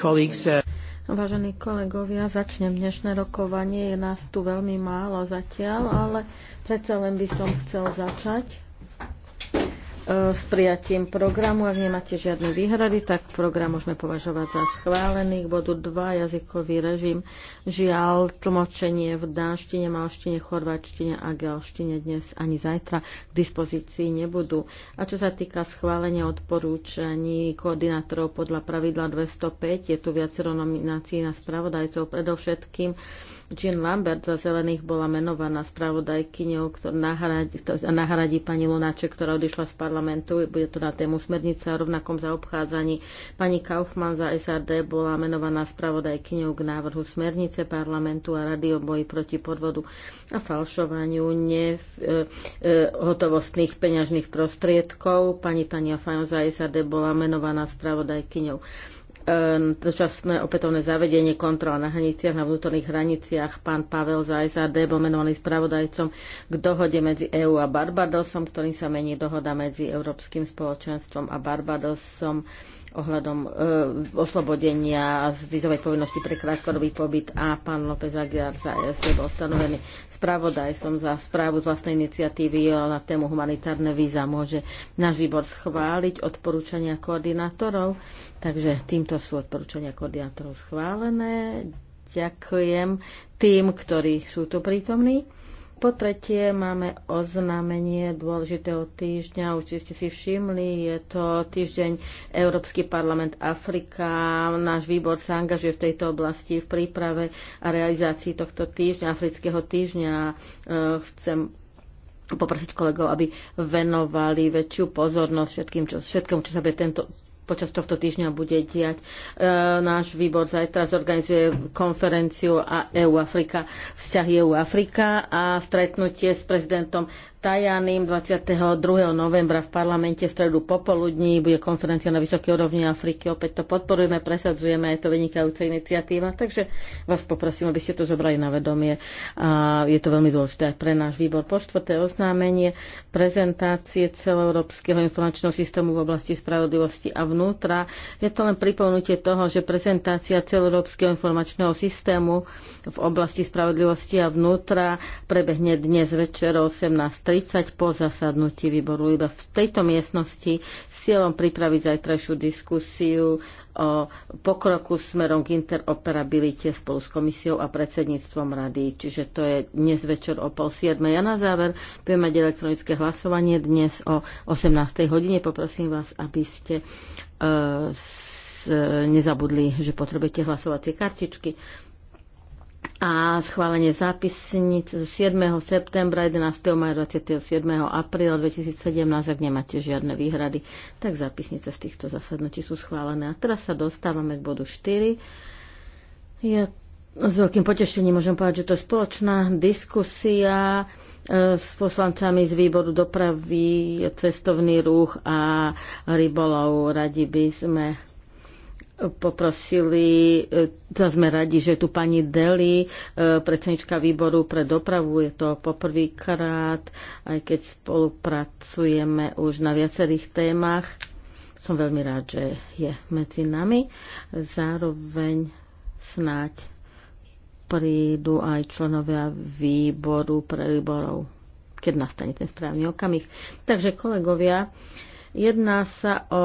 Uh, Vážení kolegovia, začnem dnešné rokovanie. Je nás tu veľmi málo zatiaľ, ale predsa len by som chcel začať s prijatím programu. Ak nemáte žiadne výhrady, tak program môžeme považovať za schválený. K bodu 2 jazykový režim. Žiaľ, tlmočenie v dánštine, malštine, chorváčtine a gelštine dnes ani zajtra k dispozícii nebudú. A čo sa týka schválenia odporúčaní koordinátorov podľa pravidla 205, je tu viacero nominácií na spravodajcov, predovšetkým Jean Lambert za Zelených bola menovaná spravodajkyňou, ktorá nahradí, nahradí pani Lunáček, ktorá odišla z parlamentu. Bude to na tému smernica a rovnakom zaobchádzaní. Pani Kaufmann za SRD bola menovaná spravodajkyňou k návrhu smernice parlamentu a rady o boji proti podvodu a falšovaniu ne, e, e, hotovostných peňažných prostriedkov. Pani Tania Fajon za SRD bola menovaná spravodajkyňou E, dočasné opätovné zavedenie kontrola na hraniciach, na vnútorných hraniciach. Pán Pavel za SAD bol menovaný spravodajcom k dohode medzi EÚ a Barbadosom, ktorým sa mení dohoda medzi Európskym spoločenstvom a Barbadosom ohľadom e, oslobodenia z vízovej povinnosti pre krátkodobý pobyt a pán López Aguiar sa ESG bol stanovený spravodajcom za správu z vlastnej iniciatívy na tému humanitárne víza. Môže na výbor schváliť odporúčania koordinátorov, takže týmto sú odporúčania koordinátorov schválené. Ďakujem tým, ktorí sú tu prítomní. Po tretie máme oznámenie dôležitého týždňa. Už ste si všimli, je to týždeň Európsky parlament Afrika. Náš výbor sa angažuje v tejto oblasti v príprave a realizácii tohto týždňa, afrického týždňa. E, chcem poprosiť kolegov, aby venovali väčšiu pozornosť všetkým, čo, všetkom, čo sa bude tento počas tohto týždňa bude diať. E, náš výbor zajtra zorganizuje konferenciu EU-Afrika, vzťah EU-Afrika a stretnutie s prezidentom Tajaným 22. novembra v parlamente v stredu popoludní bude konferencia na vysokej úrovni Afriky. Opäť to podporujeme, presadzujeme, je to vynikajúca iniciatíva, takže vás poprosím, aby ste to zobrali na vedomie. A je to veľmi dôležité aj pre náš výbor. Po štvrté oznámenie prezentácie celoeurópskeho informačného systému v oblasti spravodlivosti a vnútra. Je to len pripomnutie toho, že prezentácia celoeurópskeho informačného systému v oblasti spravodlivosti a vnútra prebehne dnes večer o 18. 30 po zasadnutí výboru iba v tejto miestnosti s cieľom pripraviť zajtrajšiu diskusiu o pokroku smerom k interoperabilite spolu s komisiou a predsedníctvom rady. Čiže to je dnes večer o pol siedmej. A na záver budeme mať elektronické hlasovanie dnes o 18. hodine. Poprosím vás, aby ste uh, nezabudli, že potrebujete hlasovacie kartičky a schválenie zápisníc z 7. septembra, 11. maja, 27. apríla 2017, ak nemáte žiadne výhrady, tak zápisnice z týchto zasadnutí sú schválené. A teraz sa dostávame k bodu 4. Ja s veľkým potešením môžem povedať, že to je spoločná diskusia e, s poslancami z výboru dopravy, cestovný ruch a rybolov. Radi by sme poprosili, za e, sme radi, že tu pani Deli, e, predsednička výboru pre dopravu, je to poprvýkrát, aj keď spolupracujeme už na viacerých témach. Som veľmi rád, že je medzi nami. Zároveň snáď prídu aj členovia výboru pre výborov, keď nastane ten správny okamih. Takže kolegovia, jedná sa o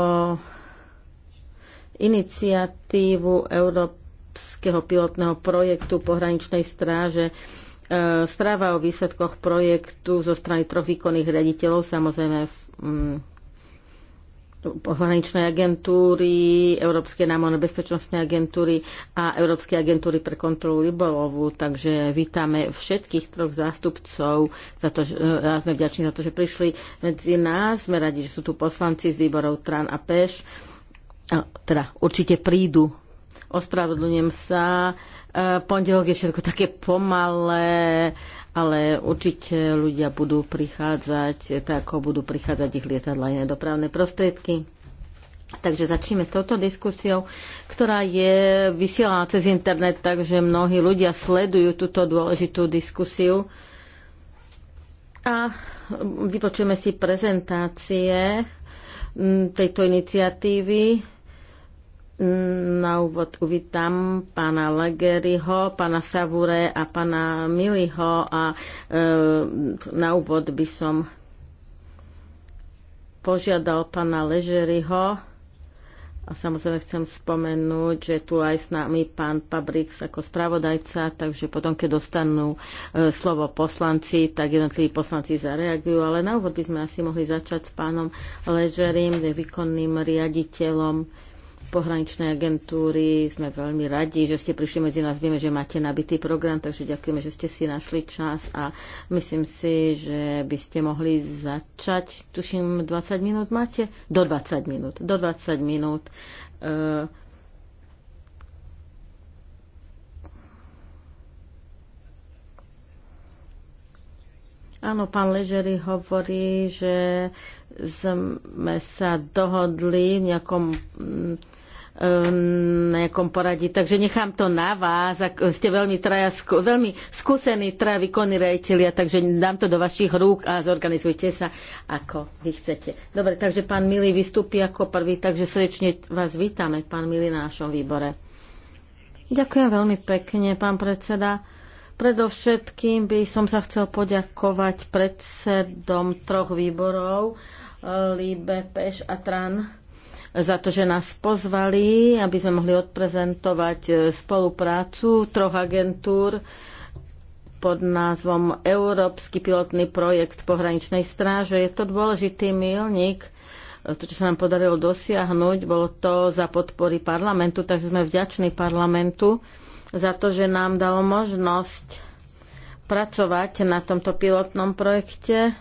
iniciatívu Európskeho pilotného projektu pohraničnej stráže. E, správa o výsledkoch projektu zo strany troch výkonných riaditeľov, samozrejme mm, pohraničnej agentúry, Európskej námorné bezpečnostnej agentúry a Európskej agentúry pre kontrolu rybolovu. Takže vítame všetkých troch zástupcov za to, že, a sme vďační za to, že prišli medzi nás. Sme radi, že sú tu poslanci z výborov TRAN a PEŠ a, teda určite prídu. Ospravedlňujem sa. E, pondelok je všetko také pomalé, ale určite ľudia budú prichádzať, tak ako budú prichádzať ich lietadla iné dopravné prostriedky. Takže začneme s touto diskusiou, ktorá je vysielaná cez internet, takže mnohí ľudia sledujú túto dôležitú diskusiu. A vypočujeme si prezentácie tejto iniciatívy na úvod uvítam pána Legeriho, pána Savure a pána Miliho a e, na úvod by som požiadal pána Ležeryho a samozrejme chcem spomenúť, že tu aj s nami pán Pabrix ako spravodajca, takže potom, keď dostanú e, slovo poslanci, tak jednotliví poslanci zareagujú, ale na úvod by sme asi mohli začať s pánom ležerym výkonným riaditeľom pohraničnej agentúry. Sme veľmi radi, že ste prišli medzi nás. Vieme, že máte nabitý program, takže ďakujeme, že ste si našli čas a myslím si, že by ste mohli začať. Tuším, 20 minút máte? Do 20 minút. Do 20 minút. Uh, Áno, pán Ležery hovorí, že sme sa dohodli v nejakom nejakom poradí. Takže nechám to na vás. Ak ste veľmi, traja, veľmi skúsení traja výkonní rejtelia, takže dám to do vašich rúk a zorganizujte sa, ako vy chcete. Dobre, takže pán Milý vystúpi ako prvý, takže srdečne vás vítame, pán Milý, na našom výbore. Ďakujem veľmi pekne, pán predseda. Predovšetkým by som sa chcel poďakovať predsedom troch výborov, eh, Líbe, Peš a Tran za to, že nás pozvali, aby sme mohli odprezentovať e, spoluprácu troch agentúr pod názvom Európsky pilotný projekt pohraničnej stráže. Je to dôležitý milník, e, to, čo sa nám podarilo dosiahnuť, bolo to za podpory parlamentu, takže sme vďační parlamentu za to, že nám dalo možnosť pracovať na tomto pilotnom projekte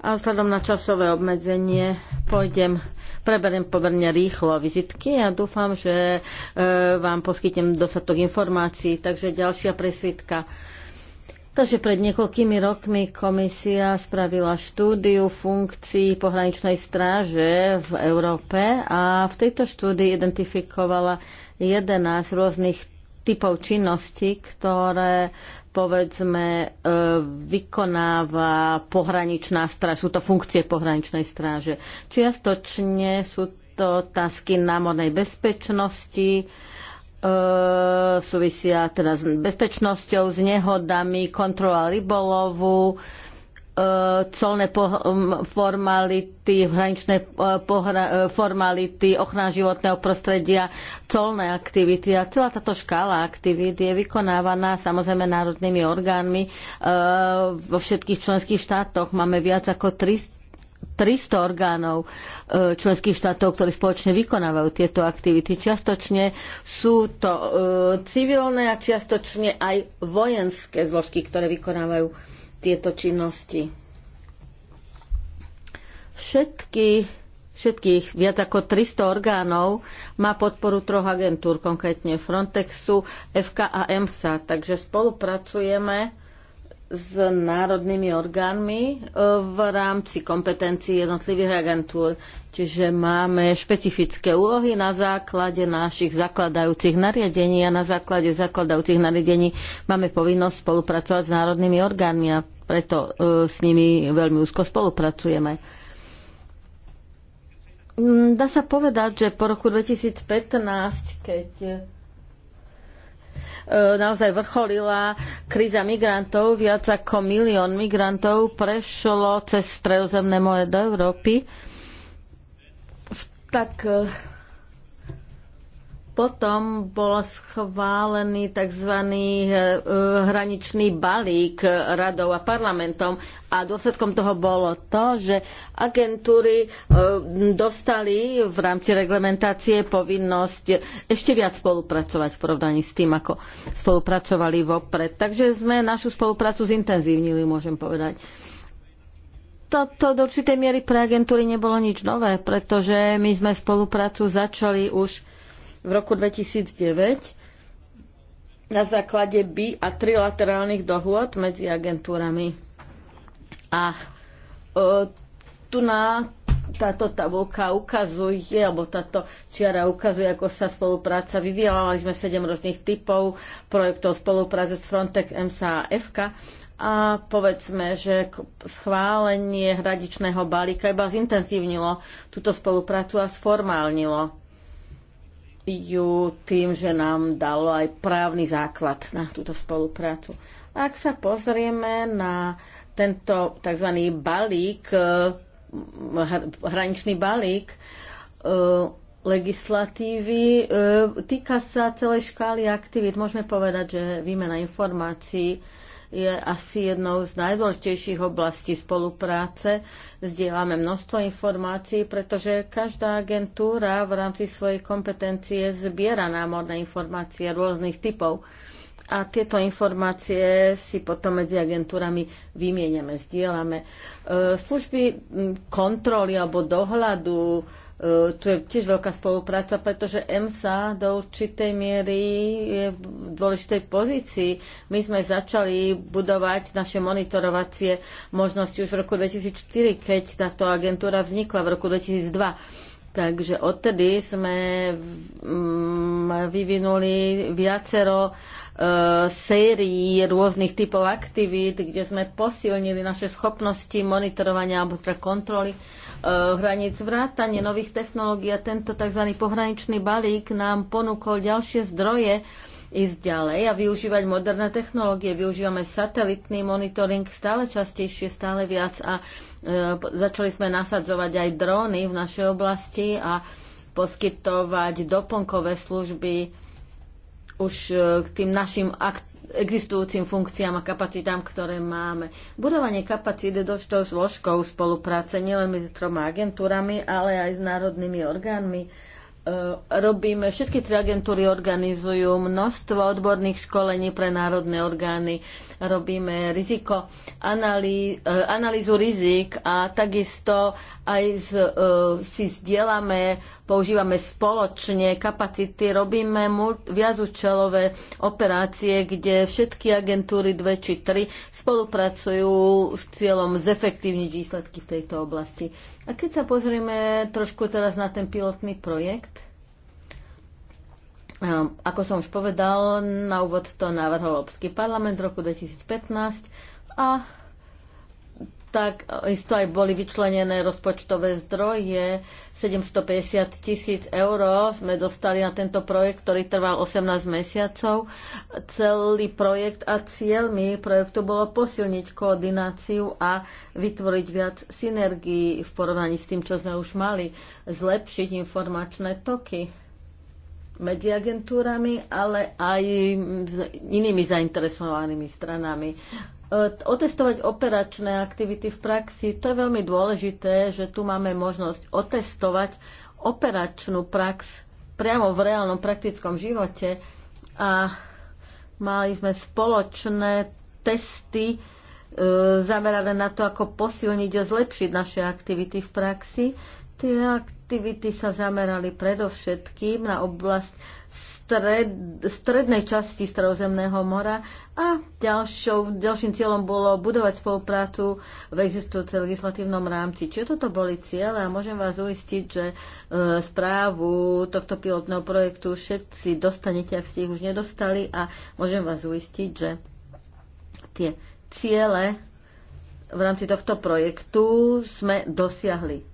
a vzhľadom na časové obmedzenie pôjdem, preberiem pomerne rýchlo vizitky a dúfam, že e, vám poskytnem dostatok informácií. Takže ďalšia presvitka. Takže pred niekoľkými rokmi komisia spravila štúdiu funkcií pohraničnej stráže v Európe a v tejto štúdii identifikovala 11 rôznych typov činností, ktoré povedzme, e, vykonáva pohraničná stráž. Sú to funkcie pohraničnej stráže. Čiastočne sú to otázky námornej bezpečnosti, e, súvisia teda s bezpečnosťou, s nehodami, kontrola rybolovu, E, colné formality, hraničné e, e, formality, ochrana životného prostredia, colné aktivity a celá táto škála aktivít je vykonávaná samozrejme národnými orgánmi vo všetkých členských štátoch. Máme viac ako 300 300 orgánov členských štátov, ktorí spoločne vykonávajú tieto aktivity. Čiastočne sú to civilné a čiastočne aj vojenské zložky, ktoré vykonávajú tieto činnosti. Všetky, všetkých viac ako 300 orgánov má podporu troch agentúr, konkrétne Frontexu, FK a EMSA, takže spolupracujeme s národnými orgánmi e, v rámci kompetencií jednotlivých agentúr. Čiže máme špecifické úlohy na základe našich zakladajúcich nariadení a na základe zakladajúcich nariadení máme povinnosť spolupracovať s národnými orgánmi a preto e, s nimi veľmi úzko spolupracujeme. Mm, dá sa povedať, že po roku 2015, keď E, naozaj vrcholila kríza migrantov. Viac ako milión migrantov prešlo cez Stredozemné more do Európy. V tak e, potom bol schválený tzv. E, e, hraničný balík radov a parlamentom a dôsledkom toho bolo to, že agentúry e, dostali v rámci reglementácie povinnosť ešte viac spolupracovať v porovnaní s tým, ako spolupracovali vopred. Takže sme našu spoluprácu zintenzívnili, môžem povedať toto do určitej miery pre agentúry nebolo nič nové, pretože my sme spoluprácu začali už v roku 2009 na základe bi a trilaterálnych dohôd medzi agentúrami. A e, tu na táto tabulka ukazuje, alebo táto čiara ukazuje, ako sa spolupráca vyvíjala. Mali sme sedem rôznych typov projektov spolupráce s Frontex, MSA a FK. A povedzme, že schválenie hradičného balíka iba zintenzívnilo túto spoluprácu a sformálnilo ju tým, že nám dalo aj právny základ na túto spoluprácu. Ak sa pozrieme na tento tzv. balík, eh, hraničný balík eh, legislatívy, eh, týka sa celej škály aktivít. Môžeme povedať, že výmena informácií je asi jednou z najdôležitejších oblastí spolupráce. Zdieľame množstvo informácií, pretože každá agentúra v rámci svojej kompetencie zbiera námorné informácie rôznych typov. A tieto informácie si potom medzi agentúrami vymieniame, zdieľame. E, služby kontroly alebo dohľadu čo e, je tiež veľká spolupráca, pretože EMSA do určitej miery je v dôležitej pozícii. My sme začali budovať naše monitorovacie možnosti už v roku 2004, keď táto agentúra vznikla v roku 2002. Takže odtedy sme vyvinuli viacero sérií rôznych typov aktivít, kde sme posilnili naše schopnosti monitorovania alebo teda kontroly eh, hraníc vrátanie nových technológií a tento tzv. pohraničný balík nám ponúkol ďalšie zdroje ísť ďalej a využívať moderné technológie. Využívame satelitný monitoring stále častejšie, stále viac a e, začali sme nasadzovať aj dróny v našej oblasti a poskytovať doplnkové služby už e, k tým našim akt- existujúcim funkciám a kapacitám, ktoré máme. Budovanie kapacít je dosť zložkou spolupráce nielen medzi troma agentúrami, ale aj s národnými orgánmi. E, robíme, všetky tri agentúry organizujú množstvo odborných školení pre národné orgány. Robíme riziko, analý, e, analýzu rizik a takisto aj z, e, si zdieľame používame spoločne kapacity, robíme viacúčelové operácie, kde všetky agentúry, dve či tri, spolupracujú s cieľom zefektívniť výsledky v tejto oblasti. A keď sa pozrieme trošku teraz na ten pilotný projekt, um, ako som už povedal, na úvod to navrhol Európsky parlament v roku 2015 a tak eh, isto aj boli vyčlenené rozpočtové zdroje. 750 tisíc eur sme dostali na tento projekt, ktorý trval 18 mesiacov. Celý projekt a cieľmi projektu bolo posilniť koordináciu a vytvoriť viac synergií v porovnaní s tým, čo sme už mali, zlepšiť informačné toky medzi agentúrami, ale aj s inými zainteresovanými stranami E, otestovať operačné aktivity v praxi. To je veľmi dôležité, že tu máme možnosť otestovať operačnú prax priamo v reálnom praktickom živote a mali sme spoločné testy e, zamerané na to, ako posilniť a zlepšiť naše aktivity v praxi. Tie aktivity sa zamerali predovšetkým na oblasť stred, strednej časti Stredozemného mora a ďalšou, ďalším cieľom bolo budovať spoluprácu v existujúcej legislatívnom rámci. Čiže toto boli cieľe a môžem vás uistiť, že e, správu tohto pilotného projektu všetci dostanete, ak ste ich už nedostali a môžem vás uistiť, že tie ciele v rámci tohto projektu sme dosiahli.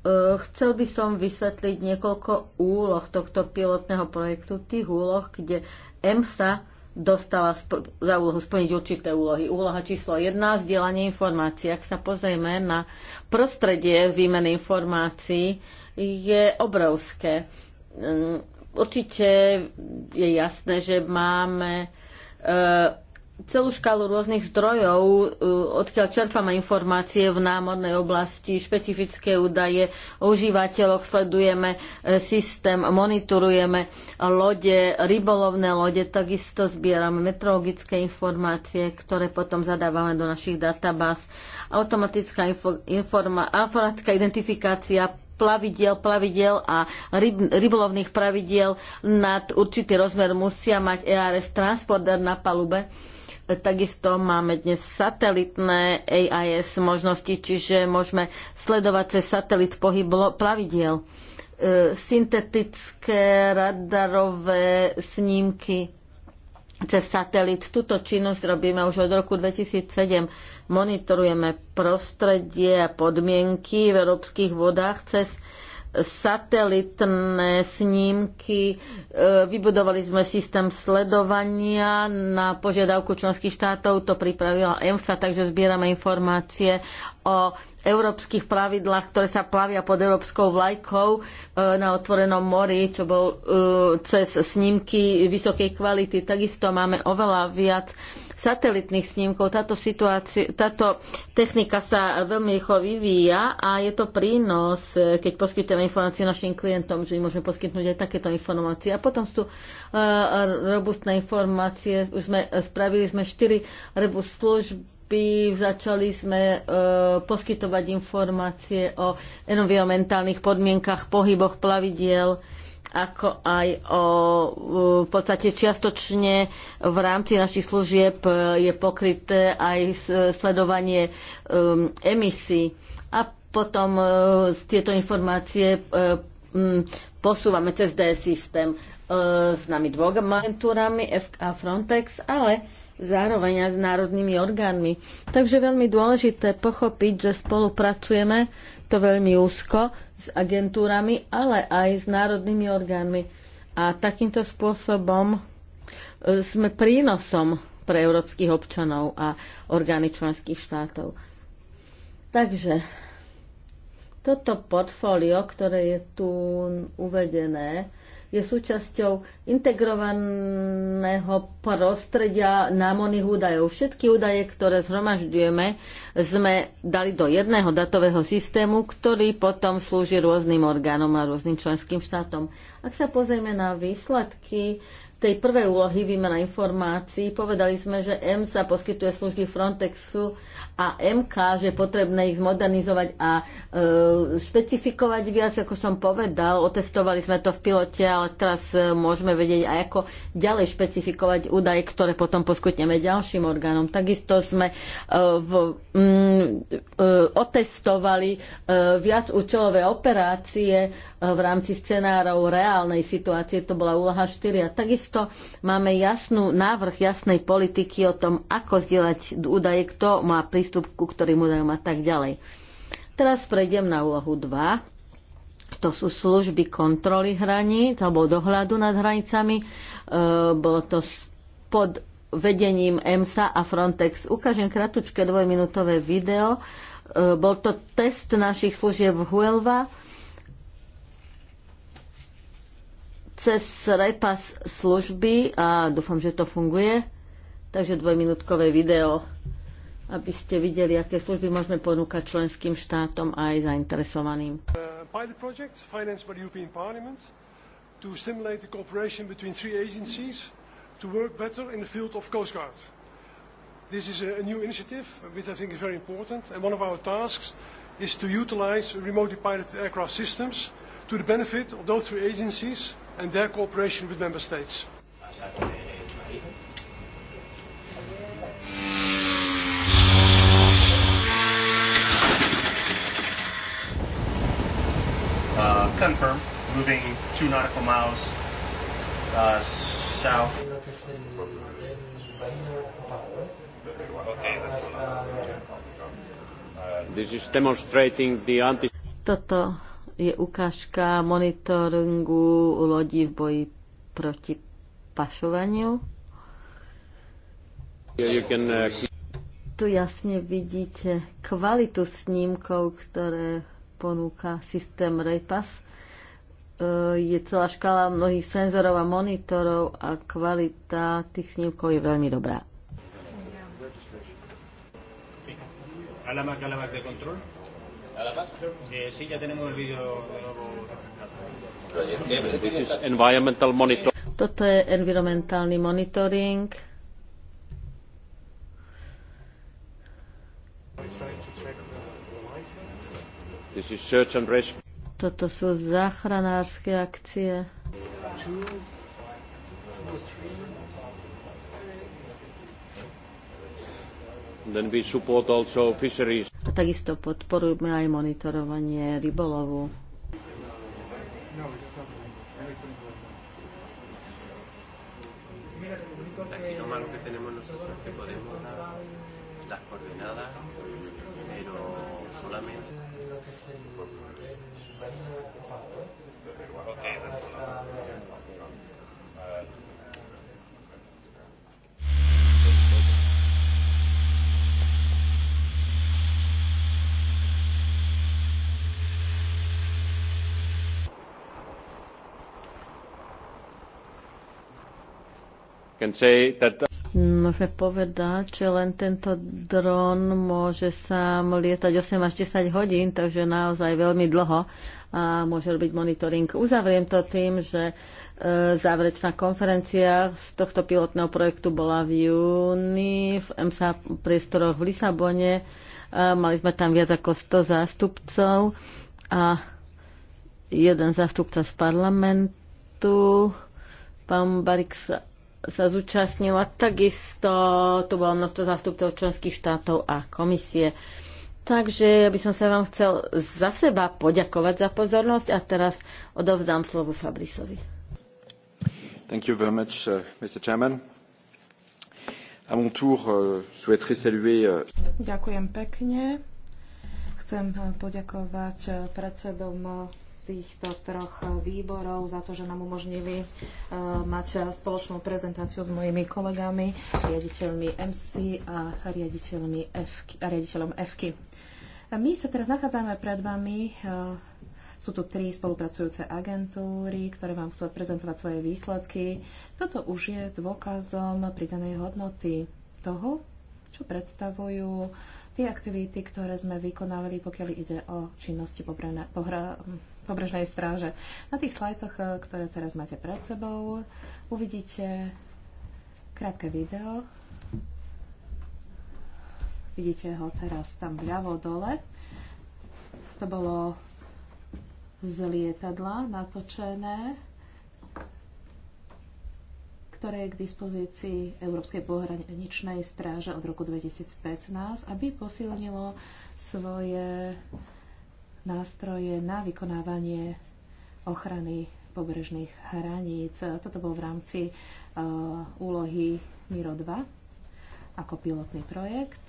E, chcel by som vysvetliť niekoľko úloh tohto pilotného projektu, tých úloh, kde EMSA dostala za úlohu splniť určité úlohy. Úloha číslo 1, zdieľanie informácií. Ak sa pozrieme na prostredie výmeny informácií, je obrovské. Mm, určite je jasné, že máme e, celú škálu rôznych zdrojov, e, odkiaľ čerpáme informácie v námornej oblasti, špecifické údaje o užívateľoch, sledujeme e, systém, monitorujeme lode, rybolovné lode, takisto zbierame meteorologické informácie, ktoré potom zadávame do našich databáz. Automatická informa, informatická identifikácia plavidiel, plavidiel a ryb, rybolovných pravidiel nad určitý rozmer musia mať ERS transporter na palube Takisto máme dnes satelitné AIS možnosti, čiže môžeme sledovať cez satelit pohyb plavidiel. E, syntetické radarové snímky cez satelit. Tuto činnosť robíme už od roku 2007. Monitorujeme prostredie a podmienky v európskych vodách cez satelitné snímky, e, vybudovali sme systém sledovania na požiadavku členských štátov, to pripravila EMSA, takže zbierame informácie o európskych plavidlách, ktoré sa plavia pod európskou vlajkou e, na otvorenom mori, čo bol e, cez snímky vysokej kvality. Takisto máme oveľa viac satelitných snímkov. Táto, situácia, táto technika sa veľmi rýchlo vyvíja a je to prínos, e, keď poskytujeme informácie našim klientom, že im môžeme poskytnúť aj takéto informácie. A potom sú e, robustné informácie. Už sme, e, spravili sme štyri robust služby by začali sme e, poskytovať informácie o environmentálnych podmienkach, pohyboch plavidiel, ako aj o v podstate čiastočne v rámci našich služieb e, je pokryté aj e, sledovanie um, emisí. A potom uh, tieto informácie uh, um, posúvame cez DS systém uh, s nami dvoma agentúrami FK a Frontex, ale zároveň aj s národnými orgánmi. Takže veľmi dôležité pochopiť, že spolupracujeme to veľmi úzko s agentúrami, ale aj s národnými orgánmi. A takýmto spôsobom e, sme prínosom pre európskych občanov a orgány členských štátov. Takže toto portfólio, ktoré je tu uvedené, je súčasťou integrovaného prostredia námoných údajov. Všetky údaje, ktoré zhromažďujeme, sme dali do jedného datového systému, ktorý potom slúži rôznym orgánom a rôznym členským štátom. Ak sa pozrieme na výsledky tej prvej úlohy výmena informácií, povedali sme, že EMSA poskytuje služby Frontexu a MK, že je potrebné ich zmodernizovať a e, špecifikovať viac, ako som povedal. Otestovali sme to v pilote, ale teraz e, môžeme vedieť aj ako ďalej špecifikovať údaje, ktoré potom poskytneme ďalším orgánom. Takisto sme e, v, mm, e, otestovali e, viac účelové operácie e, v rámci scenárov reálnej situácie. To bola úloha 4. A takisto máme jasnú návrh jasnej politiky o tom, ako zdieľať údaje, kto má pri prístup ku ktorým údajom a tak ďalej. Teraz prejdem na úlohu 2, to sú služby kontroly hraníc alebo dohľadu nad hranicami. E, bolo to pod vedením EMSA a Frontex. Ukážem kratučké dvojminútové video. E, bol to test našich služieb v Huelva cez repas služby a dúfam, že to funguje. Takže dvojminútkové video aby ste videli, aké služby môžeme ponúkať členským štátom a aj zainteresovaným. Uh, to stimulate the cooperation between three agencies to work better in the field of Coast Guard. This is a new initiative, which I think is very important, and one of our tasks is to utilize remotely piloted aircraft systems to the benefit of those three agencies and their cooperation with member states. Exactly. uh, confirm, moving two nautical miles uh, south. This is demonstrating the anti Toto je ukážka monitoringu lodí v boji proti pašovaniu. Uh, tu jasne vidíte kvalitu snímkov, ktoré ponúka systém RayPass. E, je celá škala mnohých senzorov a monitorov a kvalita tých snímkov je veľmi dobrá. de control. Eh, eh, Toto je environmentálny monitoring. Toto sú záchranárske akcie. Then we support also fisheries. A takisto podporujeme aj monitorovanie rybolovu. No, las coordenadas, pero solamente Môžeme povedať, že len tento dron môže sám lietať 8 až 10 hodín, takže naozaj veľmi dlho a môže robiť monitoring. Uzavriem to tým, že e, záverečná konferencia z tohto pilotného projektu bola v júni v MSA priestoroch v Lisabone. E, mali sme tam viac ako 100 zástupcov a jeden zástupca z parlamentu, pán Bariksa sa zúčastnila. Takisto tu bolo množstvo zástupcov členských štátov a komisie. Takže by som sa vám chcel za seba poďakovať za pozornosť a teraz odovzdám slovo Fabrisovi. Thank you very much, uh, Mr. Chairman. A mon tour, uh, saluer... Uh... Ďakujem pekne. Chcem uh, poďakovať uh, predsedom uh, týchto troch výborov za to, že nám umožnili e, mať spoločnú prezentáciu s mojimi kolegami, riaditeľmi MC a, riaditeľmi F-ky, a riaditeľom FK. My sa teraz nachádzame pred vami e, sú tu tri spolupracujúce agentúry, ktoré vám chcú odprezentovať svoje výsledky. Toto už je dôkazom pridanej hodnoty toho, čo predstavujú tie aktivity, ktoré sme vykonávali, pokiaľ ide o činnosti pohra, pobrežnej stráže. Na tých slajtoch, e, ktoré teraz máte pred sebou, uvidíte krátke video. Vidíte ho teraz tam vľavo dole. To bolo z lietadla natočené, ktoré je k dispozícii Európskej pohraničnej stráže od roku 2015, aby posilnilo svoje nástroje na vykonávanie ochrany pobrežných hraníc. Toto bol v rámci uh, úlohy Miro 2 ako pilotný projekt.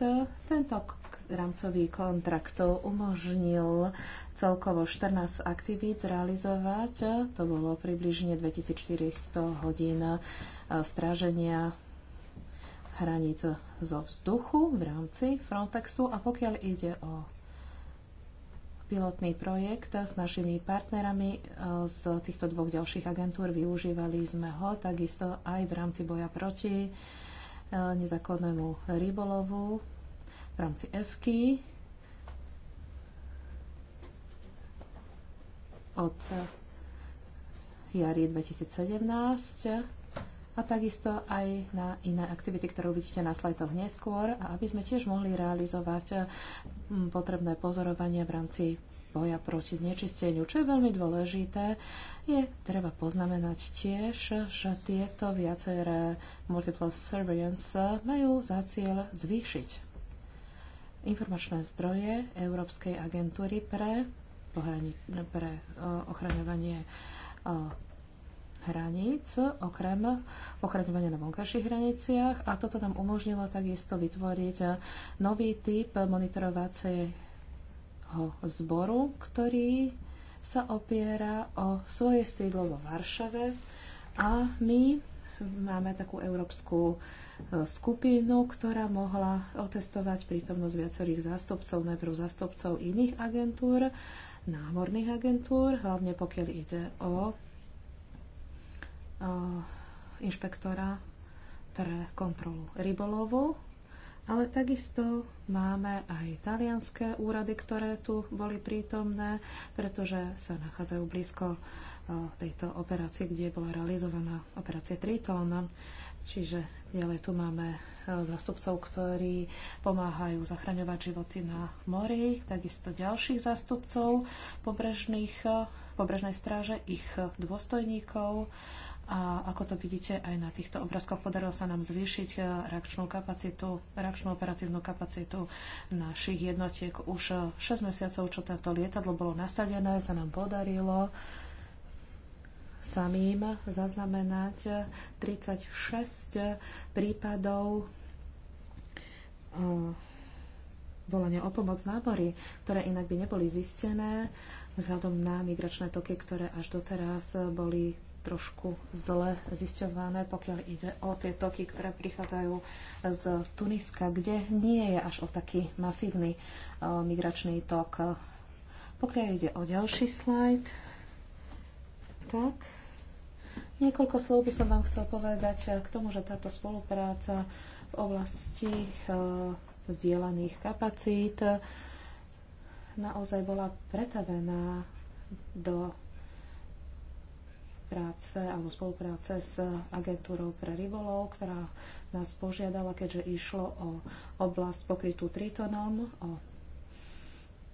Tento rámcový kontrakt umožnil celkovo 14 aktivít realizovať. To bolo približne 2400 hodín e, stráženia hraníc zo vzduchu v rámci Frontexu. A pokiaľ ide o pilotný projekt s našimi partnerami e, z týchto dvoch ďalších agentúr. Využívali sme ho takisto aj v rámci boja proti e, nezákonnému rybolovu v rámci EFKY od jari 2017 a takisto aj na iné aktivity, ktoré uvidíte na slajdoch neskôr a aby sme tiež mohli realizovať potrebné pozorovania v rámci boja proti znečisteniu. Čo je veľmi dôležité, je treba poznamenať tiež, že tieto viaceré multiple surveillance majú za cieľ zvýšiť informačné zdroje Európskej agentúry pre, pre ochraňovanie hraníc, okrem ochraňovania na vonkajších hraniciach a toto nám umožnilo takisto vytvoriť nový typ monitorovacieho zboru, ktorý sa opiera o svoje sídlo vo Varšave a my máme takú európsku e, skupinu, ktorá mohla otestovať prítomnosť viacerých zástupcov, najprv zástupcov iných agentúr, námorných agentúr, hlavne pokiaľ ide o Eh, inšpektora pre kontrolu rybolovu, ale takisto máme aj talianské úrady, ktoré tu boli prítomné, pretože sa nachádzajú blízko eh, tejto operácie, kde bola realizovaná operácia Triton. Čiže ďalej tu máme eh, zastupcov, ktorí pomáhajú zachraňovať životy na mori, takisto ďalších zastupcov pobrežných, pobrežnej stráže, ich dôstojníkov, a ako to vidíte aj na týchto obrázkoch, podarilo sa nám zvýšiť e, reakčnú kapacitu, reakčnú operatívnu kapacitu našich jednotiek. Už 6 e, mesiacov, čo tento lietadlo bolo nasadené, sa nám podarilo samým zaznamenať 36 prípadov e, volania o pomoc nábory, ktoré inak by neboli zistené vzhľadom na migračné toky, ktoré až doteraz boli trošku zle zisťované, pokiaľ ide o tie toky, ktoré prichádzajú z Tuniska, kde nie je až o taký masívny e, migračný tok. Pokiaľ ide o ďalší slajd, tak niekoľko slov by som vám chcel povedať k tomu, že táto spolupráca v oblasti vzdielaných e, kapacít naozaj bola pretavená do práce alebo spolupráce s agentúrou pre rybolov, ktorá nás požiadala, keďže išlo o oblasť pokrytú Tritonom, o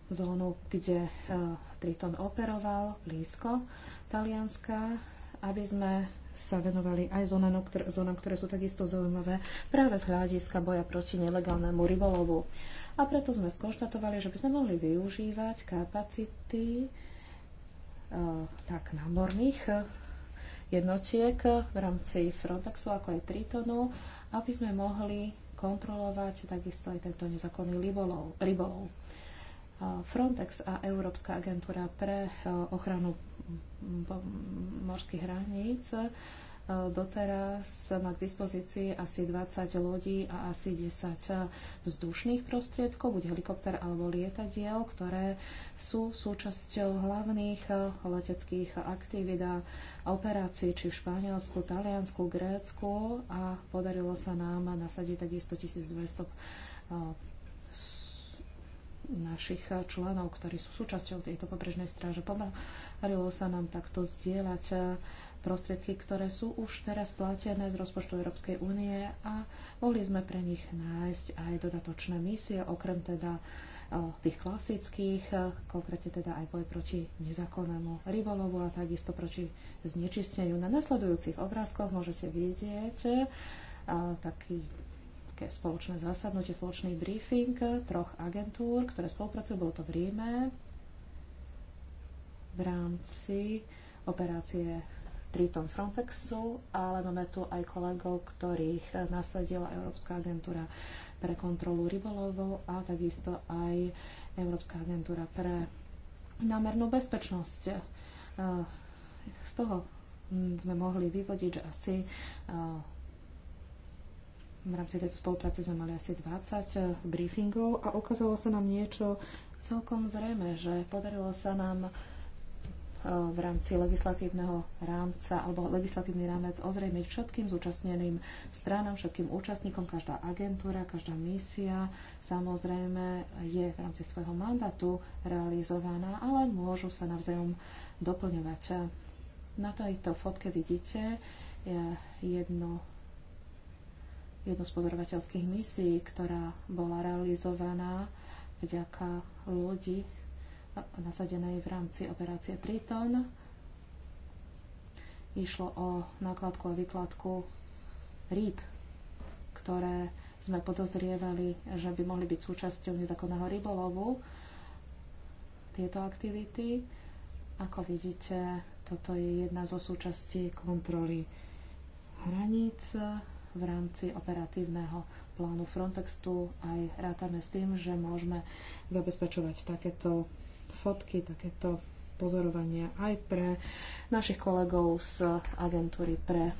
zónu, kde e, Triton operoval blízko Talianska, aby sme sa venovali aj zónam, ktoré, sú takisto zaujímavé práve z hľadiska boja proti nelegálnemu rybolovu. A preto sme skonštatovali, že by sme mohli využívať kapacity e, tak námorných jednotiek v rámci Frontexu, ako aj Tritonu, aby sme mohli kontrolovať takisto aj tento nezákonný rybolov. Frontex a Európska agentúra pre e, ochranu morských hraníc Doteraz má k dispozícii asi 20 lodí a asi 10 vzdušných prostriedkov, buď helikopter alebo lietadiel, ktoré sú súčasťou hlavných leteckých aktivít a operácií či v Španielsku, Taliansku, Grécku a podarilo sa nám nasadiť takisto 1200 eh, našich členov, ktorí sú súčasťou tejto pobrežnej stráže. Podarilo sa nám takto zdieľať eh, prostriedky, ktoré sú už teraz platené z rozpočtu Európskej únie a mohli sme pre nich nájsť aj dodatočné misie, okrem teda tých klasických, e, konkrétne teda aj boj proti nezákonnému rybolovu a takisto proti znečisteniu. Na nasledujúcich obrázkoch môžete vidieť e, taký také spoločné zasadnutie, spoločný briefing troch agentúr, ktoré spolupracujú, bolo to v Ríme v rámci operácie Triton Frontexu, ale máme tu aj kolegov, ktorých nasadila Európska agentúra pre kontrolu rybolovov a takisto aj Európska agentúra pre námernú bezpečnosť. Eh, z toho hm, sme mohli vyvodiť, že asi eh, v rámci tejto spolupráce sme mali asi 20 eh, briefingov a ukázalo sa nám niečo celkom zrejme, že podarilo sa nám E, v rámci legislatívneho rámca alebo legislatívny rámec ozrejmiť všetkým zúčastneným stranám, všetkým účastníkom, každá agentúra, každá misia samozrejme je v rámci svojho mandátu realizovaná, ale môžu sa navzájom doplňovať. Na tejto fotke vidíte e, jedno jednu z pozorovateľských misií, ktorá bola realizovaná vďaka ľudí, nasadenej v rámci operácie Triton. Išlo o nákladku a vykladku rýb, ktoré sme podozrievali, že by mohli byť súčasťou nezákonného rybolovu. Tieto aktivity, ako vidíte, toto je jedna zo súčastí kontroly hraníc v rámci operatívneho plánu Frontextu aj rátame s tým, že môžeme zabezpečovať takéto fotky, takéto pozorovania aj pre našich kolegov z agentúry pre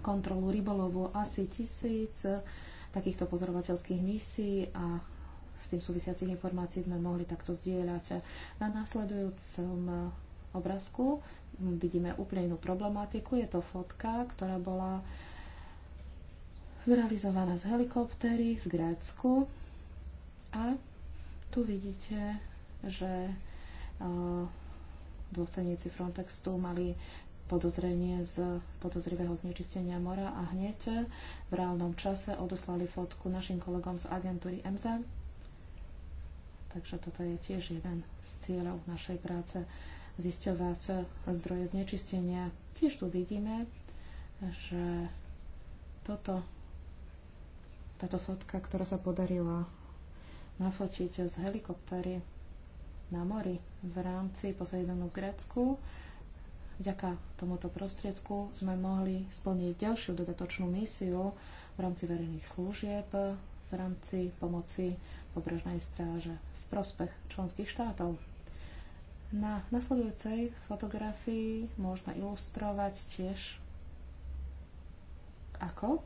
kontrolu rybolovu asi tisíc takýchto pozorovateľských misií a s tým súvisiacich informácií sme mohli takto zdieľať. Na následujúcom obrázku vidíme úplne inú problematiku. Je to fotka, ktorá bola zrealizovaná z helikoptery v Grécku. A tu vidíte že eh, dôstojníci Frontextu mali podozrenie z podozrivého znečistenia mora a hneď v reálnom čase odoslali fotku našim kolegom z agentúry MZ. Takže toto je tiež jeden z cieľov našej práce zisťovať zdroje znečistenia. Tiež tu vidíme, že toto, táto fotka, ktorá sa podarila nafotiť z helikoptery, na mori v rámci Poseidonu v Grécku. Vďaka tomuto prostriedku sme mohli splniť ďalšiu dodatočnú misiu v rámci verejných služieb, v rámci pomoci pobrežnej stráže v prospech členských štátov. Na nasledujúcej fotografii môžeme ilustrovať tiež ako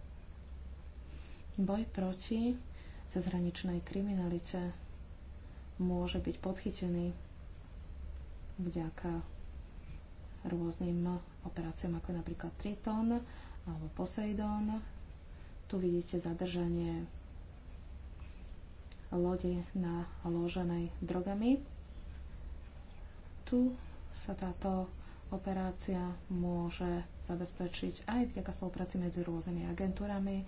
boj proti cezhraničnej kriminalite môže byť podchytený vďaka rôznym operáciám, ako je napríklad Triton alebo Poseidon. Tu vidíte zadržanie lodi na loženej drogami. Tu sa táto operácia môže zabezpečiť aj vďaka spolupráci medzi rôznymi agentúrami,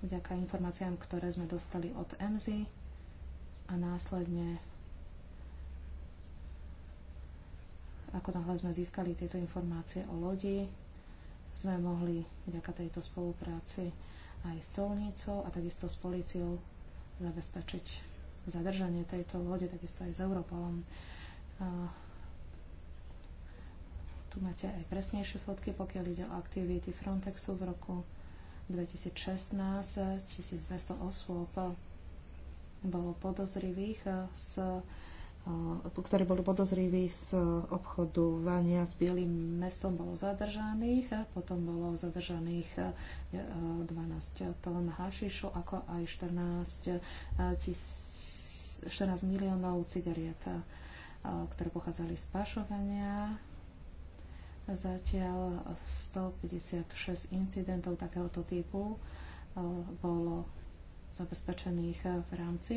vďaka informáciám, ktoré sme dostali od EMSI, a následne ako náhle sme získali tieto informácie o lodi, sme mohli vďaka tejto spolupráci aj s colnicou a takisto s policiou zabezpečiť zadržanie tejto lode, takisto aj s Europolom. A tu máte aj presnejšie fotky, pokiaľ ide o aktivity Frontexu v roku 2016, 1200 osôb bolo podozrivých z eh, eh, ktorí boli podozriví z obchodovania s bielým mesom, bolo zadržaných. Eh, potom bolo zadržaných 12 tón hašišu, ako aj 14, 14 miliónov cigariet, ktoré pochádzali z pašovania. Zatiaľ 156 incidentov takéhoto typu bolo zabezpečených eh, v rámci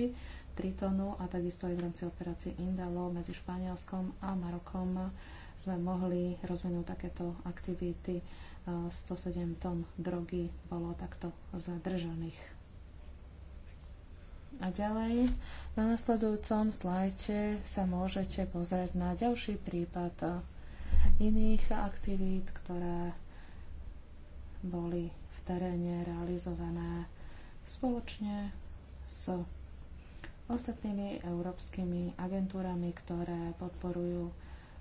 Tritonu a takisto aj v rámci operácie Indalo medzi Španielskom a Marokom sme mohli rozvinúť takéto aktivity. 107 eh, tón drogy bolo takto zadržaných. A ďalej, na nasledujúcom slajde sa môžete pozrieť na ďalší prípad eh, iných aktivít, ktoré boli v teréne realizované spoločne s ostatnými európskymi agentúrami, ktoré podporujú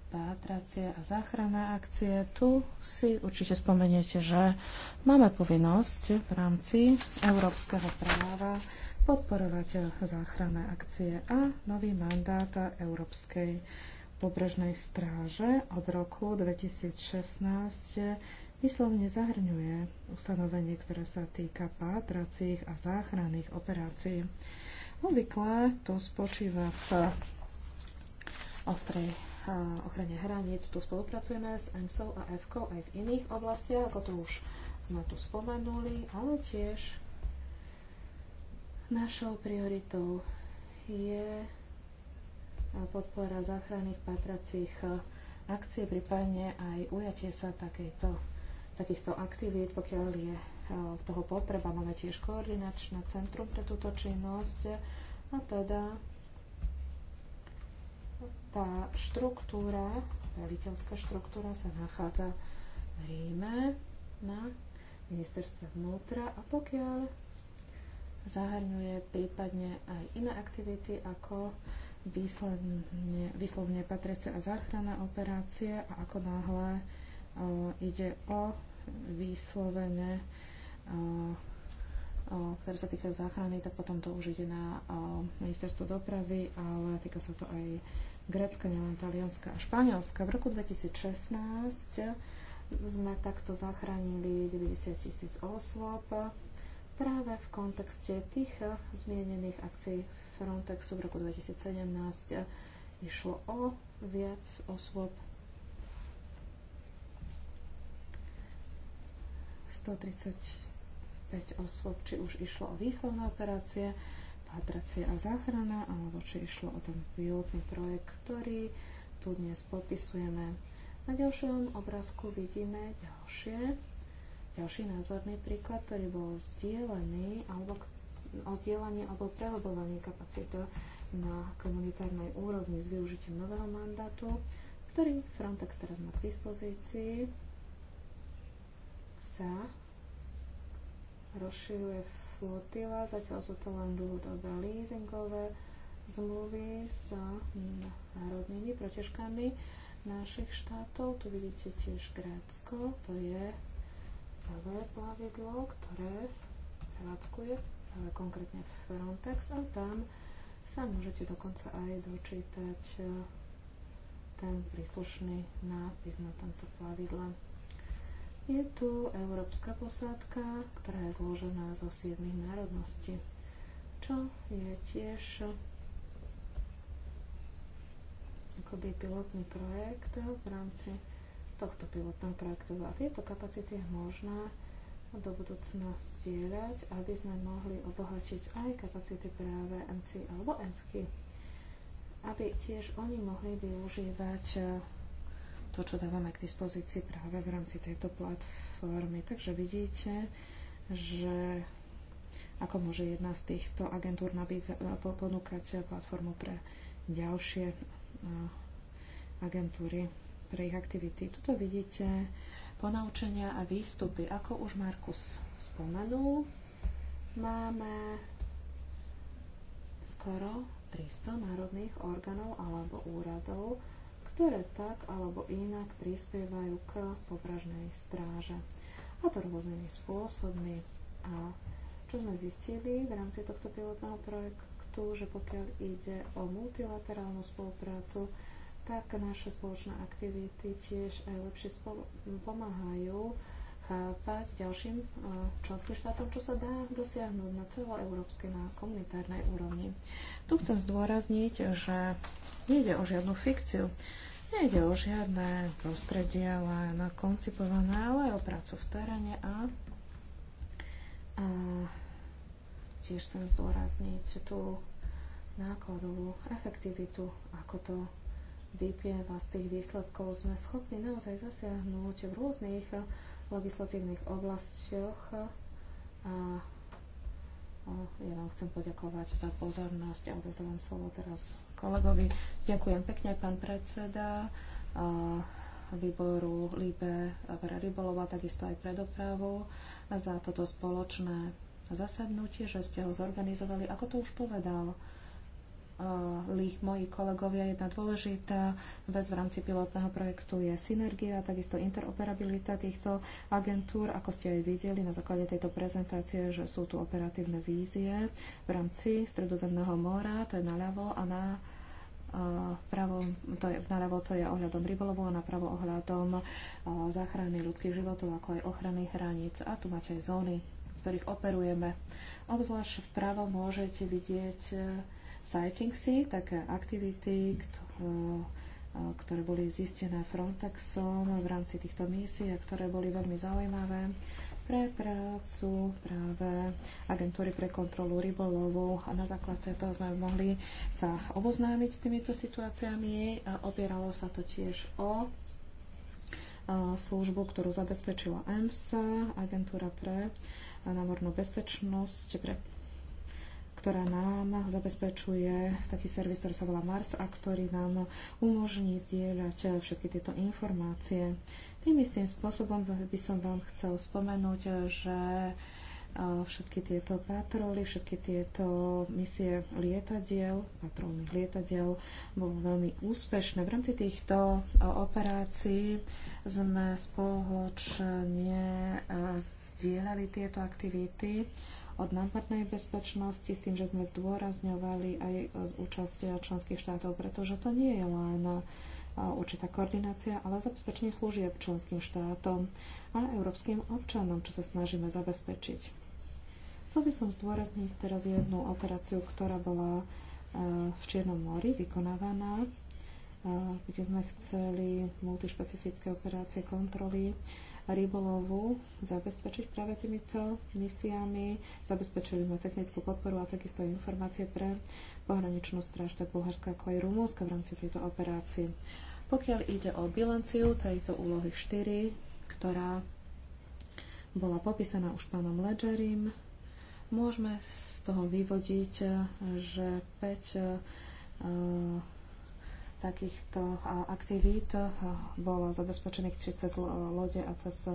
pátracie a záchranné akcie. Tu si určite spomeniete, že máme povinnosť v rámci európskeho práva podporovať záchranné akcie a nový mandát Európskej pobrežnej stráže od roku 2016 vyslovne zahrňuje ustanovenie, ktoré sa týka pátracích a záchranných operácií. Obvykle to spočíva v ostrej ochrane hraníc. Tu spolupracujeme s EMSO a EFKO aj v iných oblastiach, ako to už sme tu spomenuli, ale tiež našou prioritou je podpora záchranných pátracích akcie, prípadne aj ujatie sa takejto takýchto aktivít, pokiaľ je e, toho potreba. Máme tiež koordinačné centrum pre túto činnosť a teda tá štruktúra, veliteľská štruktúra sa nachádza v Ríme na ministerstve vnútra a pokiaľ zahrňuje prípadne aj iné aktivity ako výsledne, výslovne patriace a záchrana operácie a ako náhle ide o vyslovené, ktoré sa týkajú záchrany, tak potom to už ide na ministerstvo dopravy, ale týka sa to aj Grécka, nielen Talianska a Španielska. V roku 2016 sme takto zachránili 90 tisíc osôb práve v kontexte tých zmienených akcií Frontexu v roku 2017 išlo o viac osôb 135 osôb, či už išlo o výslovné operácie, patracie a záchrana, alebo či išlo o ten pilotný projekt, ktorý tu dnes popisujeme. Na ďalšom obrázku vidíme ďalšie, ďalší názorný príklad, ktorý bol zdieľaný alebo o zdieľanie alebo prelobovanie kapacita na komunitárnej úrovni s využitím nového mandátu, ktorý Frontex teraz má k dispozícii sa rozširuje flotila, zatiaľ sú to len dlhodobé leasingové zmluvy s národnými protežkami našich štátov. Tu vidíte tiež Grécko, to je prvé plavidlo, ktoré prevádzkuje práve konkrétne Frontex a tam sa môžete dokonca aj dočítať eh, ten príslušný nápis na tomto plavidle. Je tu európska posádka, ktorá je zložená zo 7 národností, čo je tiež akoby pilotný projekt v rámci tohto pilotného projektu. A tieto kapacity je možné do budúcna stieľať, aby sme mohli obohatiť aj kapacity práve MC alebo FK, aby tiež oni mohli využívať to, čo dávame k dispozícii práve v rámci tejto platformy. Takže vidíte, že ako môže jedna z týchto agentúr ponúkať platformu pre ďalšie e, agentúry, pre ich aktivity. Tuto vidíte ponaučenia a výstupy. Ako už Markus spomenul, máme skoro 300 národných orgánov alebo úradov, ktoré tak alebo inak prispievajú k popražnej stráže. A to rôznymi spôsobmi. A čo sme zistili v rámci tohto pilotného projektu, že pokiaľ ide o multilaterálnu spoluprácu, tak naše spoločné aktivity tiež aj lepšie pomáhajú chápať ďalším e, členským štátom, čo sa dá dosiahnuť na celoeurópskej, na komunitárnej úrovni. Tu chcem zdôrazniť, že nejde o žiadnu fikciu. Nejde o žiadne prostredie na koncipované, ale o prácu v teréne a, a tiež chcem zdôrazniť tú nákladovú efektivitu, ako to vypieva z tých výsledkov. Sme schopní naozaj zasiahnuť v rôznych legislatívnych oblastiach a ja vám chcem poďakovať za pozornosť a odozdávam slovo teraz kolegovi. Ďakujem pekne, pán predseda výboru Líbe pre rybolova, takisto aj pre dopravu za toto spoločné zasadnutie, že ste ho zorganizovali. Ako to už povedal li moji kolegovia. Jedna dôležitá vec v rámci pilotného projektu je synergia a takisto interoperabilita týchto agentúr. Ako ste aj videli na základe tejto prezentácie, že sú tu operatívne vízie v rámci Stredozemného mora, to je naľavo a na pravo, to je, naľavo to je ohľadom rybolovu a napravo ohľadom záchrany ľudských životov, ako aj ochrany hraníc. A tu máte aj zóny, v ktorých operujeme. Obzvlášť vpravo môžete vidieť sightings, také aktivity, eh, eh, ktoré boli zistené Frontexom v rámci týchto misií a ktoré boli veľmi zaujímavé pre prácu práve agentúry pre kontrolu rybolovu a na základe toho sme mohli sa oboznámiť s týmito situáciami. Opieralo sa to tiež o eh, službu, ktorú zabezpečila EMSA, agentúra pre námornú bezpečnosť, pre ktorá nám zabezpečuje taký servis, ktorý sa volá Mars a ktorý nám umožní zdieľať všetky tieto informácie. Tým istým spôsobom by som vám chcel spomenúť, že e, všetky tieto patroly, všetky tieto misie lietadiel, patrolných lietadiel, bolo veľmi úspešné. V rámci týchto e, operácií sme spoločne e, zdieľali tieto aktivity od námornej bezpečnosti s tým, že sme zdôrazňovali aj z účasti členských štátov, pretože to nie je len určitá koordinácia, ale zabezpečenie služieb členským štátom a európskym občanom, čo sa snažíme zabezpečiť. Chcel by som zdôrazniť teraz jednu operáciu, ktorá bola e, v Čiernom mori vykonávaná, e, kde sme chceli multišpecifické operácie kontroly rybolovu zabezpečiť práve týmito misiami. Zabezpečili sme technickú podporu a takisto informácie pre pohraničnú stráž, tak Bulharska ako aj Rumúnska v rámci tejto operácie. Pokiaľ ide o bilanciu tejto úlohy 4, ktorá bola popísaná už pánom Ledgerim, môžeme z toho vyvodiť, že 5 takýchto aktivít bolo zabezpečených či cez lode a cez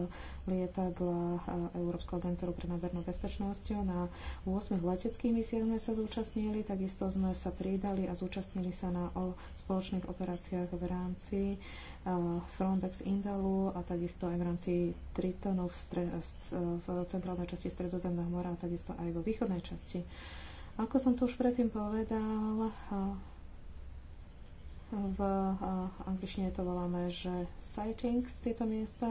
lietadla Európskeho agentúru pre nadernú bezpečnosť. Na 8 leteckých misiách sme sa zúčastnili, takisto sme sa pridali a zúčastnili sa na spoločných operáciách v rámci Frontex Indalu a takisto aj v rámci Tritonu, v, stre, v centrálnej časti Stredozemného mora a takisto aj vo východnej časti. Ako som to už predtým povedal, v angličtine to voláme, že sightings tieto miesta.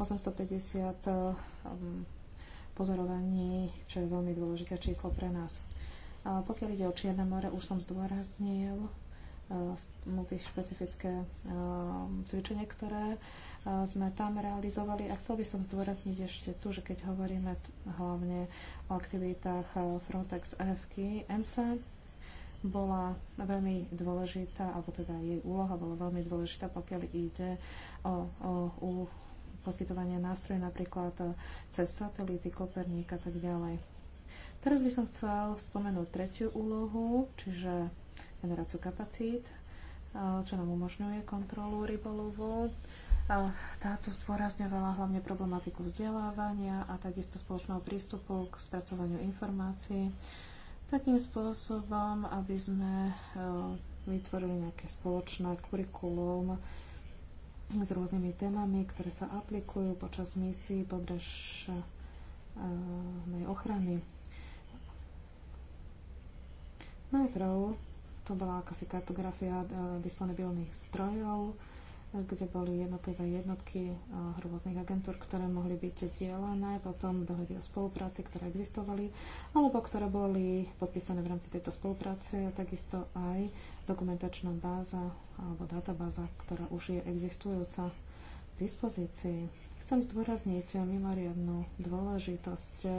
850 pozorovaní, čo je veľmi dôležité číslo pre nás. Pokiaľ ide o Čierne more, už som zdôraznil multišpecifické cvičenie, ktoré sme tam realizovali. A chcel by som zdôrazniť ešte tu, že keď hovoríme hlavne o aktivitách Frontex AFK. EMSA, bola veľmi dôležitá, alebo teda jej úloha bola veľmi dôležitá, pokiaľ ide o, o, o poskytovanie nástrojov napríklad e, cez satelity, koperník a tak ďalej. Teraz by som chcel spomenúť tretiu úlohu, čiže generáciu kapacít, e, čo nám umožňuje kontrolu rybolovu. E, táto zdôrazňovala hlavne problematiku vzdelávania a takisto spoločného prístupu k spracovaniu informácií takým spôsobom, aby sme eh, vytvorili nejaké spoločné kurikulum s rôznymi témami, ktoré sa aplikujú počas misií pobrežnej eh, ochrany. Najprv to bola akási kartografia eh, disponibilných strojov kde boli jednotlivé jednotky eh, rôznych agentúr, ktoré mohli byť zdieľané, potom dohody o spolupráci, ktoré existovali, alebo ktoré boli podpísané v rámci tejto spolupráce a takisto aj dokumentačná báza alebo databáza, ktorá už je existujúca k dispozícii. Chcem zdôrazniť mimoriadnú dôležitosť eh,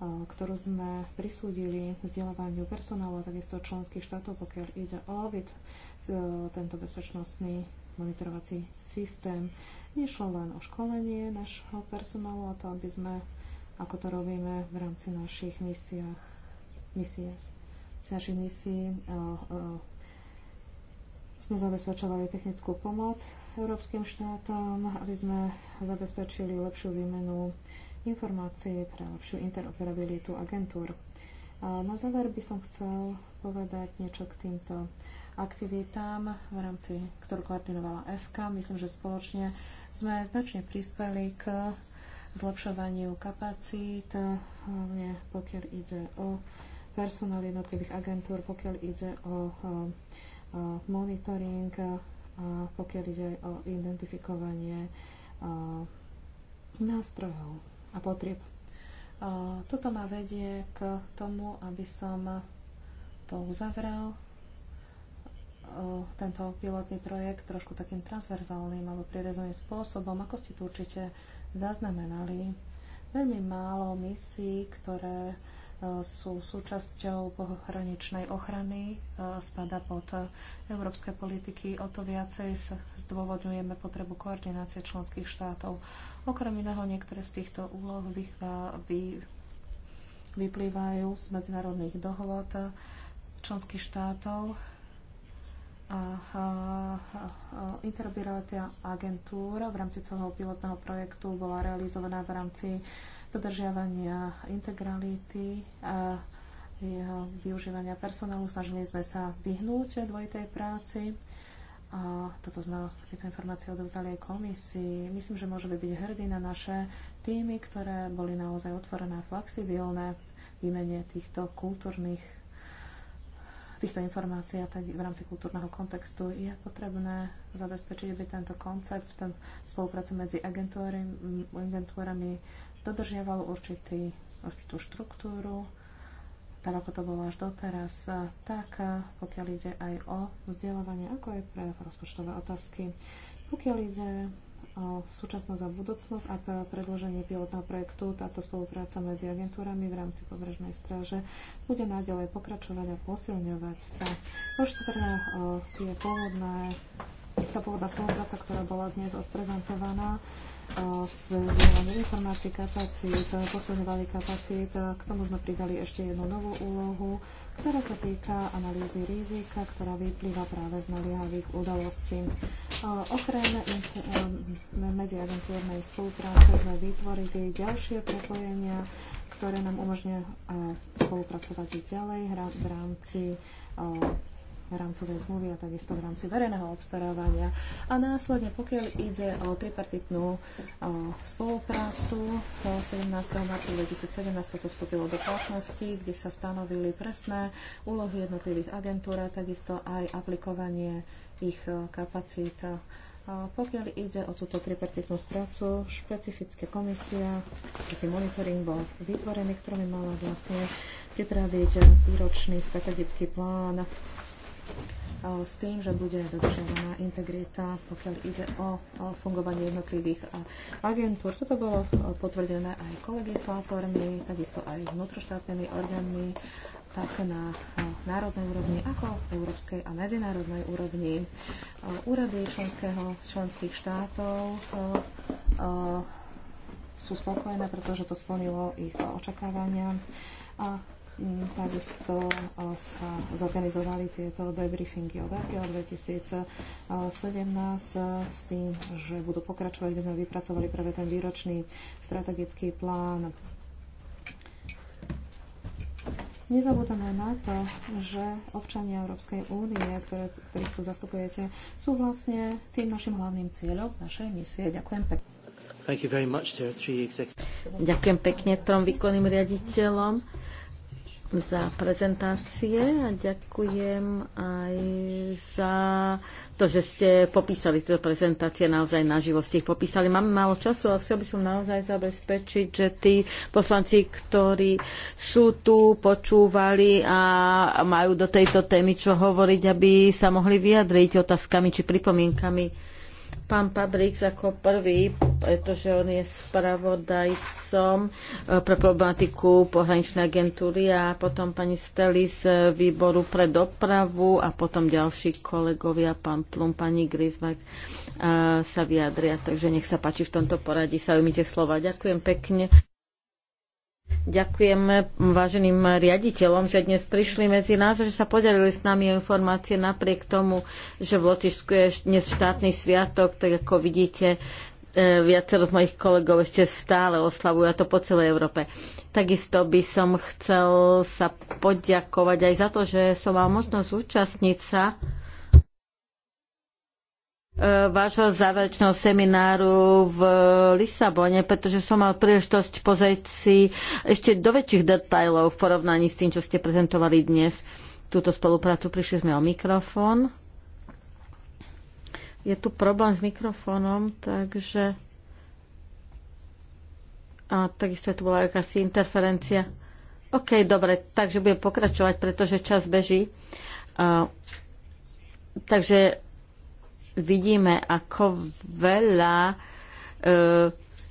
ktorú sme prisúdili vzdelávaniu personálu a takisto členských štátov, pokiaľ ide o eh, tento bezpečnostný monitorovací systém. Nešlo len o školenie našho personálu a to, aby sme, ako to robíme v rámci našich misiách, misie, našich misií, eh, eh, sme zabezpečovali technickú pomoc európskym štátom, aby sme zabezpečili lepšiu výmenu informácií pre lepšiu interoperabilitu agentúr. A na záver by som chcel povedať niečo k týmto aktivitám, v rámci ktorú koordinovala FK. Myslím, že spoločne sme značne prispeli k zlepšovaniu kapacít, hlavne pokiaľ ide o personál jednotlivých agentúr, pokiaľ ide o, o, o monitoring, a pokiaľ ide o identifikovanie o, nástrojov a potrieb. Toto ma vedie k tomu, aby som to uzavrel Eh, tento pilotný projekt trošku takým transverzálnym alebo prierezovým spôsobom. Ako ste tu určite zaznamenali, veľmi málo misií, ktoré eh, sú súčasťou pohraničnej ochrany, eh, spada pod európske politiky. O to viacej zdôvodňujeme potrebu koordinácie členských štátov. Okrem iného, niektoré z týchto úloh vyplývajú z medzinárodných dohôd členských štátov, interoperácia agentúr v rámci celého pilotného projektu bola realizovaná v rámci dodržiavania integrality a jeho využívania personálu. Snažili sme sa vyhnúť dvojitej práci. A toto sme, tieto informácie odovzdali aj komisii. Myslím, že môžeme byť hrdí na naše týmy, ktoré boli naozaj otvorené a flexibilné v výmene týchto kultúrnych týchto informácií a tak v rámci kultúrneho kontextu je potrebné zabezpečiť, aby tento koncept ten spolupráce medzi agentúrami dodržiaval určitý, určitú štruktúru, tak ako to bolo až doteraz, tak pokiaľ ide aj o vzdelávanie, ako aj pre rozpočtové otázky. Pokiaľ ide súčasnosť a budúcnosť a predloženie pilotného projektu táto spolupráca medzi agentúrami v rámci pobrežnej stráže bude naďalej pokračovať a posilňovať sa. Po štvrné, e, tie pôvodné, tá pôvodná spolupráca, ktorá bola dnes odprezentovaná, zdieľanie informácií, kapacít, posilňovali kapacít. K tomu sme pridali ešte jednu novú úlohu, ktorá sa týka analýzy rizika, ktorá vyplýva práve z naliehavých udalostí. Okrem e, medziagentúrnej spolupráce sme vytvorili ďalšie prepojenia, ktoré nám umožňuje spolupracovať ďalej v rámci e, rámcovej zmluvy a takisto v rámci verejného obstarávania. A následne, pokiaľ ide o tripartitnú e, spoluprácu, 17. E, marca 2017 toto vstúpilo do platnosti, kde sa stanovili presné úlohy jednotlivých agentúr a takisto aj aplikovanie ich e, kapacít. Pokiaľ ide o túto tripartitnú prácu, špecifická komisia, taký monitoring bol vytvorený, ktorý mala vlastne pripraviť výročný strategický plán E, s tým, že bude dodržiavaná integrita, pokiaľ ide o, fungovanie jednotlivých e, agentúr. Toto bolo e, potvrdené aj kolegislátormi, takisto aj vnútroštátnymi orgánmi, tak na národnej úrovni, ako európskej a medzinárodnej úrovni. Úrady členského, členských štátov sú spokojné, pretože to splnilo ich očakávania. A Mm, takisto e, sa zorganizovali tieto debriefingy od AKEO 2017 e, s tým, že budú pokračovať. kde sme vypracovali práve ten výročný strategický plán. Nezabúdame na to, že občania Európskej únie, ktorých tu zastupujete, sú vlastne tým našim hlavným cieľom našej misie. Ďakujem pekne. Much, Ďakujem pekne trom výkonným riaditeľom za prezentácie a ďakujem aj za to, že ste popísali tieto prezentácie naozaj na živosti ich popísali. Máme málo času, ale chcel by som naozaj zabezpečiť, že tí poslanci, ktorí sú tu, počúvali a majú do tejto témy čo hovoriť, aby sa mohli vyjadriť otázkami či pripomienkami pán Pabrix ako prvý, pretože on je spravodajcom e, pre problematiku pohraničnej agentúry a potom pani Steli z výboru pre dopravu a potom ďalší kolegovia, pán Plum, pani Grisvak e, sa vyjadria. Takže nech sa páči v tomto poradí, sa ujmite slova. Ďakujem pekne. Ďakujem váženým riaditeľom, že dnes prišli medzi nás, a že sa podelili s nami o informácie napriek tomu, že v Lotyšsku je dnes štátny sviatok, tak ako vidíte, e, viacero z mojich kolegov ešte stále oslavujú a to po celej Európe. Takisto by som chcel sa poďakovať aj za to, že som mal možnosť zúčastniť sa E, vášho záverečného semináru v Lisabone, pretože som mal príležitosť pozrieť si ešte do väčších detajlov v porovnaní s tým, čo ste prezentovali dnes. Túto spoluprácu prišli sme o mikrofón. Je tu problém s mikrofónom, takže... A takisto tu bola akási interferencia. OK, dobre, takže budem pokračovať, pretože čas beží. Uh, takže vidíme, ako veľa e,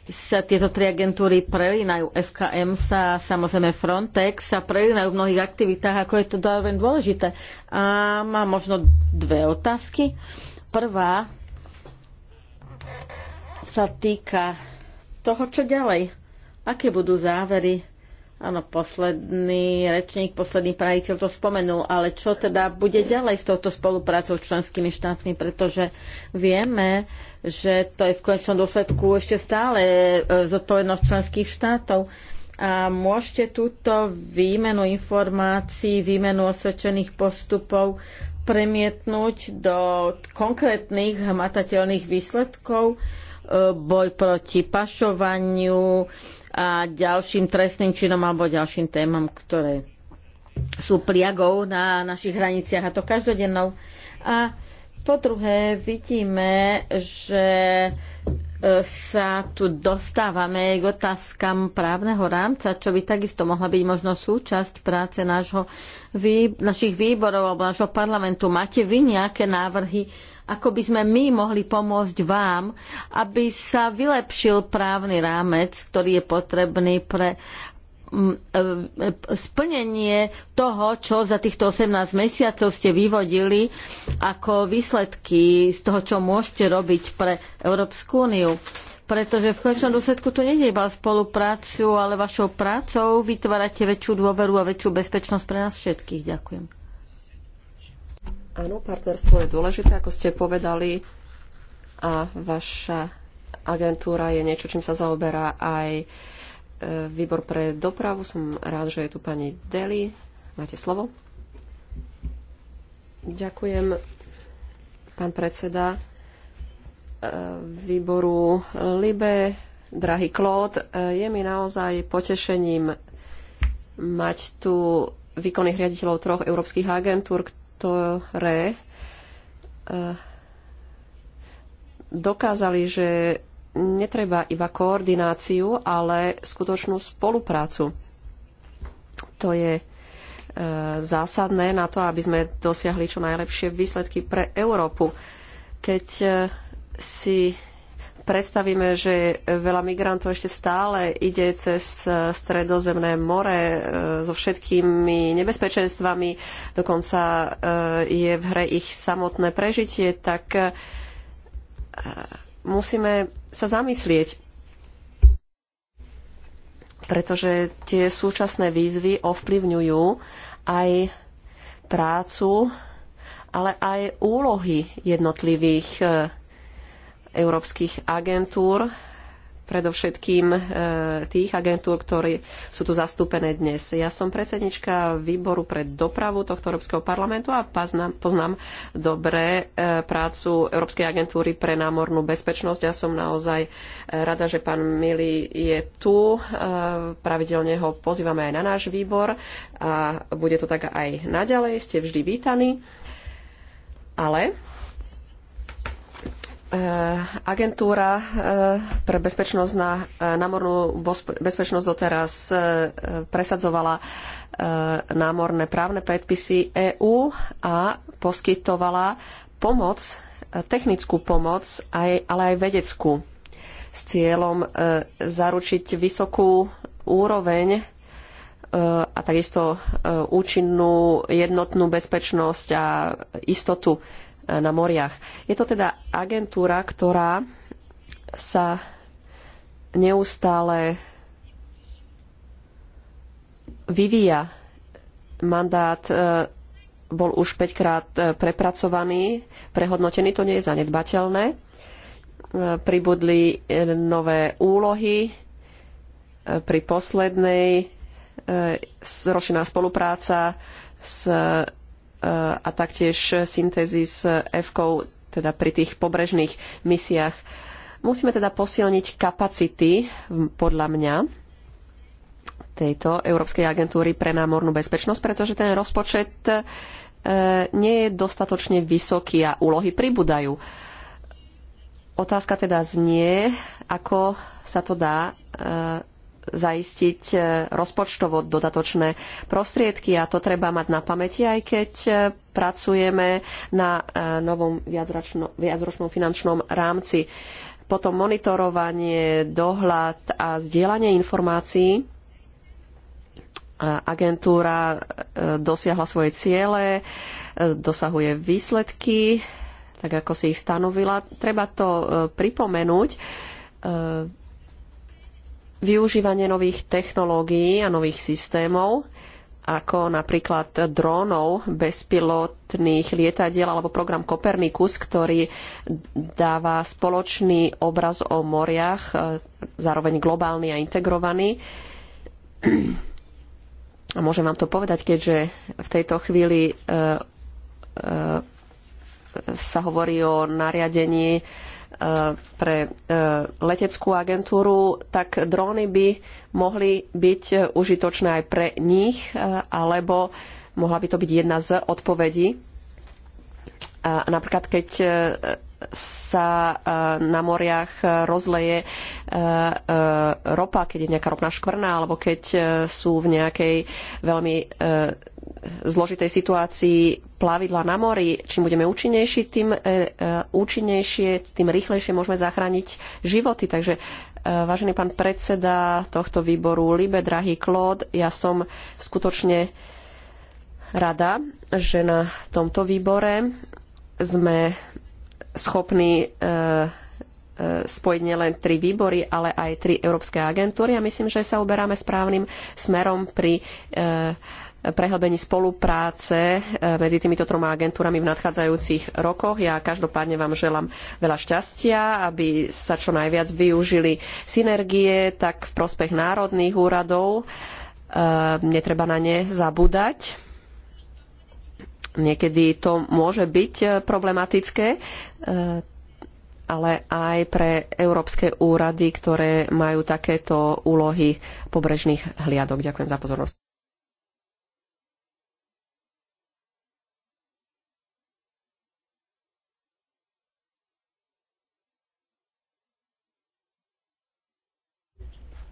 sa tieto tri agentúry prelínajú. FKM sa, samozrejme Frontex sa prelínajú v mnohých aktivitách, ako je to zároveň dôležité. A mám možno dve otázky. Prvá sa týka toho, čo ďalej. Aké budú závery Áno, posledný rečník, posledný praviteľ to spomenul, ale čo teda bude ďalej s touto spoluprácou s členskými štátmi, pretože vieme, že to je v konečnom dôsledku ešte stále e, zodpovednosť členských štátov. A môžete túto výmenu informácií, výmenu osvedčených postupov premietnúť do konkrétnych hmatateľných výsledkov, e, boj proti pašovaniu, a ďalším trestným činom alebo ďalším témam, ktoré sú pliagou na našich hraniciach a to každodennou. A po druhé vidíme, že e, sa tu dostávame k otázkam právneho rámca, čo by takisto mohla byť možno súčasť práce nášho, našich výborov alebo nášho parlamentu. Máte vy nejaké návrhy ako by sme my mohli pomôcť vám, aby sa vylepšil právny rámec, ktorý je potrebný pre mm, e, e, splnenie toho, čo za týchto 18 mesiacov ste vyvodili ako výsledky z toho, čo môžete robiť pre Európsku úniu. Pretože v konečnom dôsledku to nie je iba spoluprácu, ale vašou prácou vytvárate väčšiu dôveru a väčšiu bezpečnosť pre nás všetkých. Ďakujem. Áno, partnerstvo je dôležité, ako ste povedali, a vaša agentúra je niečo, čím sa zaoberá aj e, výbor pre dopravu. Som rád, že je tu pani Deli. Máte slovo. Ďakujem, pán predseda e, výboru Libe. Drahý Klód, e, je mi naozaj potešením mať tu výkonných riaditeľov troch európskych agentúr, ktoré e, dokázali, že netreba iba koordináciu, ale skutočnú spoluprácu. To je e, zásadné na to, aby sme dosiahli čo najlepšie výsledky pre Európu. Keď e, si predstavíme, že veľa migrantov ešte stále ide cez stredozemné more e, so všetkými nebezpečenstvami, dokonca e, je v hre ich samotné prežitie, tak e, musíme sa zamyslieť, pretože tie súčasné výzvy ovplyvňujú aj prácu, ale aj úlohy jednotlivých európskych agentúr, predovšetkým e, tých agentúr, ktorí sú tu zastúpené dnes. Ja som predsednička výboru pre dopravu tohto Európskeho parlamentu a poznám, poznám dobre e, prácu Európskej agentúry pre námornú bezpečnosť. Ja som naozaj e, rada, že pán Mili je tu. Pravidelne ho pozývame aj na náš výbor a bude to tak aj naďalej. Ste vždy vítaní. Ale E, agentúra e, pre bezpečnosť na e, námornú bezpečnosť doteraz presadzovala námorné právne predpisy EÚ a poskytovala pomoc, technickú pomoc, ale aj vedeckú s cieľom zaručiť vysokú úroveň a takisto účinnú jednotnú bezpečnosť a istotu na moriach. Je to teda agentúra, ktorá sa neustále vyvíja. Mandát e, bol už 5 krát e, prepracovaný, prehodnotený, to nie je zanedbateľné. E, pribudli nové úlohy pri poslednej ročná spolupráca s Eh, a taktiež syntézy s f teda pri tých pobrežných misiách. Musíme teda posilniť kapacity, podľa mňa, tejto Európskej agentúry pre námornú bezpečnosť, pretože ten rozpočet eh, nie je dostatočne vysoký a úlohy pribúdajú. Otázka teda znie, ako sa to dá eh, zaistiť e, rozpočtovo dodatočné prostriedky a to treba mať na pamäti, aj keď e, pracujeme na e, novom viacročnom finančnom rámci. Potom monitorovanie, dohľad a zdieľanie informácií. Agentúra dosiahla svoje ciele, dosahuje výsledky, tak ako si ich stanovila. Treba to pripomenúť využívanie nových technológií a nových systémov, ako napríklad drónov, bezpilotných lietadiel alebo program Kopernikus, ktorý dáva spoločný obraz o moriach, e, zároveň globálny a integrovaný. A môžem vám to povedať, keďže v tejto chvíli e, e, sa hovorí o nariadení Eh, pre eh, leteckú agentúru, tak dróny by mohli byť užitočné aj pre nich, eh, alebo mohla by to byť jedna z odpovedí. Napríklad, keď sa na moriach rozleje ropa, keď je nejaká ropná škvrna, alebo keď sú v nejakej veľmi zložitej situácii plavidla na mori, čím budeme účinnejší, tým e, e, účinnejšie, tým rýchlejšie môžeme zachrániť životy. Takže e, vážený pán predseda tohto výboru Libe, drahý Klód, ja som skutočne rada, že na tomto výbore sme schopní spojiť nielen tri výbory, ale aj tri európske agentúry a myslím, že sa uberáme správnym smerom pri e, prehlbení spolupráce eh, medzi týmito troma agentúrami v nadchádzajúcich rokoch. Ja každopádne vám želám veľa šťastia, aby sa čo najviac využili synergie, tak v prospech národných úradov. Eh, netreba na ne zabúdať. Niekedy to môže byť eh, problematické, ale aj pre európske úrady, ktoré majú takéto úlohy pobrežných hliadok. Ďakujem za pozornosť.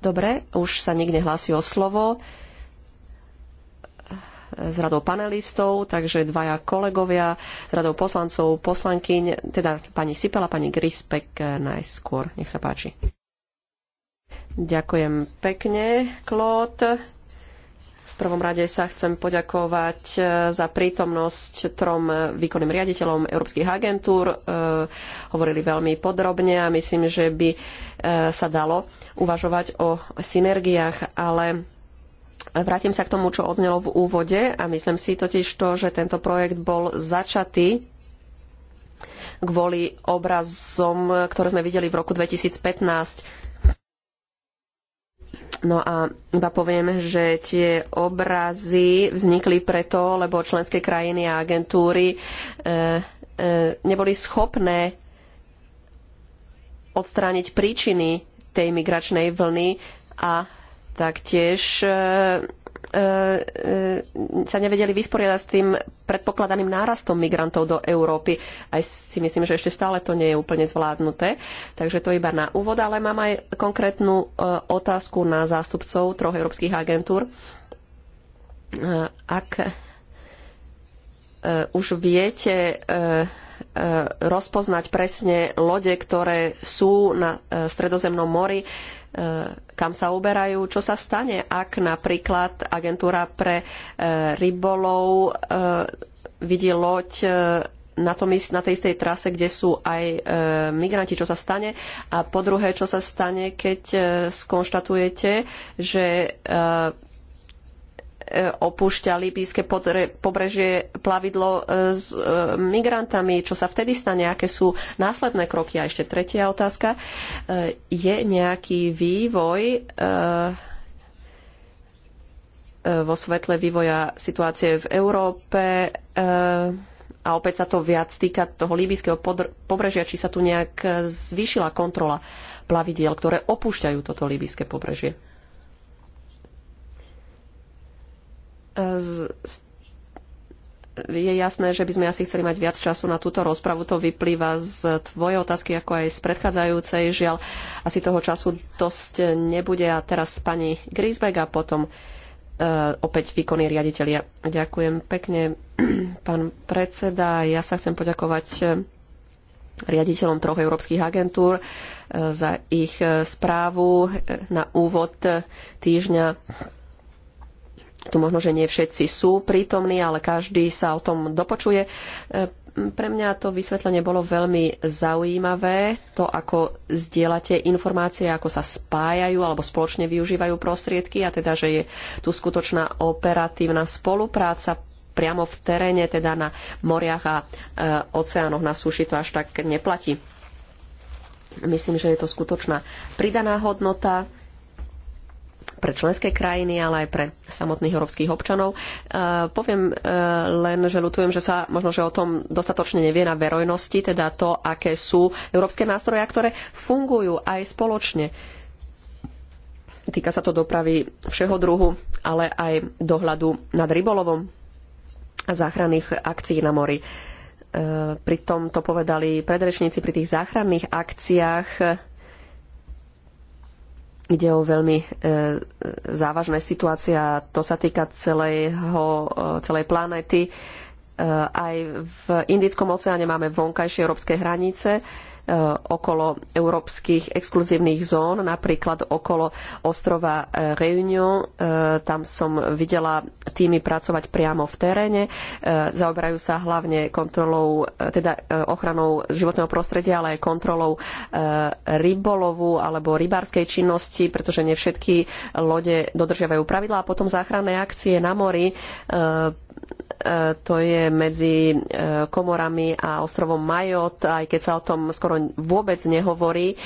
Dobre, už sa niekde hlási o slovo s radou panelistov, takže dvaja kolegovia s radou poslancov, poslankyň, teda pani Sipela, pani Grispek eh, najskôr. Nech sa páči. Ďakujem pekne, Klód prvom rade sa chcem poďakovať e, za prítomnosť trom výkonným riaditeľom európskych agentúr. E, hovorili veľmi podrobne a myslím, že by e, sa dalo uvažovať o synergiách, ale vrátim sa k tomu, čo odznelo v úvode a myslím si totiž to, že tento projekt bol začatý kvôli obrazom, ktoré sme videli v roku 2015 No a iba poviem, že tie obrazy vznikli preto, lebo členské krajiny a agentúry e, e, neboli schopné odstrániť príčiny tej migračnej vlny a taktiež e, E, e, sa nevedeli vysporiadať s tým predpokladaným nárastom migrantov do Európy. Aj si myslím, že ešte stále to nie je úplne zvládnuté. Takže to iba na úvod, ale mám aj konkrétnu e, otázku na zástupcov troch európskych agentúr. Ak už viete rozpoznať presne lode, ktoré sú na Stredozemnom mori, E, kam sa uberajú, čo sa stane, ak napríklad agentúra pre e, rybolov e, vidí loď na, tom, na tej istej trase, kde sú aj e, migranti, čo sa stane. A po druhé, čo sa stane, keď e, skonštatujete, že opúšťa líbyjské pobrežie plavidlo e, s e, migrantami, čo sa vtedy stane, aké sú následné kroky. A ešte tretia otázka. E, je nejaký vývoj vo svetle vývoja situácie v Európe a opäť sa to viac týka toho líbyjského pobrežia, či sa tu nejak zvýšila kontrola plavidiel, ktoré opúšťajú toto líbyjské pobrežie. je jasné, že by sme asi chceli mať viac času na túto rozpravu. To vyplýva z tvojej otázky, ako aj z predchádzajúcej. Žiaľ, asi toho času dosť nebude. A teraz pani Grisbeck a potom e, opäť výkonní riaditeľia. Ďakujem pekne, pán predseda. Ja sa chcem poďakovať e, riaditeľom troch európskych agentúr e, za ich správu na úvod týždňa tu možno, že nie všetci sú prítomní, ale každý sa o tom dopočuje. E, pre mňa to vysvetlenie bolo veľmi zaujímavé, to ako zdieľate informácie, ako sa spájajú alebo spoločne využívajú prostriedky a teda, že je tu skutočná operatívna spolupráca priamo v teréne, teda na moriach a e, oceánoch na súši to až tak neplatí. Myslím, že je to skutočná pridaná hodnota pre členské krajiny, ale aj pre samotných európskych občanov. E, poviem e, len, že ľutujem, že sa možno, že o tom dostatočne nevie na verejnosti, teda to, aké sú európske nástroje, ktoré fungujú aj spoločne. Týka sa to dopravy všeho druhu, ale aj dohľadu nad rybolovom a záchranných akcií na mori. E, pri tom to povedali predrečníci pri tých záchranných akciách Ide o veľmi e, e, závažné situácie a to sa týka celého, e, celej planéty. aj v Indickom oceáne máme vonkajšie európske hranice Eh, okolo európskych exkluzívnych zón, napríklad okolo ostrova eh, Reunion. Eh, tam som videla týmy pracovať priamo v teréne. Zaoberajú sa hlavne kontrolou, teda ochranou životného prostredia, ale aj kontrolou rybolovu alebo rybárskej činnosti, pretože nevšetky všetky lode dodržiavajú pravidlá a potom záchranné akcie na mori E, to je medzi e, komorami a ostrovom Majot, aj keď sa o tom skoro vôbec nehovorí. E,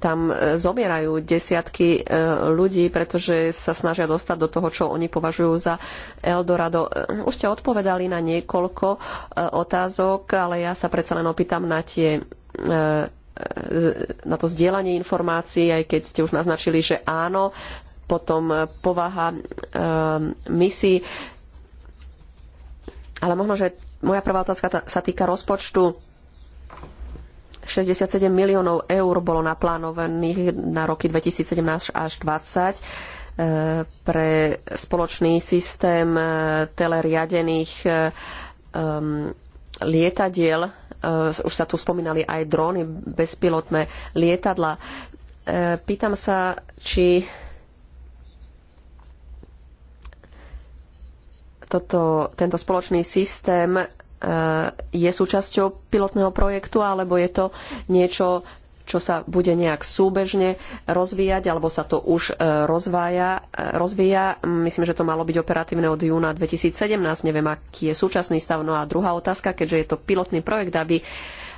tam zomierajú desiatky ľudí, pretože sa snažia dostať do toho, čo oni považujú za Eldorado. Už ste odpovedali na niekoľko otázok, ale ja sa predsa len opýtam na tie na to zdieľanie informácií, aj keď ste už naznačili, že áno, potom e, povaha e, misií. Ale možno, že moja prvá otázka sa týka rozpočtu. 67 miliónov eur bolo naplánovaných na roky 2017 až 2020 e, pre spoločný systém teleriadených lietadiel. Už sa tu spomínali aj dróny, bezpilotné lietadla. Pýtam sa, či toto, tento spoločný systém e, je súčasťou pilotného projektu, alebo je to niečo, čo sa bude nejak súbežne rozvíjať, alebo sa to už e, rozvája, e, rozvíja. Myslím, že to malo byť operatívne od júna 2017. Neviem, aký je súčasný stav. No a druhá otázka, keďže je to pilotný projekt, aby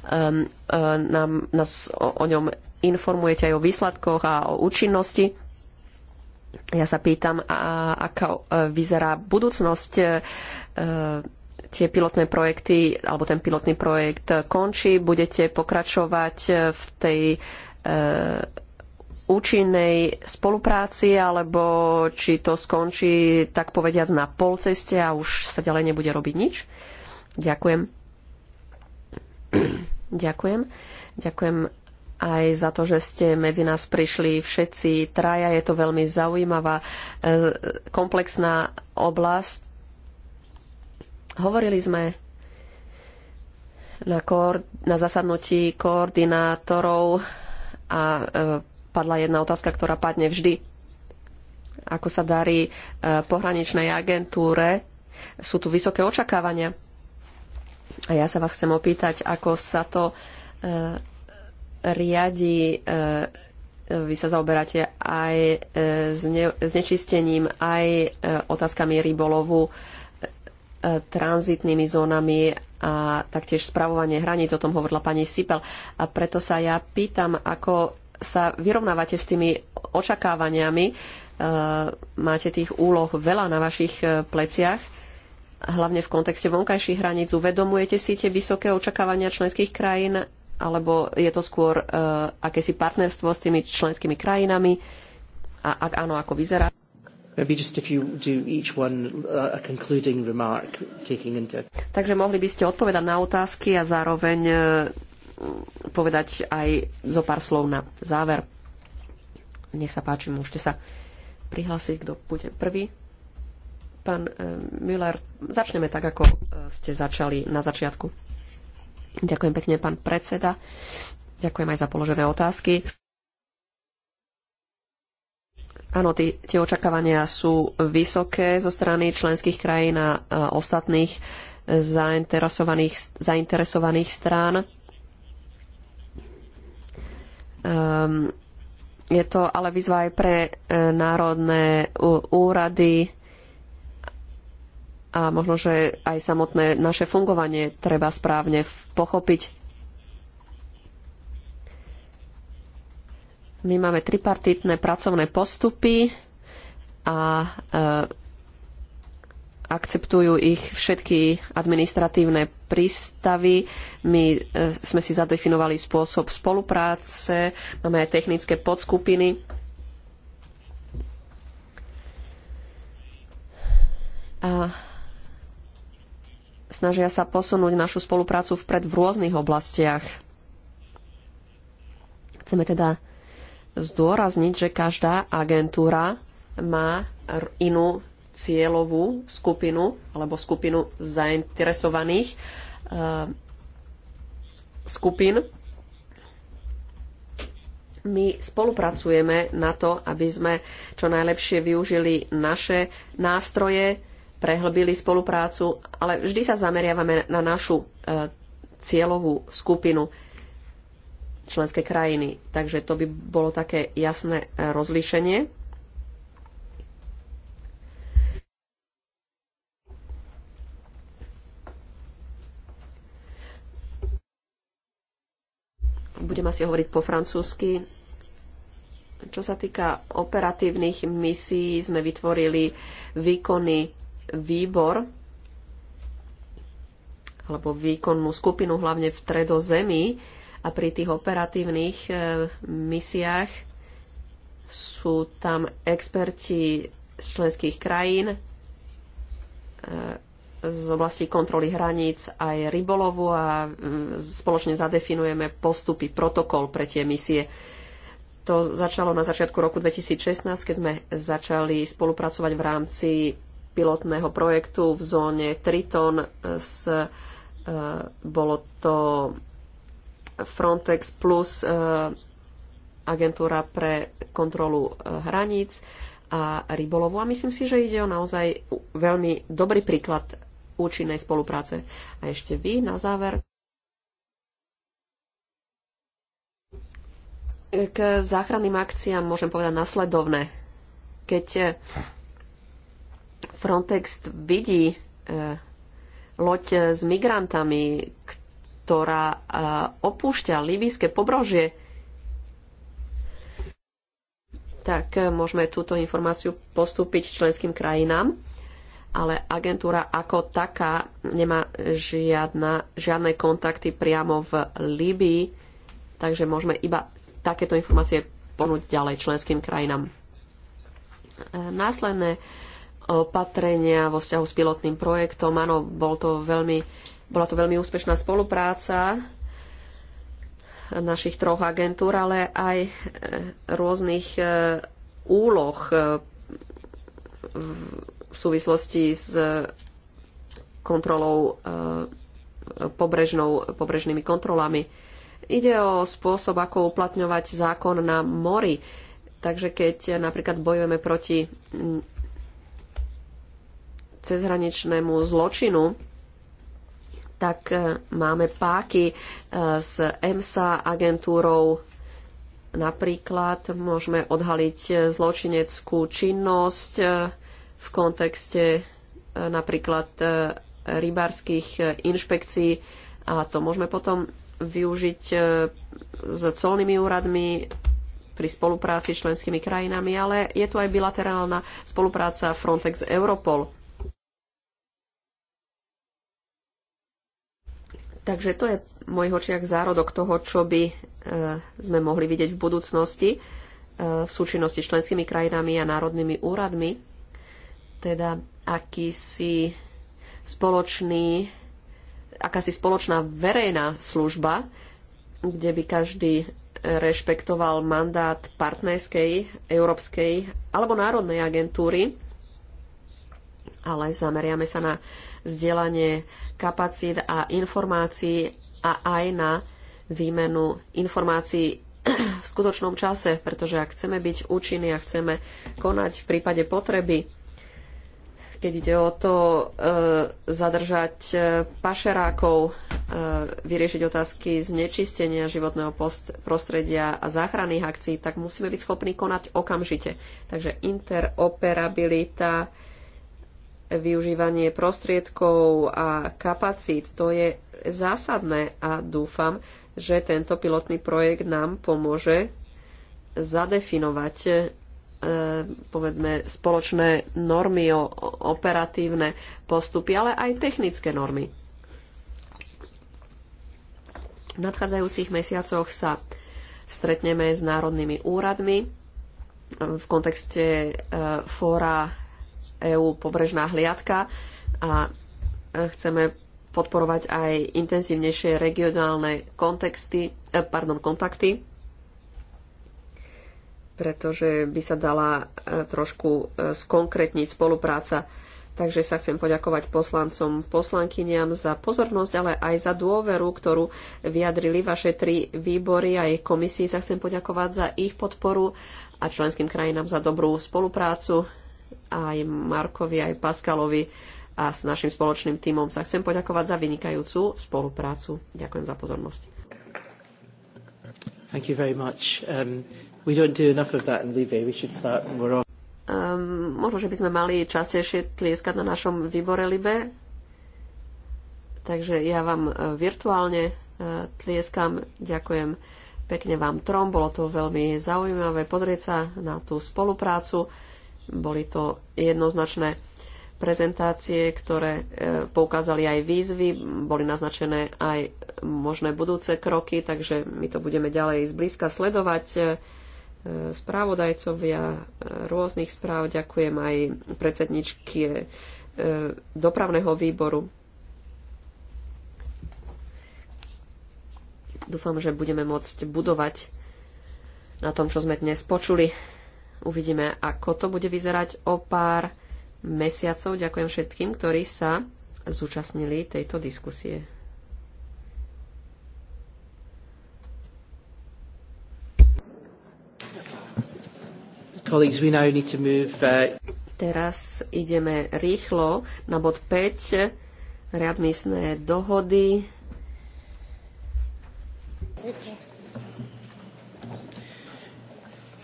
nám, nás o, o ňom informujete aj o výsledkoch a o účinnosti ja sa pýtam, a aká e, vyzerá budúcnosť e, tie pilotné projekty, alebo ten pilotný projekt končí, budete pokračovať e, v tej účinnej spolupráci, alebo či to skončí, tak povediať, na pol ceste a už sa ďalej nebude robiť nič? Ďakujem. Ďakujem. Ďakujem aj za to, že ste medzi nás prišli všetci traja. Je to veľmi zaujímavá, e, komplexná oblasť. Hovorili sme na, koor- na zasadnutí koordinátorov a e, padla jedna otázka, ktorá padne vždy. Ako sa darí e, pohraničnej agentúre? Sú tu vysoké očakávania. A ja sa vás chcem opýtať, ako sa to e, riadi. E, vy sa zaoberáte aj e, znečistením, aj e, otázkami rybolovu, tranzitnými zónami a taktiež spravovanie hraníc, o tom hovorila pani Sipel. A preto sa ja pýtam, ako sa vyrovnávate s tými očakávaniami. Máte tých úloh veľa na vašich pleciach, hlavne v kontexte vonkajších hraníc. Uvedomujete si tie vysoké očakávania členských krajín alebo je to skôr uh, akési partnerstvo s tými členskými krajinami a ak áno, ako vyzerá? Maybe just if you do each one uh, a concluding remark taking into... Takže mohli by ste odpovedať na otázky a zároveň uh, povedať aj zo pár slov na záver. Nech sa páči, môžete sa prihlásiť, kto bude prvý. Pán uh, Müller, začneme tak, ako ste začali na začiatku. Ďakujem pekne, pán predseda. Ďakujem aj za položené otázky. Áno, tí, tie očakávania sú vysoké zo strany členských krajín a, ostatných zainteresovaných, zainteresovaných strán. Um, je to ale výzva aj pre e, národné úrady, a možno, že aj samotné naše fungovanie treba správne pochopiť. My máme tripartitné pracovné postupy a e, akceptujú ich všetky administratívne prístavy. My e, sme si zadefinovali spôsob spolupráce, máme aj technické podskupiny. A snažia sa posunúť našu spoluprácu vpred v rôznych oblastiach. Chceme teda zdôrazniť, že každá agentúra má inú cieľovú skupinu alebo skupinu zainteresovaných eh, skupín. My spolupracujeme na to, aby sme čo najlepšie využili naše nástroje, prehlbili spoluprácu, ale vždy sa zameriavame na našu e, cieľovú skupinu členské krajiny. Takže to by bolo také jasné e, rozlíšenie. Budem asi hovoriť po francúzsky. Čo sa týka operatívnych misií, sme vytvorili výkony výbor alebo výkonnú skupinu hlavne v tredozemi a pri tých operatívnych eh, misiách sú tam experti z členských krajín, eh, z oblasti kontroly hraníc aj rybolovu a mm, spoločne zadefinujeme postupy, protokol pre tie misie. To začalo na začiatku roku 2016, keď sme začali spolupracovať v rámci pilotného projektu v zóne Triton. E, s, e, bolo to Frontex plus e, agentúra pre kontrolu hraníc a rybolovu. A myslím si, že ide o naozaj veľmi dobrý príklad účinnej spolupráce. A ešte vy na záver. K záchranným akciám môžem povedať nasledovné. Keď Frontex vidí e, loď s migrantami, ktorá e, opúšťa libijské pobrožie, tak e, môžeme túto informáciu postúpiť členským krajinám, ale agentúra ako taká nemá žiadna, žiadne kontakty priamo v Líbii, takže môžeme iba takéto informácie ponúť ďalej členským krajinám. Následné opatrenia vo vzťahu s pilotným projektom. Áno, bol to veľmi, bola to veľmi úspešná spolupráca našich troch agentúr, ale aj eh, rôznych eh, úloh eh, v súvislosti s kontrolou pobrežnou, pobrežnými kontrolami. Ide o spôsob, ako uplatňovať zákon na mori. Takže keď napríklad bojujeme proti cezhraničnému zločinu, tak e, máme páky e, s EMSA agentúrou. Napríklad môžeme odhaliť e, zločineckú činnosť v kontekste napríklad rybárskych inšpekcií a to môžeme potom využiť s colnými úradmi pri spolupráci s členskými krajinami, ale je tu aj bilaterálna spolupráca Frontex Europol. Takže to je v mojich očiach zárodok toho, čo by e, sme mohli vidieť v budúcnosti e, v súčinnosti s členskými krajinami a národnými úradmi, teda akýsi spoločný, akási spoločná verejná služba, kde by každý e, rešpektoval mandát partnerskej, európskej alebo národnej agentúry, ale zameriame sa na vzdelanie kapacít a informácií a aj na výmenu informácií v skutočnom čase, pretože ak chceme byť účinní a chceme konať v prípade potreby, keď ide o to e, zadržať e, pašerákov, e, vyriešiť otázky znečistenia životného prostredia a záchranných akcií, tak musíme byť schopní konať okamžite. Takže interoperabilita, e, využívanie prostriedkov a kapacít. To je zásadné a dúfam, že tento pilotný projekt nám pomôže zadefinovať e, povedzme spoločné normy o operatívne postupy, ale aj technické normy. V nadchádzajúcich mesiacoch sa stretneme s národnými úradmi v kontexte e, fóra EÚ pobrežná hliadka a e, chceme podporovať aj intenzívnejšie regionálne kontexty, e, pardon, kontakty, pretože by sa dala e, trošku skonkrétniť spolupráca. Takže sa chcem poďakovať poslancom, poslankyniam za pozornosť, ale aj za dôveru, ktorú vyjadrili vaše tri výbory a ich komisii. Sa chcem poďakovať za ich podporu a členským krajinám za dobrú spoluprácu aj Markovi, aj Paskalovi a s našim spoločným tímom sa chcem poďakovať za vynikajúcu spoluprácu. Ďakujem za pozornosť. Thank you very much. Um, we don't do enough of that in We should start more Um, možno, že by sme mali častejšie tlieskať na našom výbore Libe. Takže ja vám e, virtuálne e, tlieskam. Ďakujem pekne vám trom. Bolo to veľmi zaujímavé podrieť sa na tú spoluprácu. Boli to jednoznačné prezentácie, ktoré e, poukázali aj výzvy, boli naznačené aj možné budúce kroky, takže my to budeme ďalej zblízka sledovať. E, Správodajcovia e, rôznych správ ďakujem aj predsedničky dopravného výboru. Dúfam, že budeme môcť budovať na tom, čo sme dnes počuli. Uvidíme, ako to bude vyzerať o pár mesiacov. Ďakujem všetkým, ktorí sa zúčastnili tejto diskusie. Uh, Teraz ideme rýchlo na bod 5, readmisné dohody. Okay.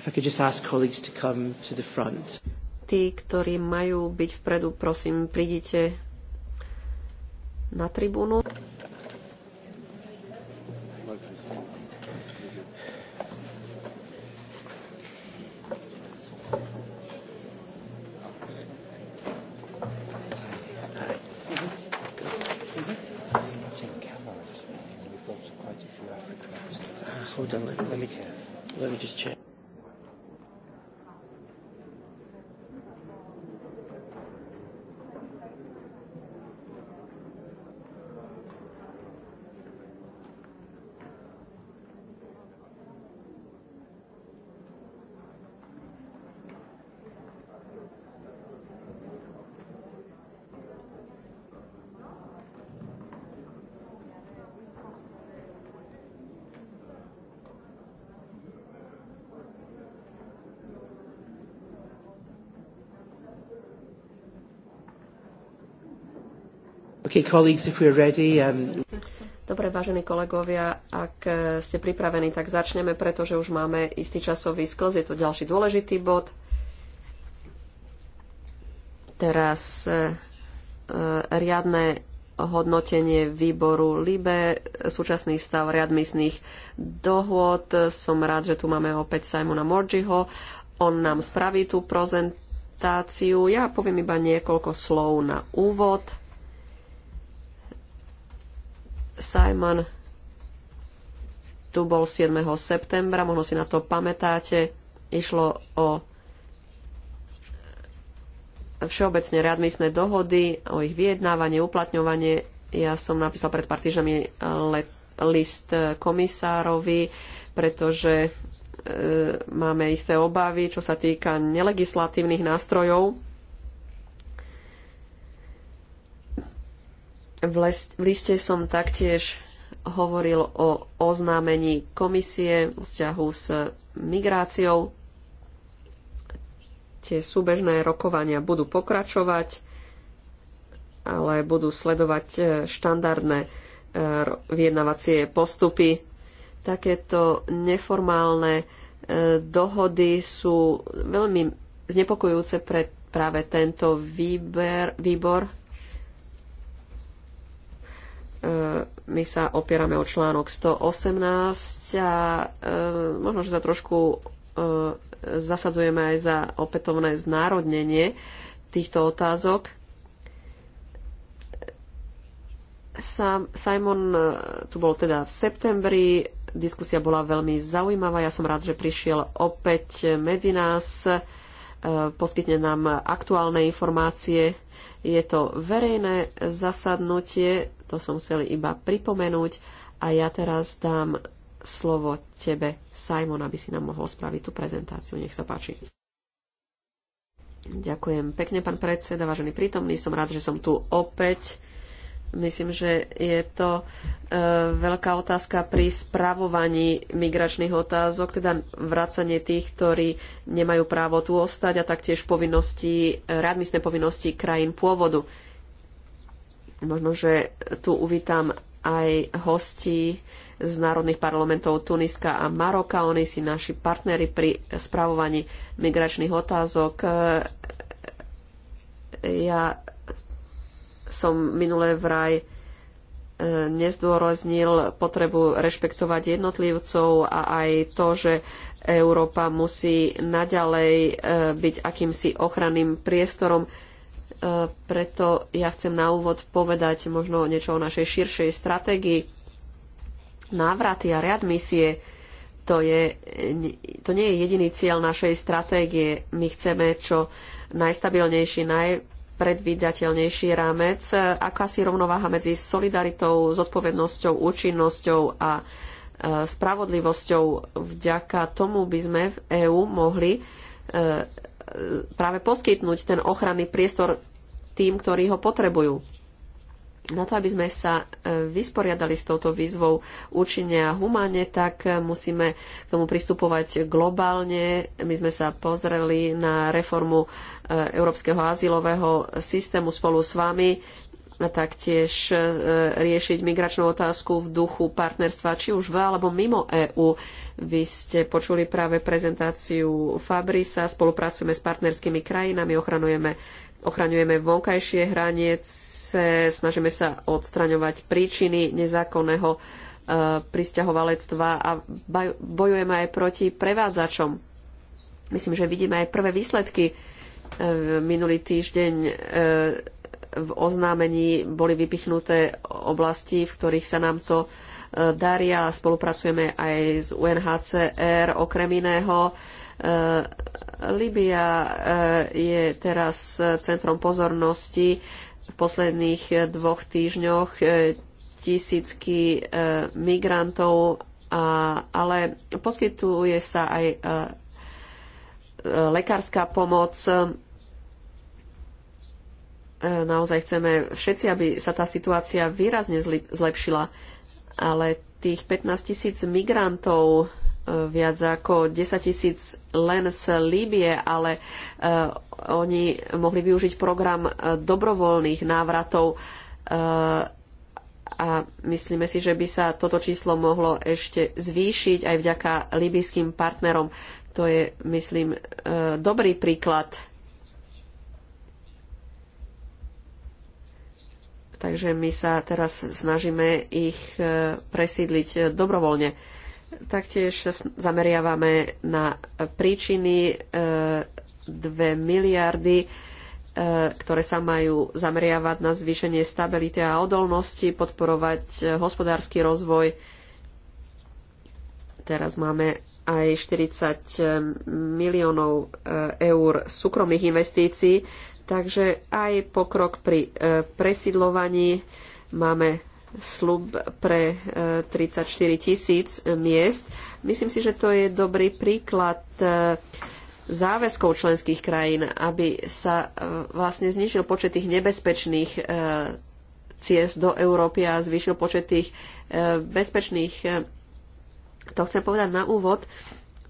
If I could just ask colleagues to come to the front. Tí, ktorí majú byť vpredu, prosím, prídite na tribúnu. Okay, colleagues, if we're ready, um... Dobre, vážení kolegovia, ak e, ste pripravení, tak začneme, pretože už máme istý časový sklz. Je to ďalší dôležitý bod. Teraz e, e, riadne hodnotenie výboru LIBE, súčasný stav riadmisných dohôd. Som rád, že tu máme opäť Simona Morgiho. On nám spraví tú prezentáciu. Ja poviem iba niekoľko slov na úvod Simon tu bol 7. septembra, možno si na to pamätáte. Išlo o všeobecne readmisné dohody, o ich vyjednávanie, uplatňovanie. Ja som napísal pred pár týždňami eh, list eh, komisárovi, pretože e, máme isté obavy, čo sa týka nelegislatívnych nástrojov V, list, v liste som taktiež hovoril o oznámení komisie v vzťahu s migráciou. Tie súbežné rokovania budú pokračovať, ale budú sledovať e, štandardné e, vyjednavacie postupy. Takéto neformálne e, dohody sú veľmi znepokojujúce pre práve tento výber, výbor, E, my sa opierame o článok 118 a e, možno, že sa trošku e, zasadzujeme aj za opätovné znárodnenie týchto otázok. Simon tu bol teda v septembri, diskusia bola veľmi zaujímavá, ja som rád, že prišiel opäť medzi nás, poskytne nám aktuálne informácie je to verejné zasadnutie, to som chcel iba pripomenúť a ja teraz dám slovo tebe, Simon, aby si nám mohol spraviť tú prezentáciu. Nech sa páči. Ďakujem pekne, pán predseda, vážený prítomný. Som rád, že som tu opäť Myslím, že je to e, veľká otázka pri spravovaní migračných otázok, teda vracanie tých, ktorí nemajú právo tu ostať a taktiež povinnosti, e, readmisné povinnosti krajín pôvodu. Možno, že tu uvítam aj hostí z národných parlamentov Tuniska a Maroka. Oni si naši partnery pri spravovaní migračných otázok e, ja som minulé vraj e, nezdôraznil potrebu rešpektovať jednotlivcov a aj to, že Európa musí naďalej e, byť akýmsi ochranným priestorom. E, preto ja chcem na úvod povedať možno niečo o našej širšej stratégii. Návraty a readmisie to, je, to nie je jediný cieľ našej stratégie. My chceme čo najstabilnejší, naj, predvídateľnejší rámec, akási rovnováha medzi solidaritou, zodpovednosťou, účinnosťou a e, spravodlivosťou. Vďaka tomu by sme v EÚ mohli e, práve poskytnúť ten ochranný priestor tým, ktorí ho potrebujú na to, aby sme sa e, vysporiadali s touto výzvou účinne a humánne, tak e, musíme k tomu pristupovať globálne. My sme sa pozreli na reformu e, Európskeho azylového systému spolu s vami taktiež e, riešiť migračnú otázku v duchu partnerstva, či už v alebo mimo EÚ. Vy ste počuli práve prezentáciu Fabrisa, spolupracujeme s partnerskými krajinami, ochranujeme, ochraňujeme vonkajšie hranice, snažíme sa odstraňovať príčiny nezákonného e, pristahovalectva a bojujeme aj proti prevádzačom. Myslím, že vidíme aj prvé výsledky. E, minulý týždeň v oznámení boli vypichnuté oblasti, v ktorých sa nám to e, darí a spolupracujeme aj s UNHCR okrem iného. E, Libia e, je teraz centrom pozornosti. V posledných dvoch týždňoch tisícky migrantov, ale poskytuje sa aj lekárska pomoc E, naozaj chceme všetci, aby sa tá situácia výrazne zlepšila, ale tých 15 tisíc migrantov, e, viac ako 10 tisíc len z Líbie, ale e, oni mohli využiť program dobrovoľných návratov a myslíme si, že by sa toto číslo mohlo ešte zvýšiť aj vďaka libijským partnerom. To je, myslím, dobrý príklad Takže my sa teraz snažíme ich e, presídliť e, dobrovoľne. Taktiež sa zameriavame na príčiny 2 e, miliardy, ktoré sa majú zameriavať na zvýšenie stability a odolnosti, podporovať hospodársky rozvoj. Teraz máme aj 40 miliónov eur súkromných investícií Takže aj pokrok pri e, presidlovaní máme slub pre 34 e, tisíc miest. Myslím si, že to je dobrý príklad e, záväzkov členských krajín, aby sa vlastne znižil počet tých nebezpečných ciest do Európy a zvyšil počet tých bezpečných. To chcem povedať na úvod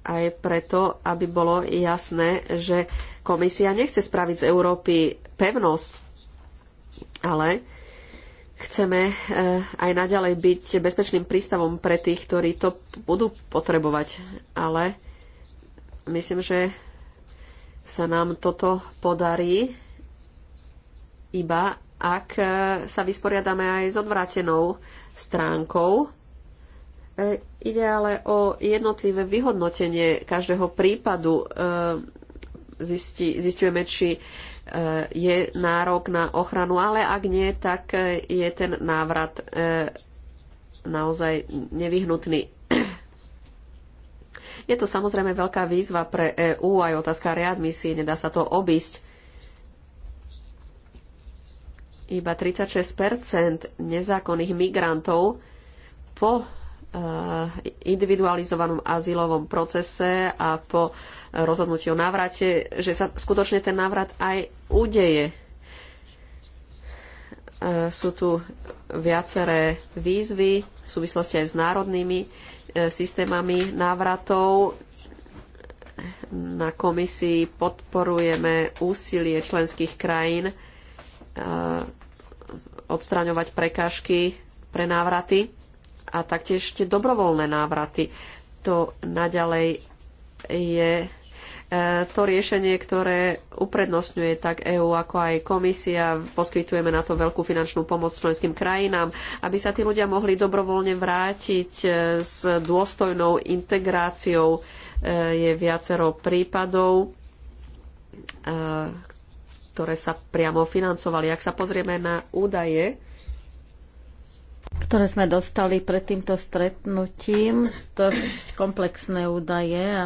aj preto, aby bolo jasné, že komisia nechce spraviť z Európy pevnosť, ale chceme eh, aj naďalej byť bezpečným prístavom pre tých, ktorí to budú potrebovať. Ale myslím, že sa nám toto podarí iba, ak eh, sa vysporiadame aj s odvrátenou stránkou E, ide ale o jednotlivé vyhodnotenie každého prípadu. E, zistujeme, či e, je nárok na ochranu, ale ak nie, tak je ten návrat naozaj nevyhnutný. Je to samozrejme veľká výzva pre EÚ, aj otázka readmisie, nedá sa to obísť. Iba 36 nezákonných migrantov po Eh, individualizovanom azylovom procese a po rozhodnutí o návrate, že sa skutočne ten návrat aj udeje. Eh, sú tu viaceré výzvy v súvislosti aj s národnými eh, systémami návratov. Na komisii podporujeme úsilie členských krajín odstraňovať prekážky pre návraty a taktiež tie dobrovoľné návraty. To naďalej je e, to riešenie, ktoré uprednostňuje tak EÚ ako aj komisia. Poskytujeme na to veľkú finančnú pomoc členským krajinám, aby sa tí ľudia mohli dobrovoľne vrátiť e, s dôstojnou integráciou. E, je viacero prípadov, ktoré sa priamo financovali. Ak sa pozrieme na údaje, ktoré sme dostali pred týmto stretnutím, to komplexné údaje a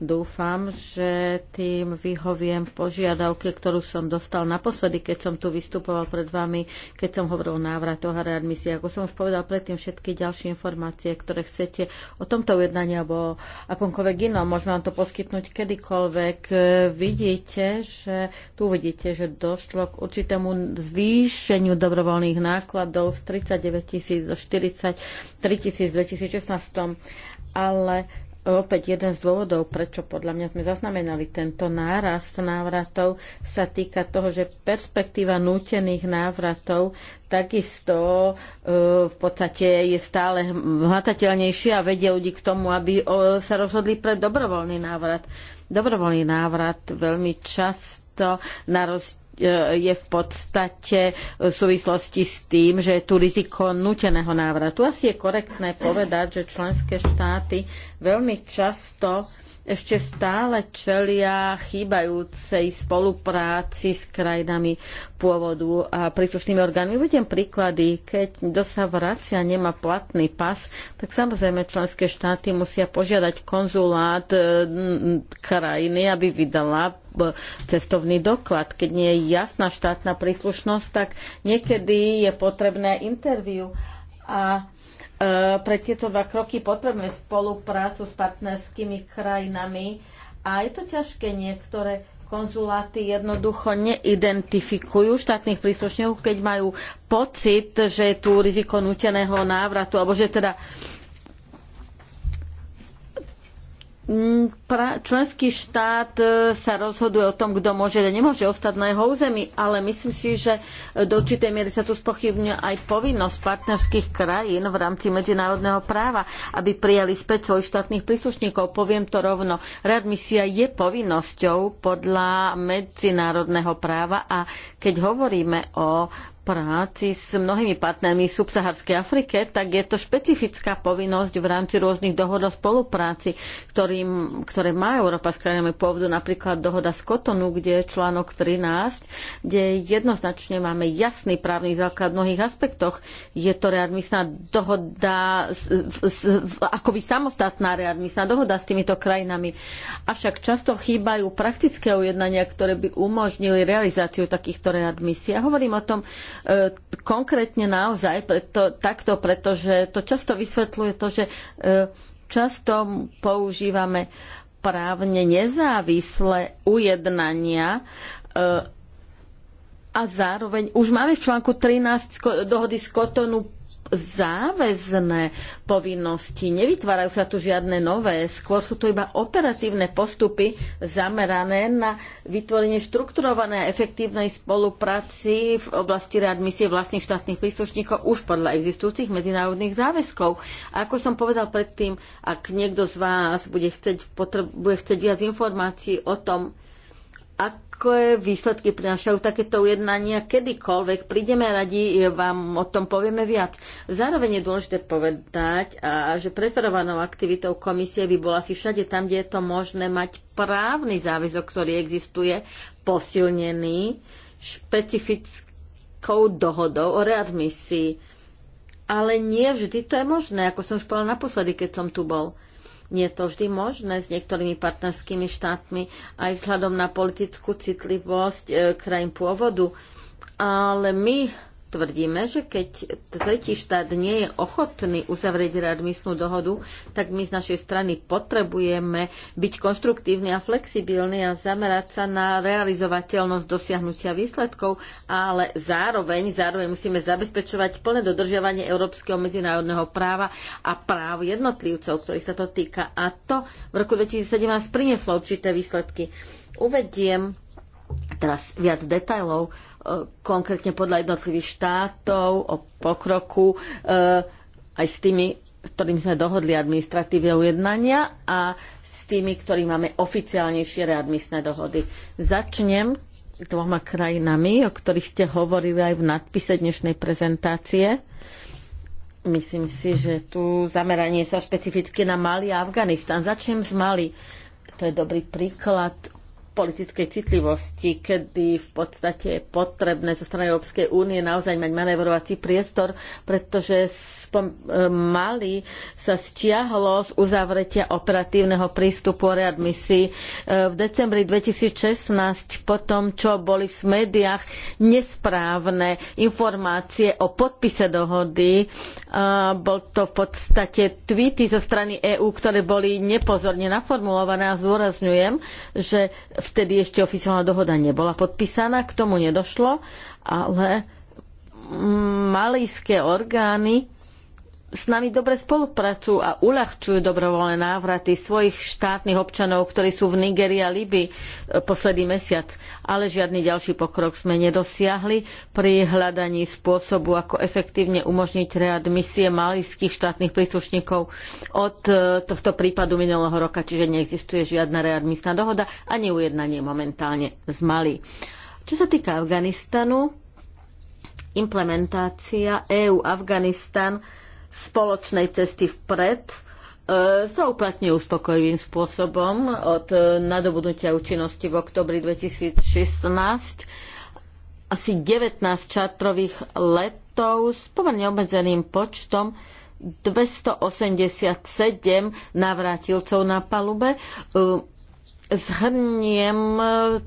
Dúfam, že tým vyhoviem požiadavke, ktorú som dostal naposledy, keď som tu vystupoval pred vami, keď som hovoril o návratoch a readmisii. Ako som už povedal predtým, všetky ďalšie informácie, ktoré chcete o tomto ujednaní alebo akomkoľvek inom, môžem vám to poskytnúť kedykoľvek. Vidíte, že tu uvidíte, že došlo k určitému zvýšeniu dobrovoľných nákladov z 39 tisíc do 43 tisíc v 2016, ale Opäť jeden z dôvodov, prečo podľa mňa sme zaznamenali tento nárast návratov, sa týka toho, že perspektíva nútených návratov takisto e, v podstate je stále hľatateľnejšia a vedie ľudí k tomu, aby e, sa rozhodli pre dobrovoľný návrat. Dobrovoľný návrat veľmi často na rozdiel Eh, je v podstate eh, v súvislosti s tým, že je tu riziko nuteného návratu. Asi je korektné povedať, že členské štáty veľmi často ešte stále čelia chýbajúcej spolupráci s krajinami pôvodu a príslušnými orgánmi. Uvidím príklady, keď kto sa vracia nemá platný pas, tak samozrejme členské štáty musia požiadať konzulát e, krajiny, aby vydala e, cestovný doklad. Keď nie je jasná štátna príslušnosť, tak niekedy je potrebné interviu. A E, pre tieto dva kroky potrebujeme spoluprácu s partnerskými krajinami a je to ťažké niektoré konzuláty jednoducho neidentifikujú štátnych príslušníkov, keď majú pocit, že je tu riziko núteného návratu, alebo že teda Mm, členský štát e, sa rozhoduje o tom, kto môže a nemôže ostať na jeho území, ale myslím si, že do určitej miery sa tu spochybňuje aj povinnosť partnerských krajín v rámci medzinárodného práva, aby prijali späť svojich štátnych príslušníkov. Poviem to rovno. Readmisia je povinnosťou podľa medzinárodného práva a keď hovoríme o práci s mnohými partnermi v subsaharskej Afrike, tak je to špecifická povinnosť v rámci rôznych dohod o spolupráci, ktorým, ktoré má Európa s krajinami pôvodu, napríklad dohoda z Kotonu, kde je článok 13, kde jednoznačne máme jasný právny základ v mnohých aspektoch. Je to readmisná dohoda, akoby samostatná readmisná dohoda s týmito krajinami. Avšak často chýbajú praktické ujednania, ktoré by umožnili realizáciu takýchto readmisí. A hovorím o tom, E, konkrétne naozaj preto, takto, pretože to často vysvetľuje to, že e, často používame právne nezávislé ujednania e, a zároveň už máme v článku 13 dohody z Kotonu záväzné povinnosti, nevytvárajú sa tu žiadne nové, skôr sú to iba operatívne postupy zamerané na vytvorenie štrukturované a efektívnej spolupráci v oblasti readmisie vlastných štátnych príslušníkov už podľa existujúcich medzinárodných záväzkov. A ako som povedal predtým, ak niekto z vás bude chcieť, bude chcieť viac informácií o tom, aké výsledky prinášajú takéto ujednania kedykoľvek. Prídeme radi, vám o tom povieme viac. Zároveň je dôležité povedať, a, že preferovanou aktivitou komisie by bola si všade tam, kde je to možné mať právny záväzok, ktorý existuje, posilnený špecifickou dohodou o readmisii. Ale nie vždy to je možné, ako som už povedala naposledy, keď som tu bol. Nie je to vždy možné s niektorými partnerskými štátmi aj vzhľadom na politickú citlivosť e, krajín pôvodu. Ale my tvrdíme, že keď tretí štát nie je ochotný uzavrieť readmisnú dohodu, tak my z našej strany potrebujeme byť konštruktívni a flexibilní a zamerať sa na realizovateľnosť dosiahnutia výsledkov, ale zároveň, zároveň musíme zabezpečovať plné dodržiavanie európskeho medzinárodného práva a práv jednotlivcov, ktorých sa to týka. A to v roku 2017 prinieslo určité výsledky. Uvediem teraz viac detajlov E, konkrétne podľa jednotlivých štátov, o pokroku e, aj s tými, s ktorým sme dohodli administratívne ujednania a s tými, ktorí máme oficiálnejšie readmisné dohody. Začnem dvoma krajinami, o ktorých ste hovorili aj v nadpise dnešnej prezentácie. Myslím si, že tu zameranie sa špecificky na Mali a Afganistan. Začnem z Mali. To je dobrý príklad politickej citlivosti, kedy v podstate je potrebné zo strany Európskej únie naozaj mať manévrovací priestor, pretože spom- e, Mali sa stiahlo z uzavretia operatívneho prístupu o readmisii e, v decembri 2016 po tom, čo boli v médiách nesprávne informácie o podpise dohody. E, bol to v podstate tweety zo strany EÚ, ktoré boli nepozorne naformulované a zdôrazňujem, že vtedy ešte oficiálna dohoda nebola podpísaná, k tomu nedošlo, ale mm, malijské orgány s nami dobre spolupracujú a uľahčujú dobrovoľné návraty svojich štátnych občanov, ktorí sú v Nigerii a Libii e, posledný mesiac. Ale žiadny ďalší pokrok sme nedosiahli pri hľadaní spôsobu, ako efektívne umožniť readmisie malijských štátnych príslušníkov od e, tohto prípadu minulého roka, čiže neexistuje žiadna readmisná dohoda ani ujednanie momentálne z Mali. Čo sa týka Afganistanu, implementácia EU-Afganistan spoločnej cesty vpred e, sa uplatňujú uspokojivým spôsobom od e, nadobudnutia účinnosti v oktobri 2016 asi 19 čatrových letov s pomerne obmedzeným počtom 287 navrátilcov na palube. E, Zhrniem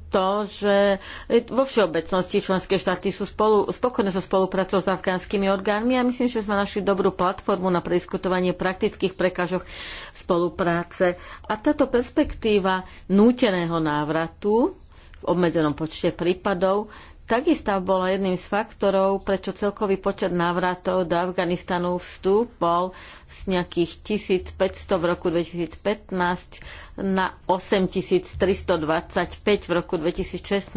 to, že vo všeobecnosti členské štáty sú spolu, spokojné so spoluprácou s afgánskymi orgánmi a myslím, že sme našli dobrú platformu na prediskutovanie praktických prekážok spolupráce. A táto perspektíva núteného návratu v obmedzenom počte prípadov Takisto bola jedným z faktorov, prečo celkový počet návratov do Afganistanu vstúpol z nejakých 1500 v roku 2015 na 8325 v roku 2016.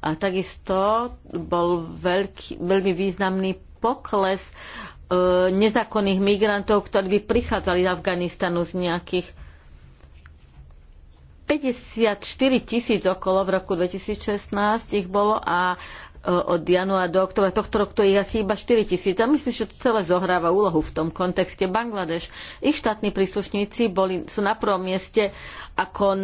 A takisto bol veľký, veľmi významný pokles e, nezákonných migrantov, ktorí by prichádzali z Afganistanu z nejakých 54 tisíc okolo v roku 2016 ich bolo a od januára do oktobra tohto roku to je asi iba 4 tisíc. A myslím, že to celé zohráva úlohu v tom kontexte. Bangladeš, ich štátni príslušníci boli, sú na prvom mieste ako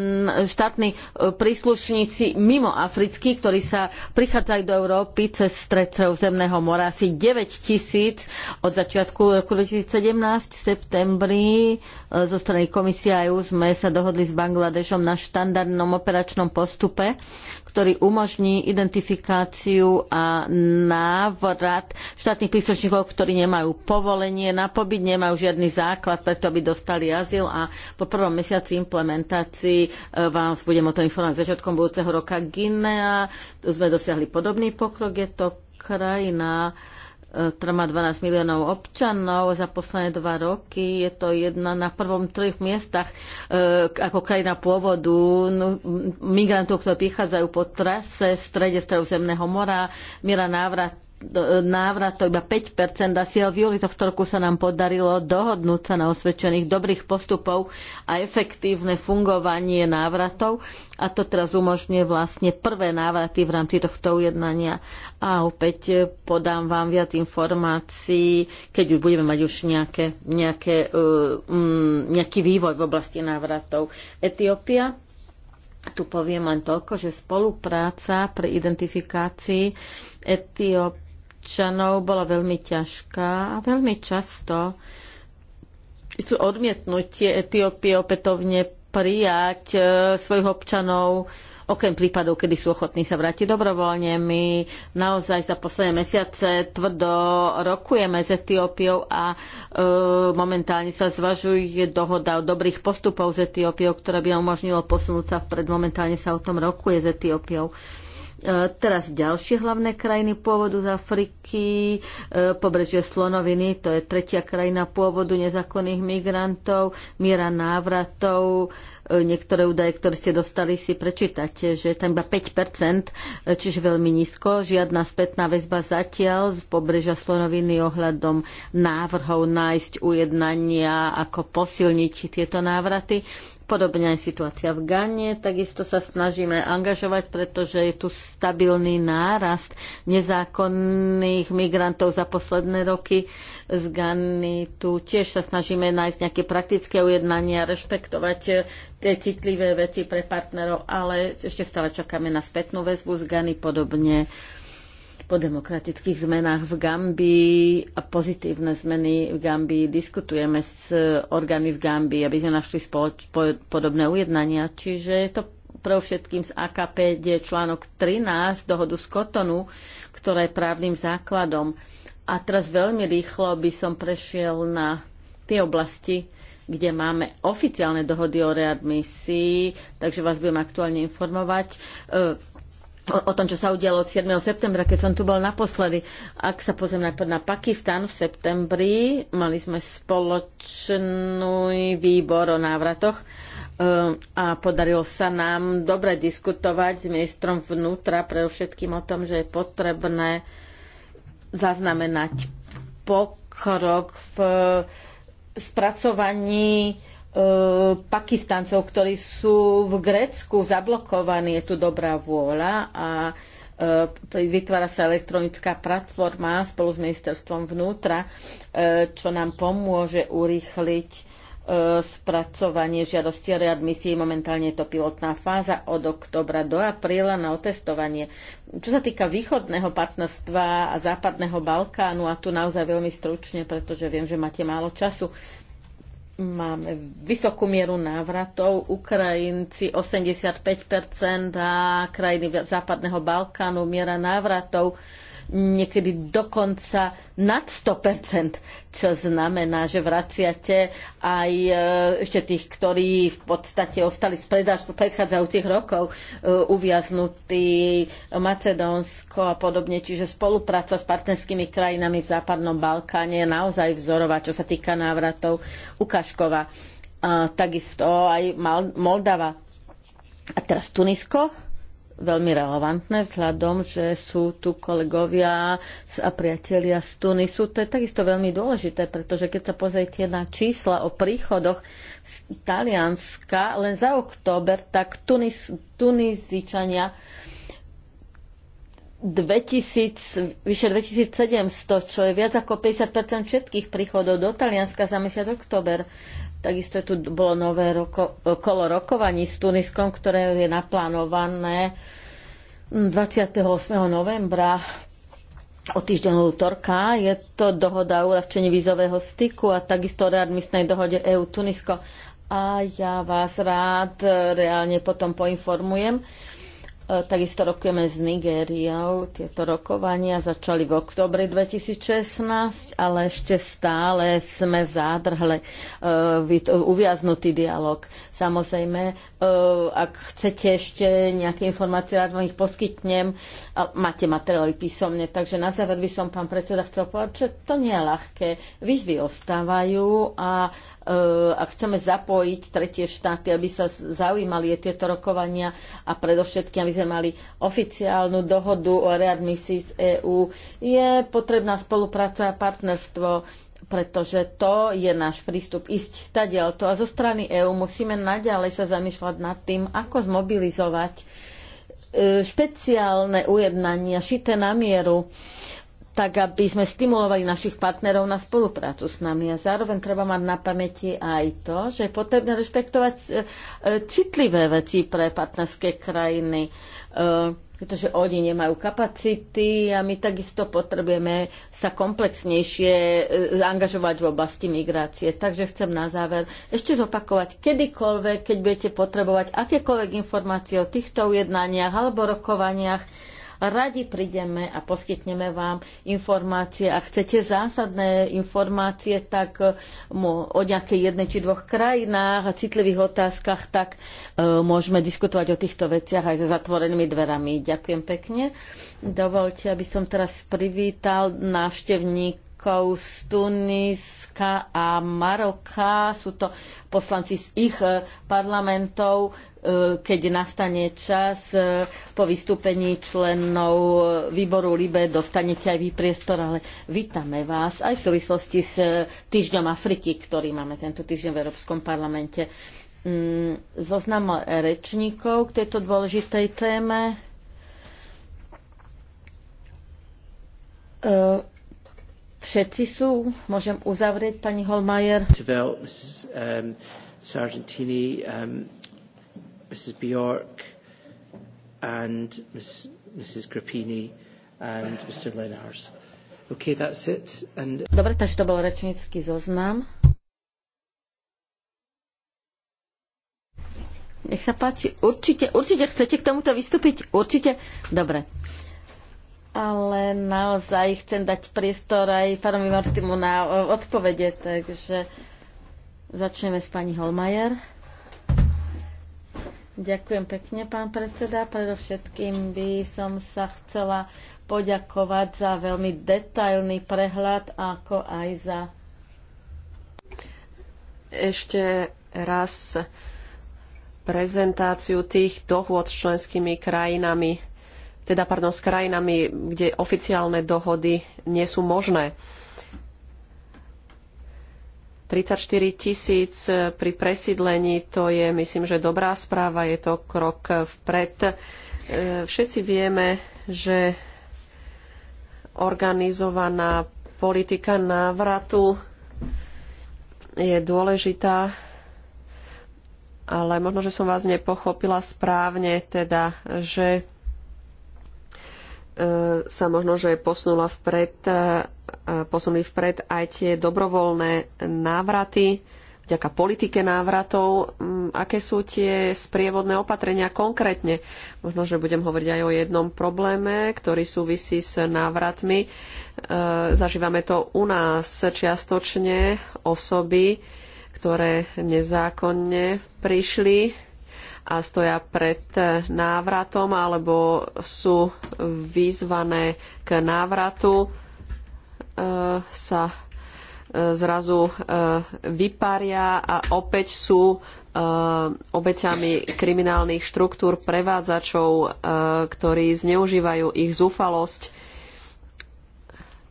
štátni e, príslušníci mimo Africky, ktorí sa prichádzajú do Európy cez stred Zemného mora. Asi 9 tisíc od začiatku roku 2017 v septembri e, zo strany komisia EU sme sa dohodli s Bangladešom na štandardnom operačnom postupe, ktorý umožní identifikáciu a návrat štátnych príslušníkov, ktorí nemajú povolenie na pobyt, nemajú žiadny základ, preto aby dostali azyl a po prvom mesiaci implementácii e, vás budem o to informovať začiatkom budúceho roka Guinea. Tu sme dosiahli podobný pokrok, je to krajina, ktorá má 12 miliónov občanov za posledné dva roky. Je to jedna na prvom troch miestach e, ako krajina pôvodu no, migrantov, ktorí prichádzajú po trase v strede Stredozemného mora. Miera návrat to iba 5 Asi v júli tohto roku sa nám podarilo dohodnúť sa na osvedčených dobrých postupov a efektívne fungovanie návratov. A to teraz umožňuje vlastne prvé návraty v rámci tohto ujednania. A opäť e, podám vám viac informácií, keď už budeme mať už nejaké, nejaké, um, nejaký vývoj v oblasti návratov. Etiópia, tu poviem len toľko, že spolupráca pri identifikácii Etióp občanov bola veľmi ťažká a veľmi často sú odmietnutie Etiópie opätovne prijať e, svojich občanov okrem prípadov, kedy sú ochotní sa vrátiť dobrovoľne. My naozaj za posledné mesiace tvrdo rokujeme s Etiópiou a e, momentálne sa zvažuje dohoda o dobrých postupov s Etiópiou, ktorá by umožnila posunúť sa vpred. Momentálne sa o tom rokuje s Etiópiou. E, E, teraz ďalšie hlavné krajiny pôvodu z Afriky, e, pobrežie Slonoviny, to je tretia krajina pôvodu nezákonných migrantov, miera návratov, e, niektoré údaje, ktoré ste dostali, si prečítate, že je tam iba 5%, čiže veľmi nízko. Žiadna spätná väzba zatiaľ z pobrežia Slonoviny ohľadom návrhov nájsť ujednania, ako posilniť tieto návraty. Podobne aj situácia v Gane, takisto sa snažíme angažovať, pretože je tu stabilný nárast nezákonných migrantov za posledné roky z Gany. Tu tiež sa snažíme nájsť nejaké praktické ujednania, rešpektovať tie citlivé veci pre partnerov, ale ešte stále čakáme na spätnú väzbu z Gany, podobne po demokratických zmenách v Gambii a pozitívne zmeny v Gambii. Diskutujeme s orgánmi v Gambii, aby sme našli spoloč- po- podobné ujednania. Čiže je to pre všetkým z je článok 13 dohodu z Kotonu, ktorá je právnym základom. A teraz veľmi rýchlo by som prešiel na tie oblasti, kde máme oficiálne dohody o readmisii, takže vás budem aktuálne informovať e, o, o tom, čo sa udialo od 7. septembra, keď som tu bol naposledy. Ak sa pozrieme najprv na Pakistan v septembri, mali sme spoločný výbor o návratoch eh, a podarilo sa nám dobre diskutovať s ministrom vnútra pre všetkým o tom, že je potrebné zaznamenať pokrok v eh, spracovaní E, Pakistancov, ktorí sú v Grécku zablokovaní. Je tu dobrá vôľa a e, vytvára sa elektronická platforma spolu s ministerstvom vnútra, e, čo nám pomôže urýchliť spracovanie žiadosti a readmisie. Momentálne je to pilotná fáza od oktobra do apríla na otestovanie. Čo sa týka východného partnerstva a západného Balkánu, a tu naozaj veľmi stručne, pretože viem, že máte málo času, máme vysokú mieru návratov, Ukrajinci 85% a krajiny Západného Balkánu miera návratov niekedy dokonca nad 100%, čo znamená, že vraciate aj e, ešte tých, ktorí v podstate ostali z predáž z predchádzajúcich rokov e, uviaznutí Macedónsko a podobne. Čiže spolupráca s partnerskými krajinami v Západnom Balkáne je naozaj vzorová, čo sa týka návratov Ukaškova. takisto aj Moldava. A teraz Tunisko veľmi relevantné vzhľadom, že sú tu kolegovia a priatelia z Tunisu. To je takisto veľmi dôležité, pretože keď sa pozriete na čísla o príchodoch z Talianska len za október, tak Tunis, Tunizičania 2000, vyše 2700, čo je viac ako 50 všetkých príchodov do Talianska za mesiac október. Takisto tu bolo nové roko, kolo rokovaní s Tuniskom, ktoré je naplánované 28. Hm, novembra o týždeň útorka. Je to dohoda o uľahčení vízového styku a takisto o readmisnej dohode EU-Tunisko. A ja vás rád e, reálne potom poinformujem. E, takisto rokujeme s Nigériou. Tieto rokovania začali v oktobri 2016, ale ešte stále sme zádrhle e, uviaznutý dialog Samozrejme, e, ak chcete ešte nejaké informácie, rád vám ich poskytnem. Máte materiály písomne, takže na záver by som, pán predseda, chcel povedať, že to nie je ľahké. Výzvy ostávajú a e, ak chceme zapojiť tretie štáty, aby sa zaujímali tieto rokovania a predovšetkým, aby sme mali oficiálnu dohodu o readmisii z EÚ, je potrebná spolupráca a partnerstvo pretože to je náš prístup ísť tadialto. A zo strany EÚ musíme naďalej sa zamýšľať nad tým, ako zmobilizovať e, špeciálne ujednania šité na mieru tak aby sme stimulovali našich partnerov na spoluprácu s nami. A zároveň treba mať na pamäti aj to, že je potrebné rešpektovať e, e, citlivé veci pre partnerské krajiny, e, pretože oni nemajú kapacity a my takisto potrebujeme sa komplexnejšie angažovať v oblasti migrácie. Takže chcem na záver ešte zopakovať, kedykoľvek, keď budete potrebovať akékoľvek informácie o týchto ujednaniach alebo rokovaniach, Radi prídeme a poskytneme vám informácie. Ak chcete zásadné informácie, tak eh, o nejakej jednej či dvoch krajinách a citlivých otázkach, tak eh, môžeme diskutovať o týchto veciach aj za zatvorenými dverami. Ďakujem pekne. Dovolte, aby som teraz privítal návštevník z Tuniska a Maroka. Sú to poslanci z ich eh, parlamentov, E, keď nastane čas e, po vystúpení členov e, výboru LIBE, dostanete aj vy priestor, ale vítame vás aj v súvislosti s Týždňom Afriky, ktorý máme tento týždeň v Európskom parlamente. Mm, zoznam rečníkov k tejto dôležitej téme. Všetci sú? Môžem uzavrieť, pani Holmajer? Um, Sargentini, um, Mrs. Bjork, and Ms, Mrs. Grappini, and Mr. Lenars. OK, that's it. And... Dobre, takže to bol rečnícky zoznam. Nech sa páči. Určite, určite chcete k tomuto vystúpiť? Určite? Dobre. Ale naozaj chcem dať priestor aj pánovi Martimu na odpovede, takže začneme s pani Holmajer. Ďakujem pekne, pán predseda. Predovšetkým by som sa chcela poďakovať za veľmi detailný prehľad, ako aj za ešte raz prezentáciu tých dohôd s členskými krajinami, teda pardon, s krajinami, kde oficiálne dohody nie sú možné. 34 tisíc pri presídlení, to je myslím, že dobrá správa, je to krok vpred. E, všetci vieme, že organizovaná politika návratu je dôležitá, ale možno, že som vás nepochopila správne, teda, že E, sa možno, že posunula vpred, e, posunuli vpred aj tie dobrovoľné návraty, vďaka politike návratov. Mm, aké sú tie sprievodné opatrenia konkrétne? Možno, že budem hovoriť aj o jednom probléme, ktorý súvisí s návratmi. E, zažívame to u nás čiastočne osoby, ktoré nezákonne prišli a stoja pred návratom alebo sú vyzvané k návratu, e, sa e, zrazu e, vyparia a opäť sú obeťami kriminálnych štruktúr prevádzačov, ktorí zneužívajú ich zúfalosť.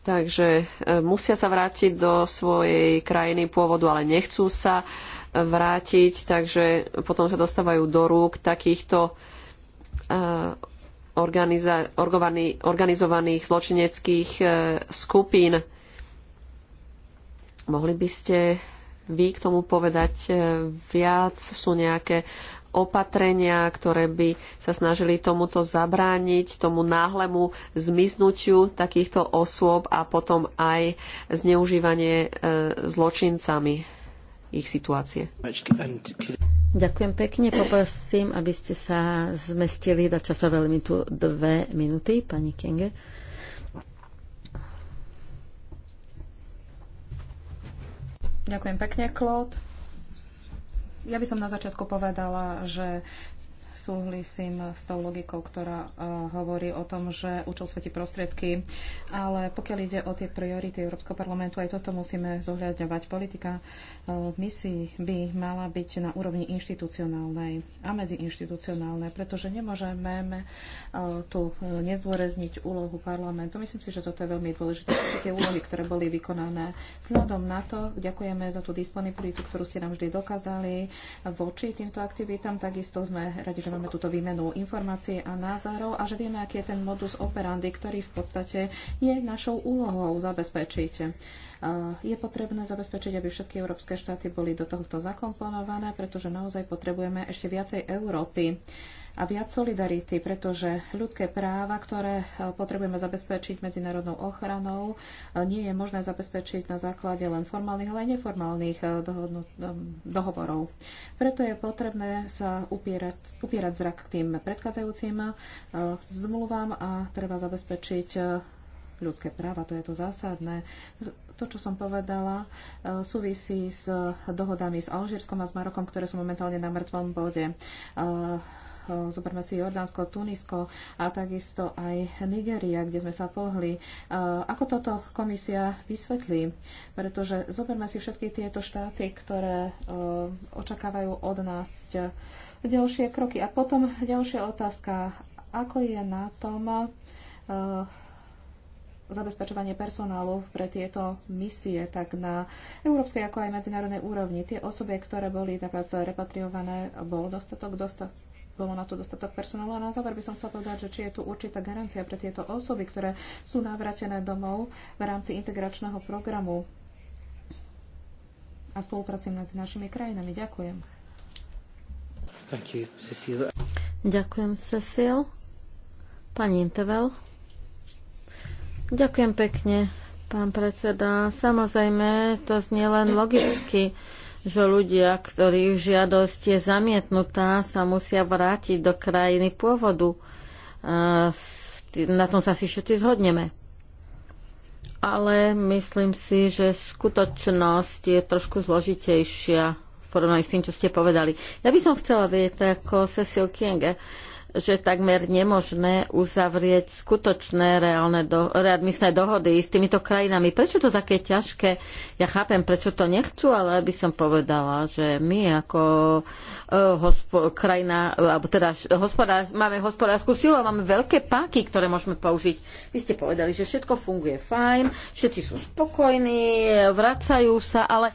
Takže musia sa vrátiť do svojej krajiny pôvodu, ale nechcú sa vrátiť, takže potom sa dostávajú do rúk takýchto eh, organizovaných zločineckých eh, skupín. Mohli by ste vy k tomu povedať eh, viac? Sú nejaké opatrenia, ktoré by sa snažili tomuto zabrániť, tomu náhlemu zmiznutiu takýchto osôb a potom aj zneužívanie zločincami? ich situácie. Ďakujem pekne. Poprosím, aby ste sa zmestili do časového limitu dve minúty, pani Kenge. Ďakujem pekne, Claude. Ja by som na začiatku povedala, že súhlasím s tou logikou, ktorá e, hovorí o tom, že účel svetí prostriedky, ale pokiaľ ide o tie priority Európskeho parlamentu, aj toto musíme zohľadňovať. Politika e, misií by mala byť na úrovni inštitucionálnej a medziinštitucionálnej, pretože nemôžeme e, tu nezdôrezniť úlohu parlamentu. Myslím si, že toto je veľmi dôležité. tie úlohy, ktoré boli vykonané. Vzhľadom na to ďakujeme za tú disponibilitu, ktorú ste nám vždy dokázali voči týmto aktivitám. Takisto sme radi, že máme túto výmenu informácií a názorov a že vieme, aký je ten modus operandi, ktorý v podstate je našou úlohou zabezpečiť. E, je potrebné zabezpečiť, aby všetky európske štáty boli do tohto zakomponované, pretože naozaj potrebujeme ešte viacej Európy a viac solidarity, pretože ľudské práva, ktoré eh, potrebujeme zabezpečiť medzinárodnou ochranou, eh, nie je možné zabezpečiť na základe len formálnych, ale aj neformálnych eh, dohovorov. Preto je potrebné sa upierať, upierať zrak k tým predchádzajúcim zmluvám a treba zabezpečiť ľudské práva, to je to zásadné. To, čo som povedala, súvisí s dohodami s Alžírskom a s Marokom, ktoré sú momentálne na mŕtvom bode. Eh, zoberme si Jordánsko, Tunisko a takisto aj Nigeria, kde sme sa pohli. Eh, ako toto komisia vysvetlí? Pretože zoberme si všetky tieto štáty, ktoré eh, očakávajú od nás ďalšie kroky. A potom ďalšia otázka. Ako je na tom zabezpečovanie personálu pre tieto misie, tak na európskej ako aj medzinárodnej úrovni. Tie osoby, ktoré boli napríklad repatriované, bol dostatok, dostatok bolo na to dostatok personálu. A na záver by som chcela povedať, že či je tu určitá garancia pre tieto osoby, ktoré sú navratené domov v rámci integračného programu a spolupráci medzi našimi krajinami. Ďakujem. You, Cecil. Ďakujem, Cecil. Pani Intevel. Ďakujem pekne, pán predseda. Samozrejme, to znie len logicky že ľudia, ktorých žiadosť je zamietnutá, sa musia vrátiť do krajiny pôvodu. Na tom sa si všetci zhodneme. Ale myslím si, že skutočnosť je trošku zložitejšia v porovnaní s tým, čo ste povedali. Ja by som chcela vedieť, ako Cecil Kienge, uh, že takmer nemožné uzavrieť skutočné reálne do, readmisné dohody s týmito krajinami. Prečo to také ťažké? Ja chápem, prečo to nechcú, ale by som povedala, že my ako uh, hospo, krajina, alebo teda hospodár, máme hospodárskú silu a máme veľké páky, ktoré môžeme použiť. Vy ste povedali, že všetko funguje fajn, všetci sú spokojní, e, vracajú sa, ale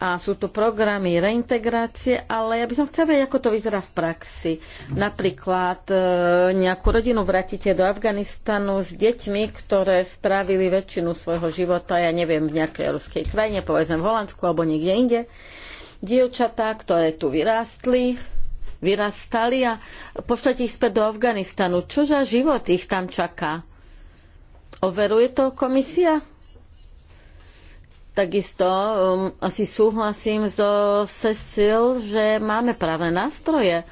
a sú tu programy reintegrácie, ale ja by som chcela vedieť, ako to vyzerá v praxi. Napríklad e, nejakú rodinu vrátite do Afganistanu s deťmi, ktoré strávili väčšinu svojho života, ja neviem, v nejakej európskej krajine, povedzme v Holandsku alebo niekde inde. Dievčatá, ktoré tu vyrástli, vyrastali a pošlete ich späť do Afganistanu. Čo za život ich tam čaká? Overuje to komisia? Takisto um, asi súhlasím so Cecil, že máme práve nástroje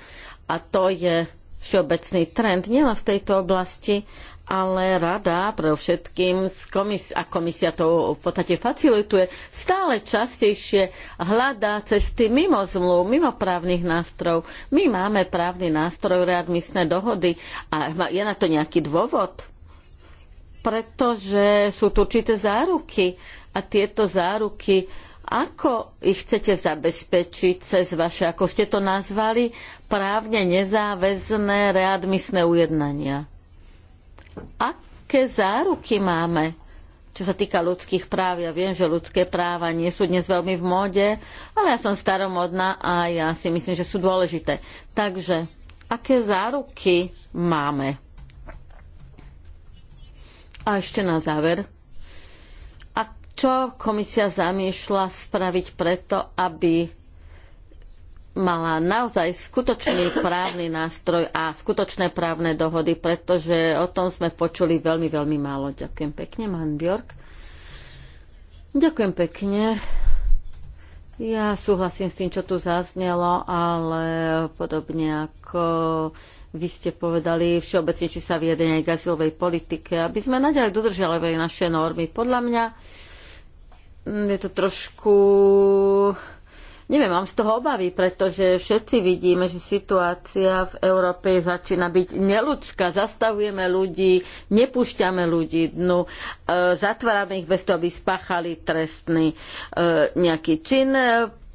a to je všeobecný trend nielen v tejto oblasti, ale rada pre všetkým komis a komisia to v podstate facilituje, stále častejšie hľadá cesty mimo zmluv, mimo právnych nástrojov. My máme právny nástroj readmisné dohody a je na to nejaký dôvod? Pretože sú tu určité záruky a tieto záruky, ako ich chcete zabezpečiť cez vaše, ako ste to nazvali, právne nezáväzné readmisné ujednania? Aké záruky máme? čo sa týka ľudských práv, ja viem, že ľudské práva nie sú dnes veľmi v móde, ale ja som staromodná a ja si myslím, že sú dôležité. Takže, aké záruky máme? A ešte na záver čo komisia zamýšľa spraviť preto, aby mala naozaj skutočný právny nástroj a skutočné právne dohody, pretože o tom sme počuli veľmi, veľmi málo. Ďakujem pekne, Man Bjork. Ďakujem pekne. Ja súhlasím s tým, čo tu zaznelo, ale podobne ako vy ste povedali všeobecne, či sa vyjadenia aj gazilovej politike, aby sme naďalej dodržali naše normy. Podľa mňa Mm, je to trošku... Neviem, mám z toho obavy, pretože všetci vidíme, že situácia v Európe začína byť neludská. Zastavujeme ľudí, nepúšťame ľudí dnu, e, zatvárame ich bez toho, aby spáchali trestný e, nejaký čin, e,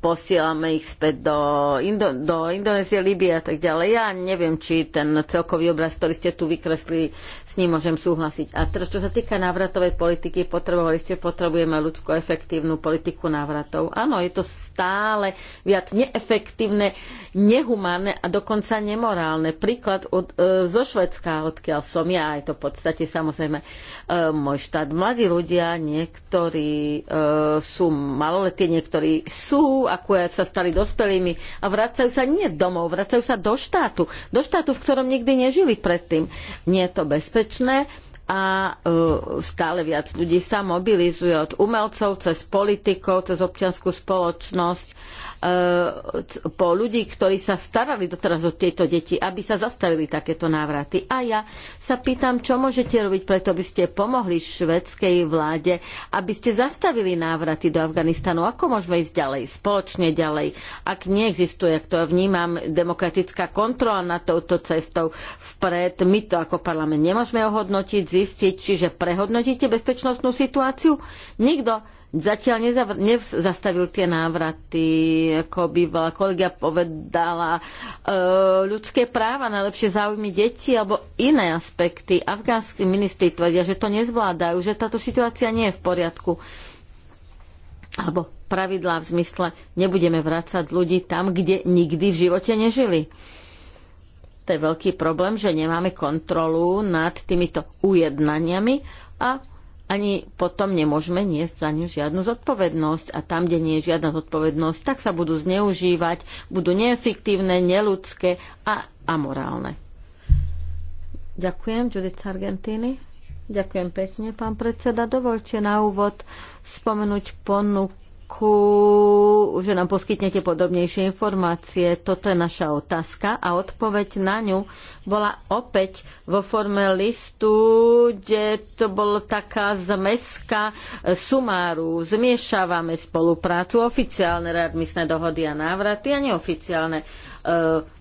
posielame ich späť do, Indo- do Indonézie, Libie a tak ďalej. Ja neviem, či ten celkový obraz, ktorý ste tu vykresli, ním môžem súhlasiť. A teraz, čo sa týka návratovej politiky, potrebovali ste, potrebujeme ľudskú efektívnu politiku návratov. Áno, je to stále viac neefektívne, nehumánne a dokonca nemorálne. Príklad od, e, zo Švedska, odkiaľ som ja, je to v podstate samozrejme e, môj štát. Mladí ľudia, niektorí e, sú maloletí, niektorí sú, ako sa stali dospelými a vracajú sa nie domov, vracajú sa do štátu. Do štátu, v ktorom nikdy nežili predtým. Nie je to bezpečné nebezpečné a e, stále viac ľudí sa mobilizuje od umelcov cez politikov, cez občianskú spoločnosť, e, po ľudí, ktorí sa starali doteraz o tieto deti, aby sa zastavili takéto návraty. A ja sa pýtam, čo môžete robiť preto, by ste pomohli švedskej vláde, aby ste zastavili návraty do Afganistanu. Ako môžeme ísť ďalej, spoločne ďalej, ak neexistuje, ak to ja vnímam, demokratická kontrola nad touto cestou vpred. My to ako parlament nemôžeme ohodnotiť, zistiť, čiže prehodnotíte bezpečnostnú situáciu? Nikto zatiaľ nezastavil tie návraty, ako bola kolegia povedala, e, ľudské práva, najlepšie záujmy detí alebo iné aspekty. Afgánsky ministri tvrdia, že to nezvládajú, že táto situácia nie je v poriadku. Alebo pravidlá v zmysle nebudeme vrácať ľudí tam, kde nikdy v živote nežili to je veľký problém, že nemáme kontrolu nad týmito ujednaniami a ani potom nemôžeme niesť za ňu žiadnu zodpovednosť. A tam, kde nie je žiadna zodpovednosť, tak sa budú zneužívať, budú neefektívne, neludské a amorálne. Ďakujem, Judith Argentini. Ďakujem pekne, pán predseda. Dovolte na úvod spomenúť ponuku Ďakujem, že nám poskytnete podobnejšie informácie. Toto je naša otázka a odpoveď na ňu bola opäť vo forme listu, kde to bola taká zmeska sumáru. Zmiešávame spoluprácu, oficiálne readmisné dohody a návraty a neoficiálne eh,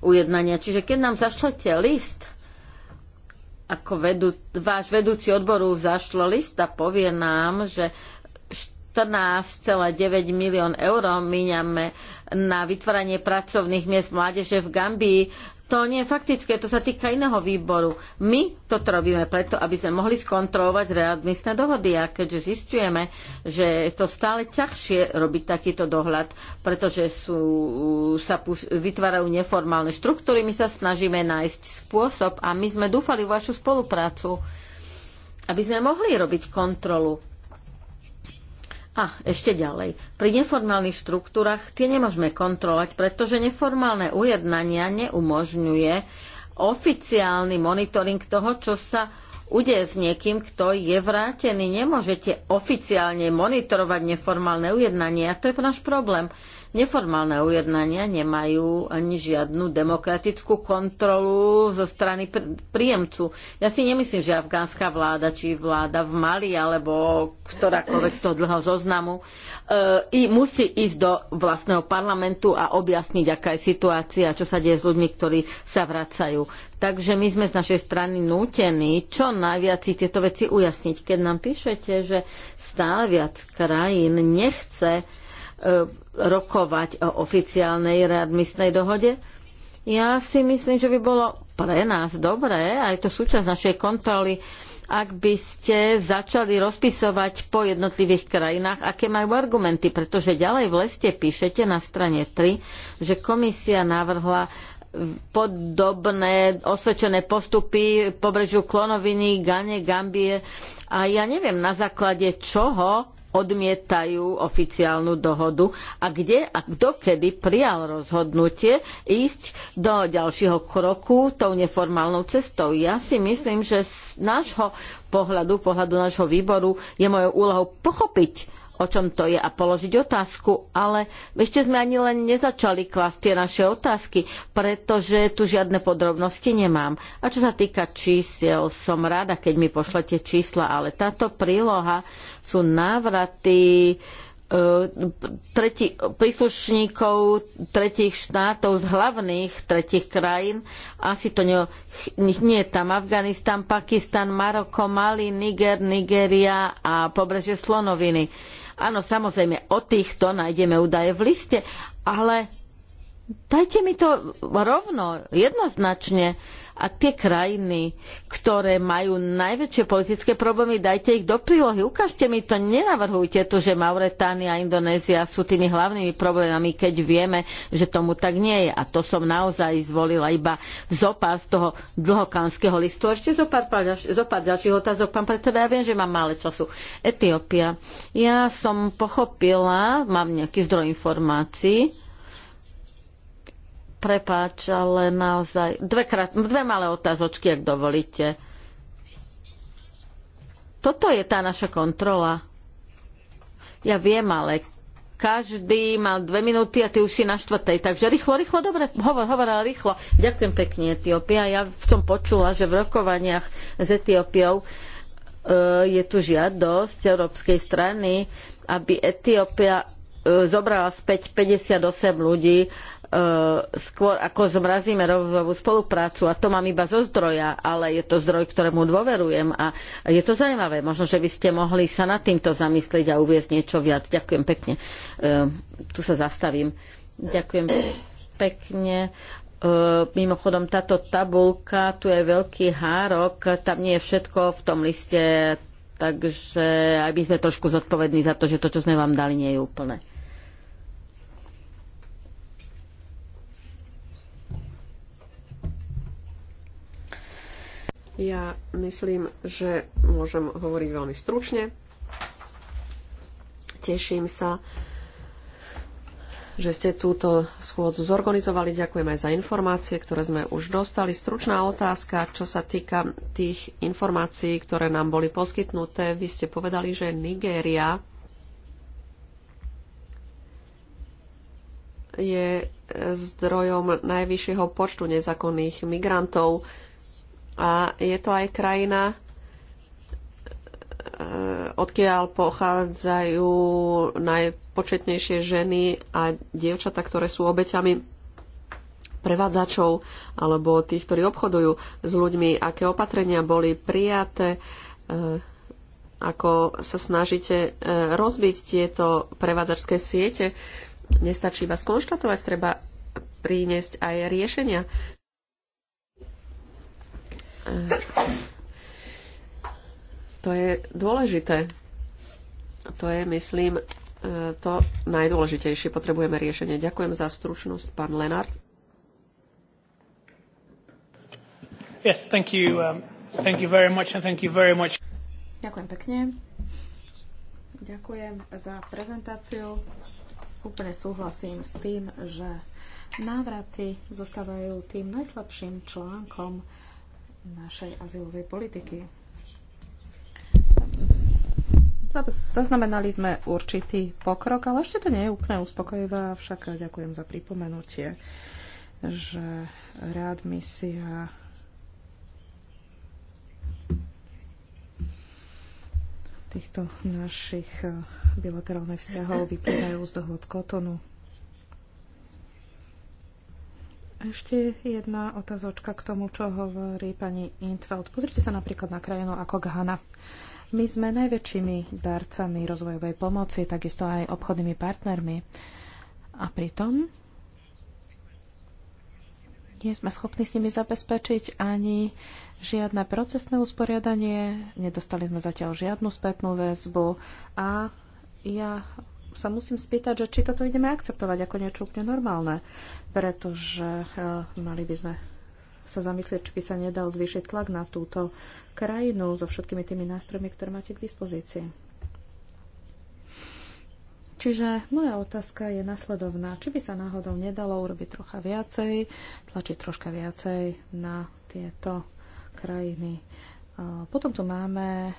ujednania. Čiže keď nám zašlete list, ako vedú, váš vedúci odboru zašlo list a povie nám, že 14,9 milión eur míňame na vytváranie pracovných miest mládeže v Gambii. To nie je faktické, to sa týka iného výboru. My toto robíme preto, aby sme mohli skontrolovať readmisné dohody. A keďže zistujeme, že je to stále ťažšie robiť takýto dohľad, pretože sú, sa vytvárajú neformálne štruktúry, my sa snažíme nájsť spôsob a my sme dúfali v vašu spoluprácu, aby sme mohli robiť kontrolu a ešte ďalej. Pri neformálnych štruktúrach tie nemôžeme kontrolovať, pretože neformálne ujednania neumožňuje oficiálny monitoring toho, čo sa udeje s niekým, kto je vrátený. Nemôžete oficiálne monitorovať neformálne ujednanie a to je náš problém. Neformálne ujednania nemajú ani žiadnu demokratickú kontrolu zo strany príjemcu. Ja si nemyslím, že afgánska vláda, či vláda v Mali, alebo ktorákoľvek z toho dlho zoznamu, e, musí ísť do vlastného parlamentu a objasniť, aká je situácia, čo sa deje s ľuďmi, ktorí sa vracajú. Takže my sme z našej strany nútení čo najviac si tieto veci ujasniť. Keď nám píšete, že stále viac krajín nechce e, rokovať o oficiálnej readmisnej dohode. Ja si myslím, že by bolo pre nás dobré, aj to súčasť našej kontroly, ak by ste začali rozpisovať po jednotlivých krajinách, aké majú argumenty, pretože ďalej v leste píšete na strane 3, že komisia navrhla podobné osvedčené postupy pobrežiu klonoviny, Gane, Gambie. A ja neviem na základe čoho odmietajú oficiálnu dohodu a kde a kto kedy prijal rozhodnutie ísť do ďalšieho kroku tou neformálnou cestou. Ja si myslím, že z nášho pohľadu, pohľadu nášho výboru je mojou úlohou pochopiť o čom to je a položiť otázku, ale ešte sme ani len nezačali klásť tie naše otázky, pretože tu žiadne podrobnosti nemám. A čo sa týka čísiel, som rada, keď mi pošlete čísla, ale táto príloha sú návraty e, tretí, príslušníkov tretich štátov z hlavných tretich krajín. Asi to nie, nie je tam Afganistan, Pakistan, Maroko, Mali, Niger, Nigeria a pobrežie Slonoviny. Áno, samozrejme, o týchto nájdeme údaje v liste, ale dajte mi to rovno, jednoznačne a tie krajiny, ktoré majú najväčšie politické problémy, dajte ich do prílohy. Ukážte mi to, nenavrhujte to, že Mauretánia a Indonézia sú tými hlavnými problémami, keď vieme, že tomu tak nie je. A to som naozaj zvolila iba zopár z toho dlhokánskeho listu. Ešte zopár, zopár ďalších otázok, pán predseda, ja viem, že mám malé času. Etiópia. Ja som pochopila, mám nejaký zdroj informácií, Prepáč, ale naozaj dve, krát, dve malé otázočky, ak dovolíte. Toto je tá naša kontrola. Ja viem, ale každý mal dve minúty a ty už si na štvrtej. Takže rýchlo, rýchlo, dobre, hovor, hovor, ale rýchlo. Ďakujem pekne, Etiópia. Ja som počula, že v rokovaniach s Etiópiou e, je tu žiadosť európskej strany, aby Etiópia e, zobrala späť 58 ľudí e, E, skôr ako zmrazíme rozvojovú spoluprácu a to mám iba zo zdroja, ale je to zdroj, ktorému dôverujem a je to zaujímavé. Možno, že by ste mohli sa nad týmto zamyslieť a uviezť niečo viac. Ďakujem pekne. E, tu sa zastavím. Ďakujem pekne. E, mimochodom, táto tabulka, tu je veľký hárok, tam nie je všetko v tom liste, takže aj by sme trošku zodpovední za to, že to, čo sme vám dali, nie je úplné. Ja myslím, že môžem hovoriť veľmi stručne. Teším sa, že ste túto schôdzu zorganizovali. Ďakujem aj za informácie, ktoré sme už dostali. Stručná otázka, čo sa týka tých informácií, ktoré nám boli poskytnuté. Vy ste povedali, že Nigéria je zdrojom najvyššieho počtu nezákonných migrantov a je to aj krajina, e, odkiaľ pochádzajú najpočetnejšie ženy a dievčata, ktoré sú obeťami prevádzačov alebo tých, ktorí obchodujú s ľuďmi, aké opatrenia boli prijaté, e, ako sa snažíte e, rozbiť tieto prevádzačské siete. Nestačí iba skonštatovať, treba priniesť aj riešenia. Eh, to je dôležité. To je, myslím, eh, to najdôležitejšie. Potrebujeme riešenie. Ďakujem za stručnosť, pán Lenard. Yes, thank you. Um, thank you very much and thank you very much. Ďakujem pekne. Ďakujem za prezentáciu. Úplne súhlasím s tým, že návraty zostávajú tým najslabším článkom našej azylovej politiky. Zaznamenali sme určitý pokrok, ale ešte to nie je úplne uspokojivé, avšak ďakujem za pripomenutie, že rád misia týchto našich eh, bilaterálnych vzťahov vyplývajú z dohod Kotonu. Ešte jedna otázočka k tomu, čo hovorí pani Intveld. Pozrite sa napríklad na krajinu ako Ghana. My sme najväčšími darcami rozvojovej pomoci, takisto aj obchodnými partnermi. A pritom nie sme schopní s nimi zabezpečiť ani žiadne procesné usporiadanie, nedostali sme zatiaľ žiadnu spätnú väzbu a ja sa musím spýtať, že či toto ideme akceptovať ako niečo úplne normálne, pretože eh, mali by sme sa zamyslieť, či by sa nedal zvýšiť tlak na túto krajinu so všetkými tými nástrojmi, ktoré máte k dispozícii. Čiže moja otázka je nasledovná. Či by sa náhodou nedalo urobiť trocha viacej, tlačiť troška viacej na tieto krajiny. Eh, potom tu máme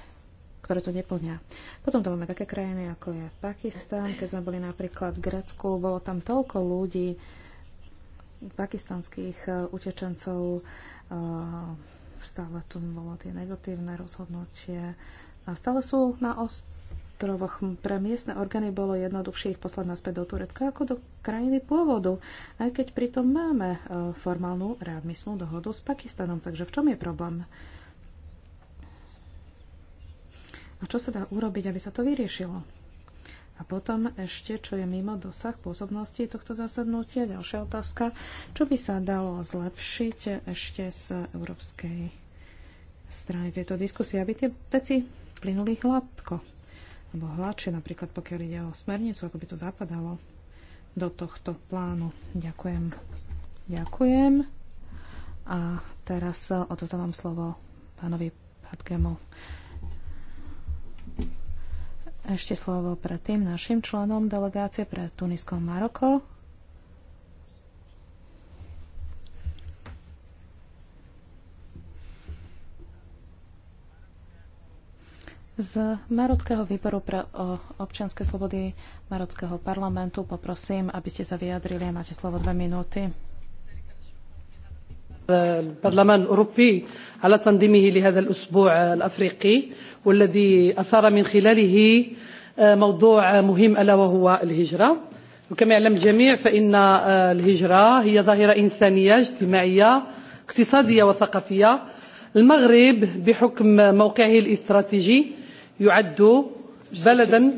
ktoré to neplňa. Potom to máme také krajiny, ako je Pakistan. Keď sme boli napríklad v Grécku, bolo tam toľko ľudí, pakistanských eh, utečencov, eh, stále tu bolo tie negatívne rozhodnutie. A stále sú na ostrovoch. Pre miestne orgány bolo jednoduchšie ich poslať naspäť do Turecka ako do krajiny pôvodu, aj keď pritom máme eh, formálnu readmisnú dohodu s Pakistanom. Takže v čom je problém? A čo sa dá urobiť, aby sa to vyriešilo? A potom ešte, čo je mimo dosah pôsobnosti tohto zasadnutia, ďalšia otázka, čo by sa dalo zlepšiť ešte z európskej strany tejto diskusie, aby tie veci plynuli hladko, alebo hladšie, napríklad pokiaľ ide o smernicu, ako by to zapadalo do tohto plánu. Ďakujem. Ďakujem. A teraz odozdávam slovo pánovi Hadgemu ešte slovo predtým našim členom delegácie pre Tunisko a Maroko. Z Marockého výboru pre občianske slobody Marockého parlamentu poprosím, aby ste sa vyjadrili a máte slovo dve minúty. البرلمان الأوروبي على تنظيمه لهذا الأسبوع الأفريقي والذي أثار من خلاله موضوع مهم ألا وهو الهجرة وكما يعلم الجميع فإن الهجرة هي ظاهرة إنسانية اجتماعية اقتصادية وثقافية المغرب بحكم موقعه الاستراتيجي يعد بلدا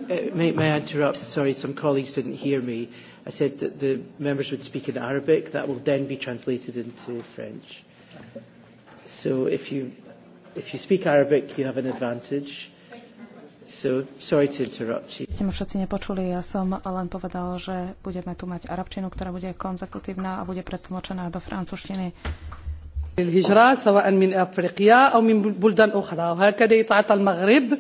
I said that the members would speak in Arabic. That will then be translated into French. So if you If you speak Arabic, you have an advantage. So, sorry to interrupt you. Ste ma všetci nepočuli, ja som len povedal, že budeme tu mať arabčinu, ktorá bude konzekutívna a bude pretlmočená do francúzštiny. الهجرة سواء من أفريقيا أو من بلدان أخرى وهكذا يتعاطى المغرب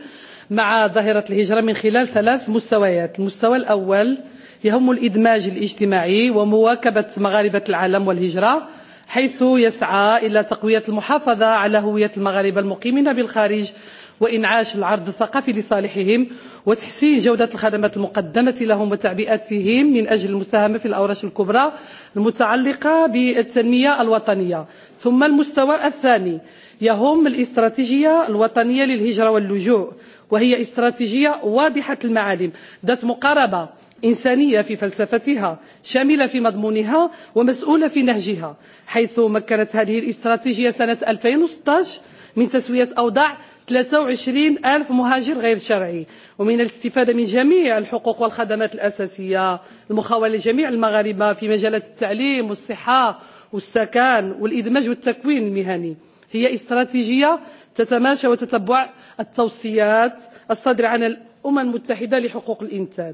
مع ظاهرة الهجرة من خلال ثلاث مستويات المستوى الأول يهم الإدماج الاجتماعي ومواكبة مغاربة العالم والهجرة حيث يسعى إلى تقوية المحافظة على هوية المغاربة المقيمين بالخارج وإنعاش العرض الثقافي لصالحهم وتحسين جودة الخدمات المقدمة لهم وتعبئتهم من أجل المساهمة في الأوراش الكبرى المتعلقة بالتنمية الوطنية ثم المستوى الثاني يهم الاستراتيجية الوطنية للهجرة واللجوء وهي استراتيجية واضحة المعالم ذات مقاربة إنسانية في فلسفتها شاملة في مضمونها ومسؤولة في نهجها حيث مكنت هذه الاستراتيجية سنة 2016 من تسوية أوضاع 23 ألف مهاجر غير شرعي ومن الاستفادة من جميع الحقوق والخدمات الأساسية المخاولة لجميع المغاربة في مجالات التعليم والصحة والسكن والإدماج والتكوين المهني هي استراتيجية تتماشى وتتبع التوصيات الصادرة عن الأمم المتحدة لحقوق الإنسان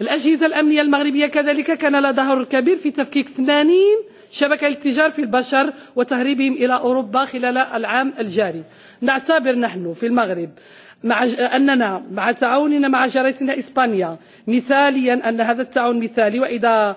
الأجهزة الأمنية المغربية كذلك كان لها دور كبير في تفكيك 80 شبكة التجار في البشر وتهريبهم إلى أوروبا خلال العام الجاري نعتبر نحن في المغرب مع أننا مع تعاوننا مع جارتنا إسبانيا مثاليا أن هذا التعاون مثالي وإذا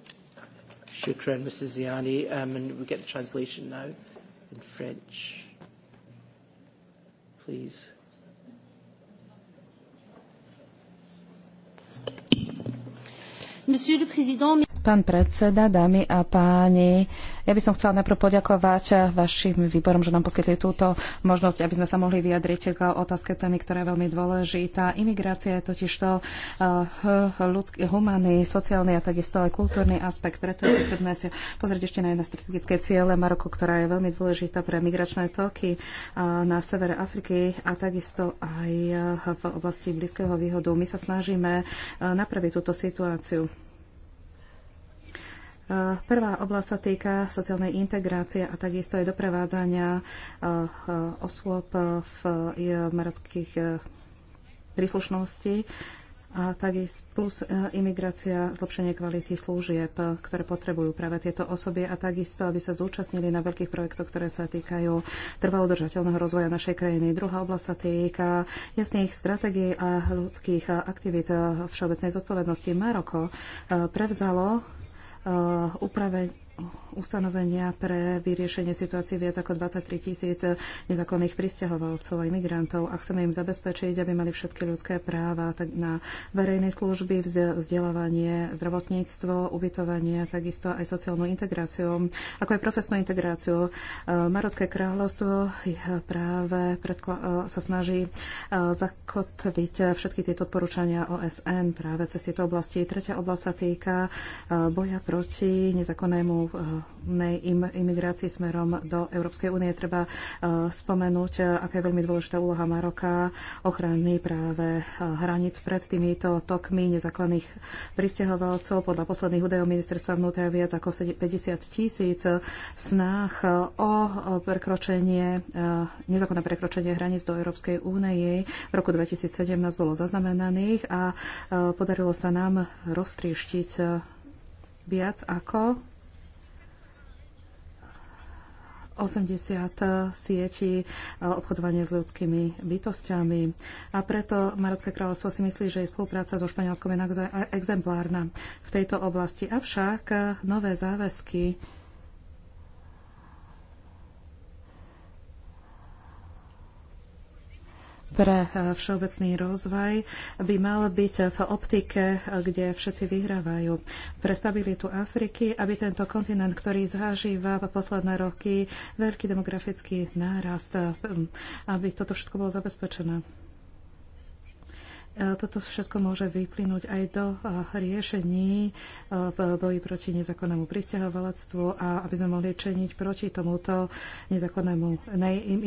Shukran, Mrs. Ziani. Um, and we get the translation now in French. Please. Monsieur le Président, Pán predseda, dámy a páni, ja by som chcela najprv poďakovať vašim výborom, že nám poskytli túto možnosť, aby sme sa mohli vyjadriť k otázke témy, ktorá je veľmi dôležitá. Imigrácia je totiž to eh, ľudský, humánny, sociálny a takisto aj kultúrny aspekt. Preto je potrebné si pozrieť ešte na jedné strategické ciele Maroko, ktorá je veľmi dôležitá pre migračné toky eh, na sever Afriky a takisto aj eh, v oblasti Blízkeho výhodu. My sa snažíme napraviť túto situáciu. Prvá oblasť sa týka sociálnej integrácie a takisto aj doprevádzania osôb v e, maradských e, príslušnosti a takisto plus e, imigrácia, zlepšenie kvality služieb, ktoré potrebujú práve tieto osoby a takisto, aby sa zúčastnili na veľkých projektoch, ktoré sa týkajú trvalo rozvoja našej krajiny. Druhá oblasť sa týka jasných stratégií a ľudských aktivít všeobecnej zodpovednosti. Maroko prevzalo Uh, uprave ustanovenia pre vyriešenie situácie viac ako 23 tisíc nezákonných pristahovalcov a imigrantov a chceme im zabezpečiť, aby mali všetky ľudské práva tak na verejné služby, vzdelávanie, zdravotníctvo, ubytovanie, takisto aj sociálnu integráciu, ako aj profesnú integráciu. E, Marocké kráľovstvo e, práve e, sa snaží zakotviť všetky tieto odporúčania OSN práve cez tieto oblasti. Tretia oblasť sa týka boja proti nezákonnému nelegálnej imigrácii smerom do Európskej únie. Treba e, spomenúť, e, aká je veľmi dôležitá úloha Maroka, ochrany práve e, hraníc pred týmito tokmi nezákonných pristahovalcov. Podľa posledných údajov ministerstva vnútra viac ako 50 tisíc snách o prekročenie, nezákonné prekročenie hraníc do Európskej únie v roku 2017 bolo zaznamenaných a podarilo sa nám roztrieštiť viac ako 80 sietí e, obchodovania s ľudskými bytostiami. A preto Marocké kráľovstvo si myslí, že jej spolupráca so Španielskom je e- exemplárna v tejto oblasti. Avšak e, nové záväzky pre eh, všeobecný rozvoj by mal byť v optike, eh, kde všetci vyhrávajú. Pre stabilitu Afriky, aby tento kontinent, ktorý zažíva posledné roky veľký demografický nárast, eh, aby toto všetko bolo zabezpečené. E, toto všetko môže vyplynúť aj do e, riešení e, v boji proti nezákonnému pristahovalectvu a aby sme mohli čeniť proti tomuto nezákonnému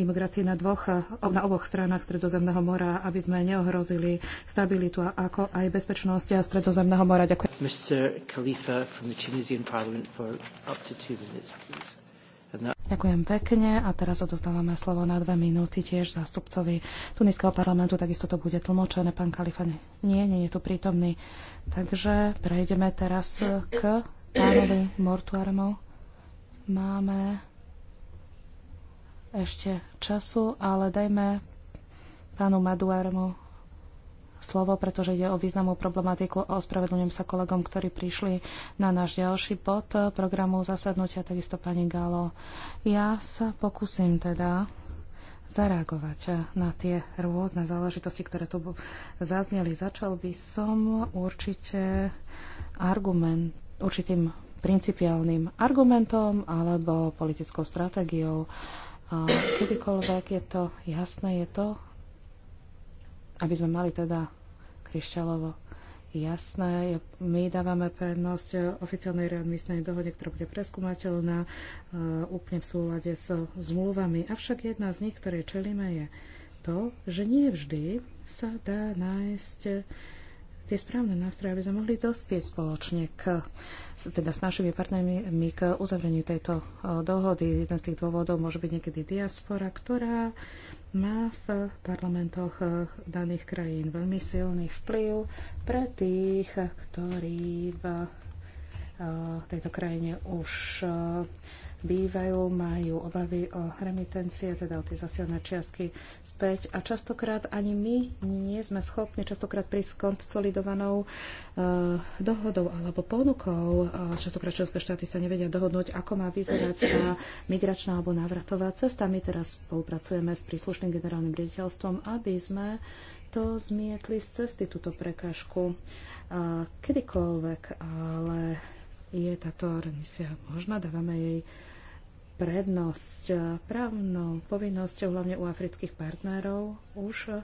imigrácii na, dvoch, na oboch stranách Stredozemného mora, aby sme neohrozili stabilitu a ako aj bezpečnosť a Stredozemného mora. Ďakujem. Mr. Khalifa from the Tunisian Parliament for up to two minutes, please. Ďakujem pekne a teraz odozdávame slovo na dve minúty tiež zástupcovi Tuniského parlamentu. Takisto to bude tlmočené. Pán Kalifan nie, nie je tu prítomný. Takže prejdeme teraz k pánovi Mortuarmu. Máme ešte času, ale dajme pánu Maduarmu slovo, pretože ide o významnú problematiku a ospravedlňujem sa kolegom, ktorí prišli na náš ďalší bod programu zasadnutia, takisto pani Galo. Ja sa pokúsim teda zareagovať na tie rôzne záležitosti, ktoré tu zazneli. Začal by som určite argument, určitým principiálnym argumentom alebo politickou stratégiou. A kedykoľvek je to jasné, je to, aby sme mali teda kryšťalovo jasné. My dávame prednosť oficiálnej readmisnej dohode, ktorá bude preskúmateľná e, úplne v súlade s zmluvami. Avšak jedna z nich, ktoré čelíme, je to, že nie vždy sa dá nájsť tie správne nástroje, aby sme mohli dospieť spoločne k, teda s našimi partnermi k uzavreniu tejto e, dohody. Jeden z tých dôvodov môže byť niekedy diaspora, ktorá má v parlamentoch eh, daných krajín veľmi silný vplyv pre tých, ktorí v eh, tejto krajine už eh, bývajú, majú obavy o remitencie, teda o tie zasielne čiastky späť. A častokrát ani my nie sme schopní častokrát pri skonsolidovanou uh, dohodou alebo ponukou. Uh, častokrát členské štáty sa nevedia dohodnúť, ako má vyzerať tá migračná alebo návratová cesta. My teraz spolupracujeme s príslušným generálnym riaditeľstvom, aby sme to zmietli z cesty, túto prekážku. Uh, kedykoľvek, ale je táto remisia možná, dávame jej prednosť eh, právnou povinnosťou, hlavne u afrických partnerov, už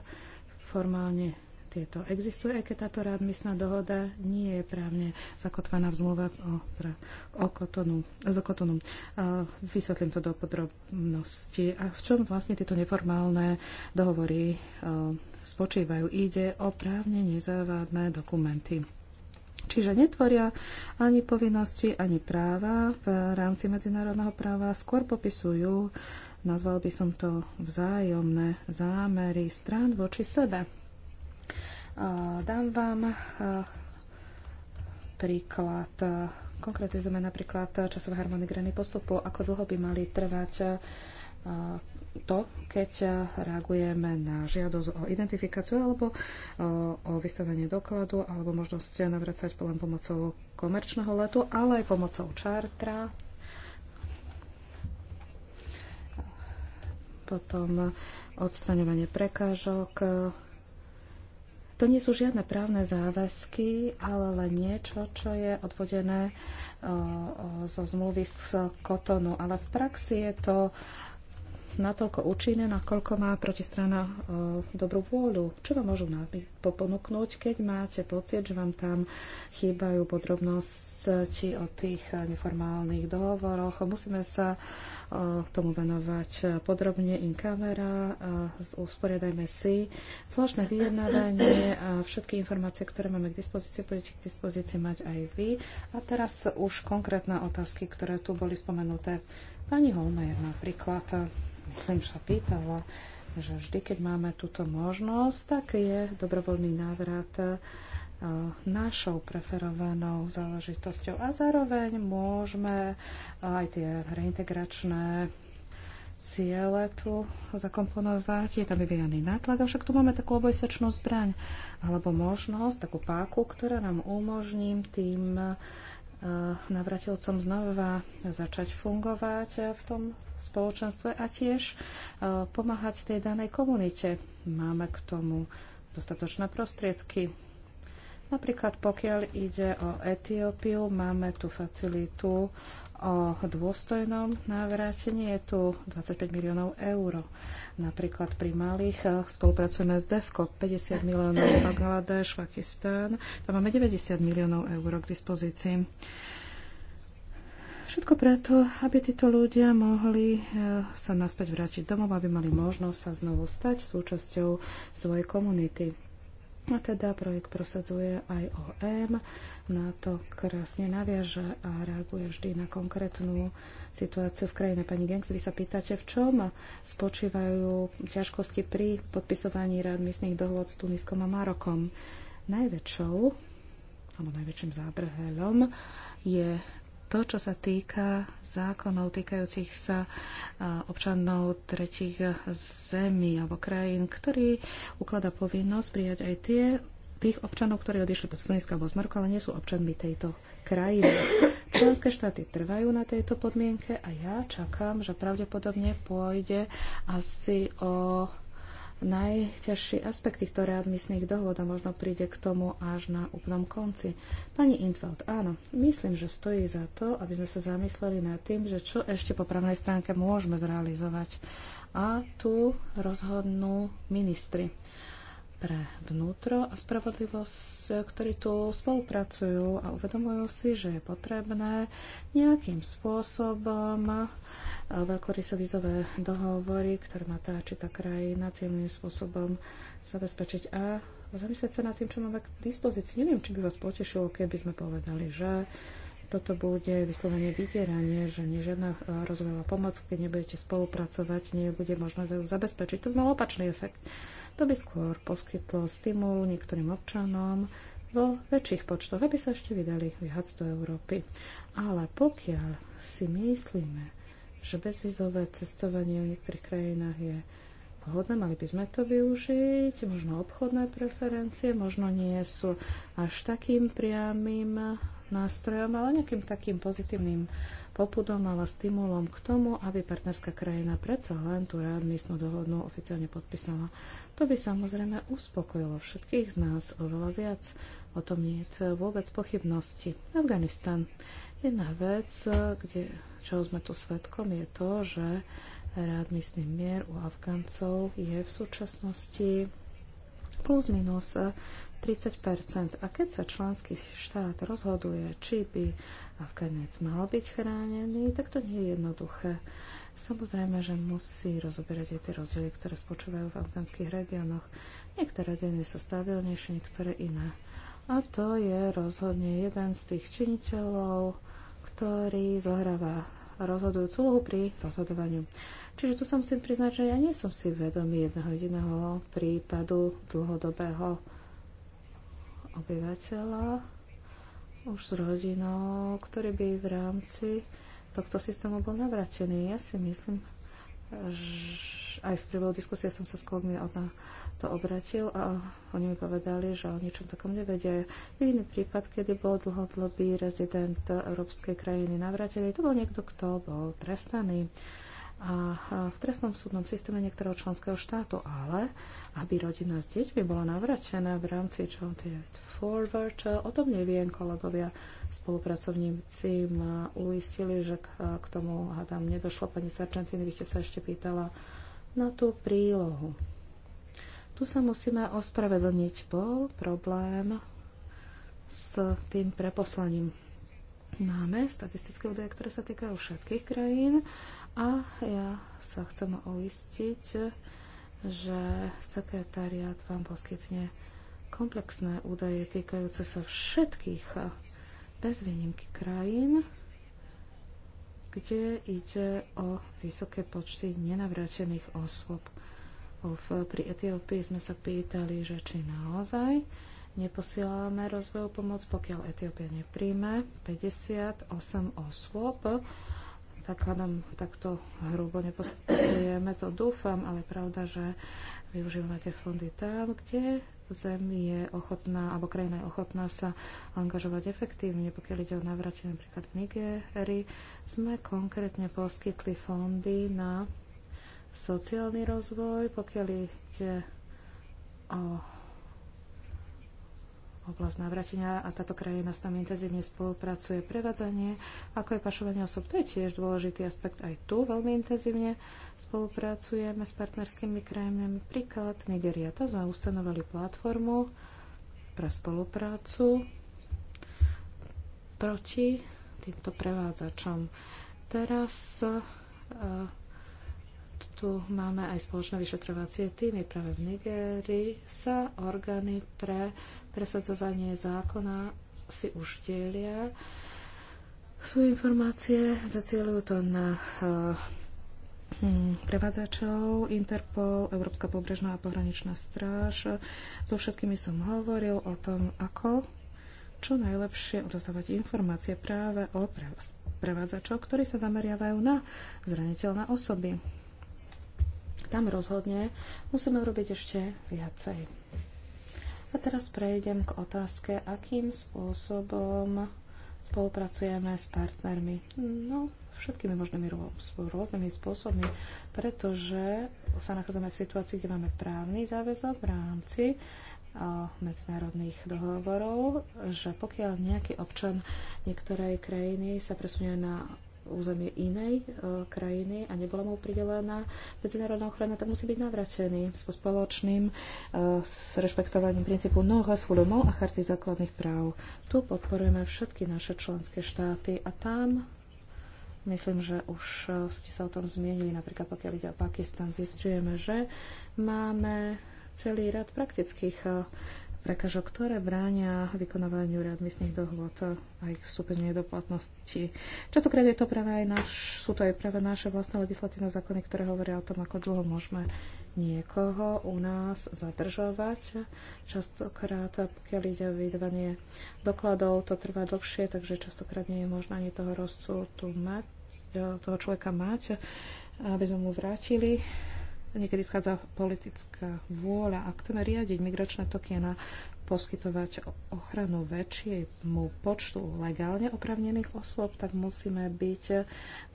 formálne tieto. Existuje, aj keď táto readmisná dohoda nie je právne zakotvaná v zmluve o, o kotonu, z kotonu. A eh, vysvetlím to do podrobnosti. A v čom vlastne tieto neformálne dohovory eh, spočívajú? Ide o právne nezávadné dokumenty Čiže netvoria ani povinnosti, ani práva v rámci medzinárodného práva, skôr popisujú, nazval by som to vzájomné zámery strán voči sebe. Dám vám príklad. Konkretizujeme napríklad časové harmonogramy postupu, ako dlho by mali trvať to, keď eh, reagujeme na žiadosť o identifikáciu alebo eh, o vystavenie dokladu alebo možnosť navracať len pomocou komerčného letu, ale aj pomocou čartra. Potom odstraňovanie prekážok. To nie sú žiadne právne záväzky, ale niečo, čo je odvodené eh, zo zmluvy z kotonu. Ale v praxi je to natoľko účinné, nakoľko má protistrana e, dobrú vôľu. Čo vám môžu ponúknuť, keď máte pocit, že vám tam chýbajú podrobnosti o tých e, neformálnych dohovoroch. Musíme sa e, tomu venovať podrobne in camera. E, usporiadajme si spoločné vyjednávanie a všetky informácie, ktoré máme k dispozícii, budete k dispozícii mať aj vy. A teraz už konkrétne otázky, ktoré tu boli spomenuté. Pani Holmajer napríklad som sa pýtala, že vždy, keď máme túto možnosť, tak je dobrovoľný návrat e, našou preferovanou záležitosťou a zároveň môžeme e, aj tie reintegračné ciele tu zakomponovať. Je tam vyvíjaný nátlak, avšak tu máme takú obojsečnú zbraň alebo možnosť, takú páku, ktorá nám umožní tým Eh, navratilcom znova začať fungovať v tom spoločenstve a tiež eh, pomáhať tej danej komunite. Máme k tomu dostatočné prostriedky. Napríklad pokiaľ ide o Etiópiu, máme tu facilitu eh, o dôstojnom navrátení je tu 25 miliónov eur. Napríklad pri malých e, spolupracujeme s DEFCO 50 miliónov, Bangladeš, Pakistán. Tam máme 90 miliónov eur k dispozícii. Všetko preto, aby títo ľudia mohli e, sa naspäť vrátiť domov, aby mali možnosť sa znovu stať súčasťou svojej komunity. A teda projekt prosadzuje aj OM na to krásne naviaže a reaguje vždy na konkrétnu situáciu v krajine. Pani Gengs, vy sa pýtate, v čom spočívajú ťažkosti pri podpisovaní readmisných dohôd s Tuniskom a Marokom. Najväčšou, alebo najväčším zábrhelom je to, čo sa týka zákonov týkajúcich sa občanov tretich zemí alebo krajín, ktorý ukladá povinnosť prijať aj tie tých občanov, ktorí odišli pod Slovenska vo Zmarku, ale nie sú občanmi tejto krajiny. Členské štáty trvajú na tejto podmienke a ja čakám, že pravdepodobne pôjde asi o najťažší aspekt týchto readmisných dohôd a možno príde k tomu až na úplnom konci. Pani Intveld, áno, myslím, že stojí za to, aby sme sa zamysleli nad tým, že čo ešte po právnej stránke môžeme zrealizovať. A tu rozhodnú ministri pre vnútro a spravodlivosť, e, ktorí tu spolupracujú a uvedomujú si, že je potrebné nejakým spôsobom e, veľkorysovizové dohovory, ktoré má tá či tá krajina cieľným spôsobom zabezpečiť a zamyslieť sa nad tým, čo máme k dispozícii. Neviem, či by vás potešilo, keby sme povedali, že toto bude vyslovene vydieranie, že nie žiadna e, rozvojová pomoc, keď nebudete spolupracovať, nebude možné ju zabezpečiť. To by mal opačný efekt. To by skôr poskytlo stimul niektorým občanom vo väčších počtoch, aby sa ešte vydali viac do Európy. Ale pokiaľ si myslíme, že bezvizové cestovanie v niektorých krajinách je vhodné, mali by sme to využiť, možno obchodné preferencie, možno nie sú až takým priamým nástrojom, ale nejakým takým pozitívnym uh, popudom, ale stimulom k tomu, aby partnerská krajina predsa len tú readmisnú dohodnú oficiálne podpísala. To by samozrejme uspokojilo všetkých z nás oveľa viac. O tom nie je vôbec pochybnosti. Afganistan. Jedna vec, kde, čo sme tu svetkom, je to, že readmisný mier u Afgancov je v súčasnosti plus minus 30 A keď sa členský štát rozhoduje, či by Afganec mal byť chránený, tak to nie je jednoduché. Samozrejme, že musí rozoberať aj tie rozdiely, ktoré spočívajú v afgánskych regiónoch. Niektoré regióny sú stabilnejšie, niektoré iné. A to je rozhodne jeden z tých činiteľov, ktorý zohráva rozhodujúcu úlohu pri rozhodovaniu. Čiže tu sa musím priznať, že ja nie som si vedomý jedného jediného prípadu dlhodobého obyvateľa už s rodinou, ktorý by v rámci tohto systému bol navrátený. Ja si myslím, že aj v priebehu diskusie som sa s kolegmi od to obratil a oni mi povedali, že o ničom takom nevedia. Jediný prípad, kedy bol dlhodobý rezident európskej krajiny navrátený, to bol niekto, kto bol trestaný a v trestnom súdnom systéme niektorého členského štátu, ale aby rodina s deťmi bola navrátená v rámci John Deere Forward, o tom neviem, kolegovia spolupracovníci ma uistili, že k tomu a tam nedošlo. Pani Sargentini, vy ste sa ešte pýtala na tú prílohu. Tu sa musíme ospravedlniť. Bol problém s tým preposlaním. Máme statistické údaje, ktoré sa týkajú všetkých krajín a ja sa chcem uistiť, že sekretariat vám poskytne komplexné údaje týkajúce sa všetkých bez výnimky krajín, kde ide o vysoké počty nenavrátených osôb. Pri Etiópii sme sa pýtali, že či naozaj neposielame rozvojovú pomoc, pokiaľ Etiópia nepríjme 58 osôb základom takto hrubo nepostupujeme, to dúfam, ale pravda, že využívame tie fondy tam, kde zem je ochotná, alebo krajina je ochotná sa angažovať efektívne. Pokiaľ ide o navratie napríklad v Nigeri. sme konkrétne poskytli fondy na sociálny rozvoj, pokiaľ ide o oblasť navratenia a táto krajina s nami intenzívne spolupracuje. Prevádzanie, ako je pašovanie osob, to je tiež dôležitý aspekt. Aj tu veľmi intenzívne spolupracujeme s partnerskými krajinami. Príklad Nigeria. Tam sme ustanovali platformu pre spoluprácu proti týmto prevádzačom. Teraz e, tu máme aj spoločné vyšetrovacie týmy. Práve v Nigérii sa orgány pre presadzovanie zákona si už delia svoje informácie, zacielujú to na eh, hm, prevádzačov, Interpol, Európska pobrežná a pohraničná stráž. So všetkými som hovoril o tom, ako čo najlepšie odozdávať informácie práve o prevádzačov, ktorí sa zameriavajú na zraniteľné osoby. Tam rozhodne musíme urobiť ešte viacej. A teraz prejdem k otázke, akým spôsobom spolupracujeme s partnermi. No, všetkými možnými rôznymi spôsobmi, pretože sa nachádzame v situácii, kde máme právny záväzok v rámci medzinárodných dohovorov, že pokiaľ nejaký občan niektorej krajiny sa presunie na územie inej e, krajiny a nebola mu pridelená medzinárodná ochrana, tak musí byť navratený so spoločným e, s rešpektovaním princípu noho, refoulement a charty základných práv. Tu podporujeme všetky naše členské štáty a tam Myslím, že už e, ste sa o tom zmienili, napríklad pokiaľ ide o Pakistan, zistujeme, že máme celý rad praktických prekážok, ktoré bránia vykonávaniu readmisných dohôd a ich vstúpenie do platnosti. Častokrát je to práve aj náš, sú to aj práve naše vlastné legislatívne zákony, ktoré hovoria o tom, ako dlho môžeme niekoho u nás zadržovať. Častokrát, pokiaľ ide o vydávanie dokladov, to trvá dlhšie, takže častokrát nie je možné ani toho rozcu tu mať, toho človeka mať, aby sme mu vrátili niekedy schádza politická vôľa. Ak chceme riadiť migračné toky a poskytovať ochranu väčšiemu počtu legálne opravnených osôb, tak musíme byť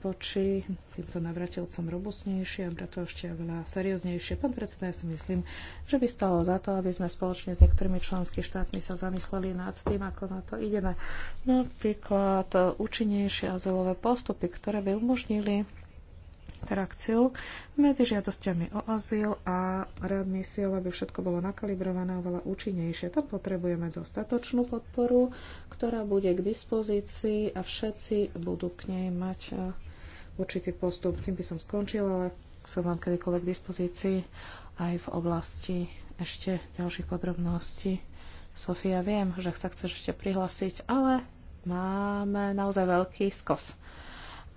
voči týmto navratilcom robustnejšie a preto ešte veľa serióznejšie. Pán predseda, ja si myslím, že by stalo za to, aby sme spoločne s niektorými členskými štátmi sa zamysleli nad tým, ako na to ideme. Napríklad účinnejšie azylové postupy, ktoré by umožnili interakciu medzi žiadosťami o azyl a readmisiou, aby všetko bolo nakalibrované oveľa účinnejšie. Tam potrebujeme dostatočnú podporu, ktorá bude k dispozícii a všetci budú k nej mať eh, určitý postup. Tým by som skončila, ale som vám kedykoľvek k dispozícii aj v oblasti ešte ďalších podrobností. Sofia, viem, že sa chceš ešte prihlásiť, ale máme naozaj veľký skos.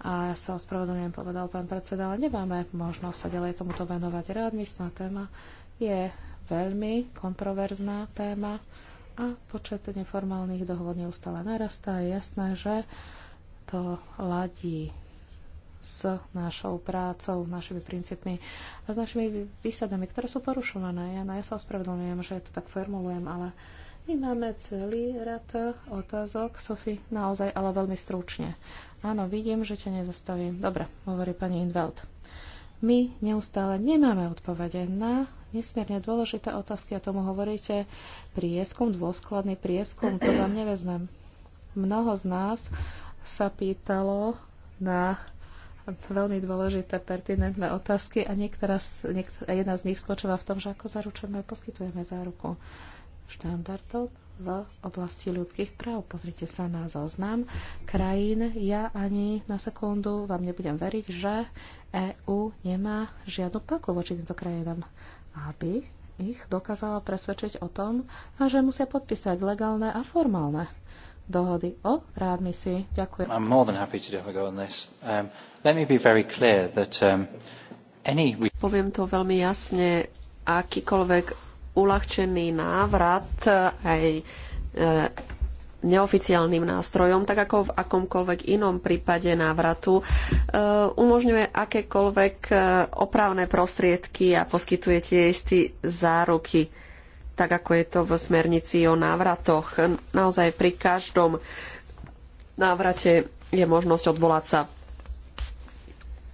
A ja sa ospravedlňujem, povedal pán predseda, ale nemáme možnosť sa ďalej tomuto venovať. Readmisná téma je veľmi kontroverzná téma a počet neformálnych dohôd neustále narastá. Je jasné, že to ladí s našou prácou, našimi princípmi a s našimi výsadami, ktoré sú porušované. Ja, no, ja sa ospravedlňujem, že to tak formulujem, ale my máme celý rad otázok. Sofie, naozaj, ale veľmi stručne. Áno, vidím, že ťa nezastavím. Dobre, hovorí pani Inveld. My neustále nemáme odpovede na nesmierne dôležité otázky a tomu hovoríte prieskum, dôskladný prieskum, to vám nevezmem. Mnoho z nás sa pýtalo na veľmi dôležité, pertinentné otázky a niektorá, niektorá, jedna z nich spočíva v tom, že ako zaručujeme a poskytujeme záruku štandardov v oblasti ľudských práv. Pozrite sa na zoznam krajín. Ja ani na sekundu vám nebudem veriť, že EÚ nemá žiadnu paku voči týmto krajinám, aby ich dokázala presvedčiť o tom, a že musia podpísať legálne a formálne dohody o readmisii. Ďakujem. I'm more than happy to go on this. Um, let me be very clear that um, any... Poviem to veľmi jasne, akýkoľvek uľahčený návrat aj e, neoficiálnym nástrojom, tak ako v akomkoľvek inom prípade návratu, e, umožňuje akékoľvek e, opravné prostriedky a poskytuje tie istý záruky, tak ako je to v smernici o návratoch. Naozaj pri každom návrate je možnosť odvolať sa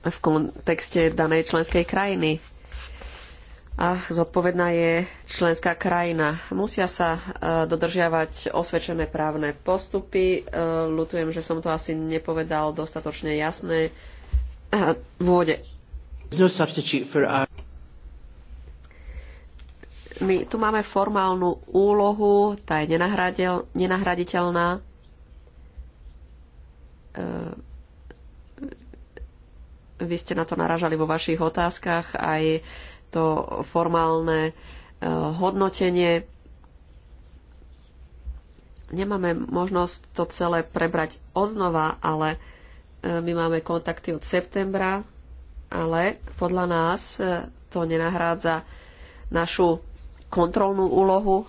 v kontexte danej členskej krajiny a zodpovedná je členská krajina. Musia sa e, dodržiavať osvedčené právne postupy. E, lutujem, že som to asi nepovedal dostatočne jasné v úvode. No My tu máme formálnu úlohu, tá je nenahraditeľná. E, vy ste na to naražali vo vašich otázkach aj to formálne e, hodnotenie. Nemáme možnosť to celé prebrať odznova, ale e, my máme kontakty od septembra, ale podľa nás e, to nenahrádza našu kontrolnú úlohu,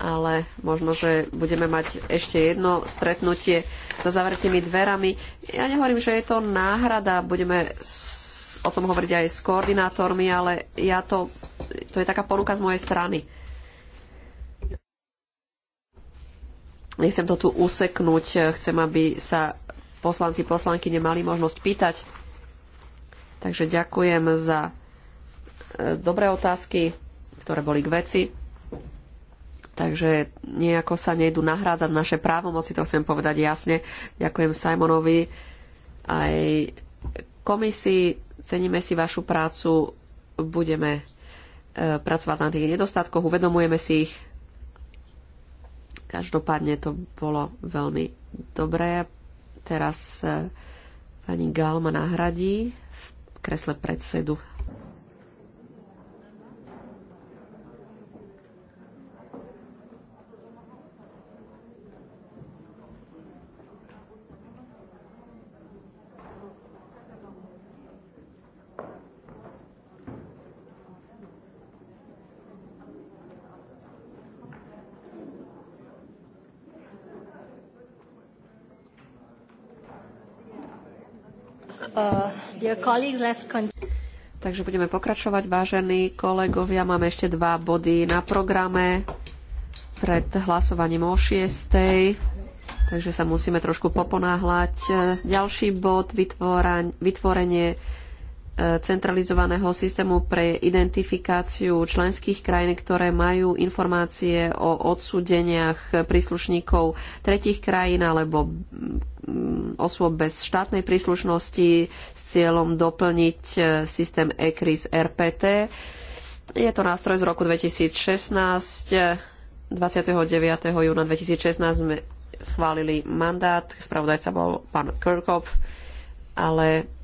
ale možno, že budeme mať ešte jedno stretnutie za zavretými dverami. Ja nehovorím, že je to náhrada, budeme o tom hovoriť aj s koordinátormi, ale ja to, to je taká ponuka z mojej strany. Nechcem to tu useknúť, chcem, aby sa poslanci, poslanky nemali možnosť pýtať. Takže ďakujem za e, dobré otázky, ktoré boli k veci. Takže nejako sa nejdu nahrádzať naše právomoci, to chcem povedať jasne. Ďakujem Simonovi aj komisii Ceníme si vašu prácu, budeme e, pracovať na tých nedostatkoch, uvedomujeme si ich. Každopádne to bolo veľmi dobré. Teraz e, pani Galma nahradí v kresle predsedu Uh, Takže budeme pokračovať, vážení kolegovia. Máme ešte dva body na programe pred hlasovaním o 6. Takže sa musíme trošku poponáhľať. Ďalší bod, vytvorenie centralizovaného systému pre identifikáciu členských krajín, ktoré majú informácie o odsúdeniach príslušníkov tretich krajín alebo mm, osôb bez štátnej príslušnosti s cieľom doplniť e, systém ECRIS RPT. Je to nástroj z roku 2016. 29. júna 2016 sme schválili mandát. Spravodajca bol pán Kirkhoff, ale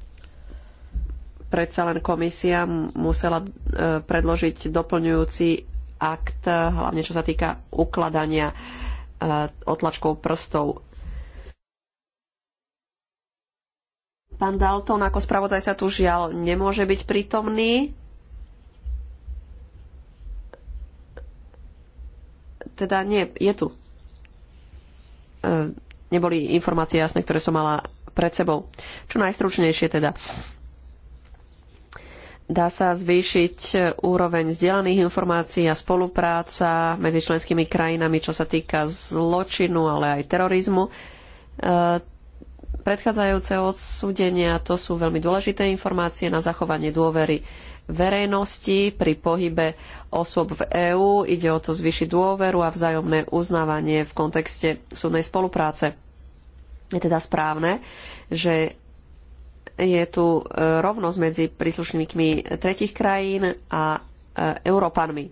predsa len komisia musela e, predložiť doplňujúci akt, hlavne čo sa týka ukladania e, otlačkov prstov. Pán Dalton ako spravodajca tu žiaľ nemôže byť prítomný. Teda nie, je tu. E, neboli informácie jasné, ktoré som mala pred sebou. Čo najstručnejšie teda. Dá sa zvýšiť e, úroveň zdieľaných informácií a spolupráca medzi členskými krajinami, čo sa týka zločinu, ale aj terorizmu. E, predchádzajúce odsúdenia to sú veľmi dôležité informácie na zachovanie dôvery verejnosti pri pohybe osôb v EÚ. Ide o to zvýšiť dôveru a vzájomné uznávanie v kontexte súdnej spolupráce. Je teda správne, že je tu e, rovnosť medzi príslušníkmi tretich krajín a e, Európanmi.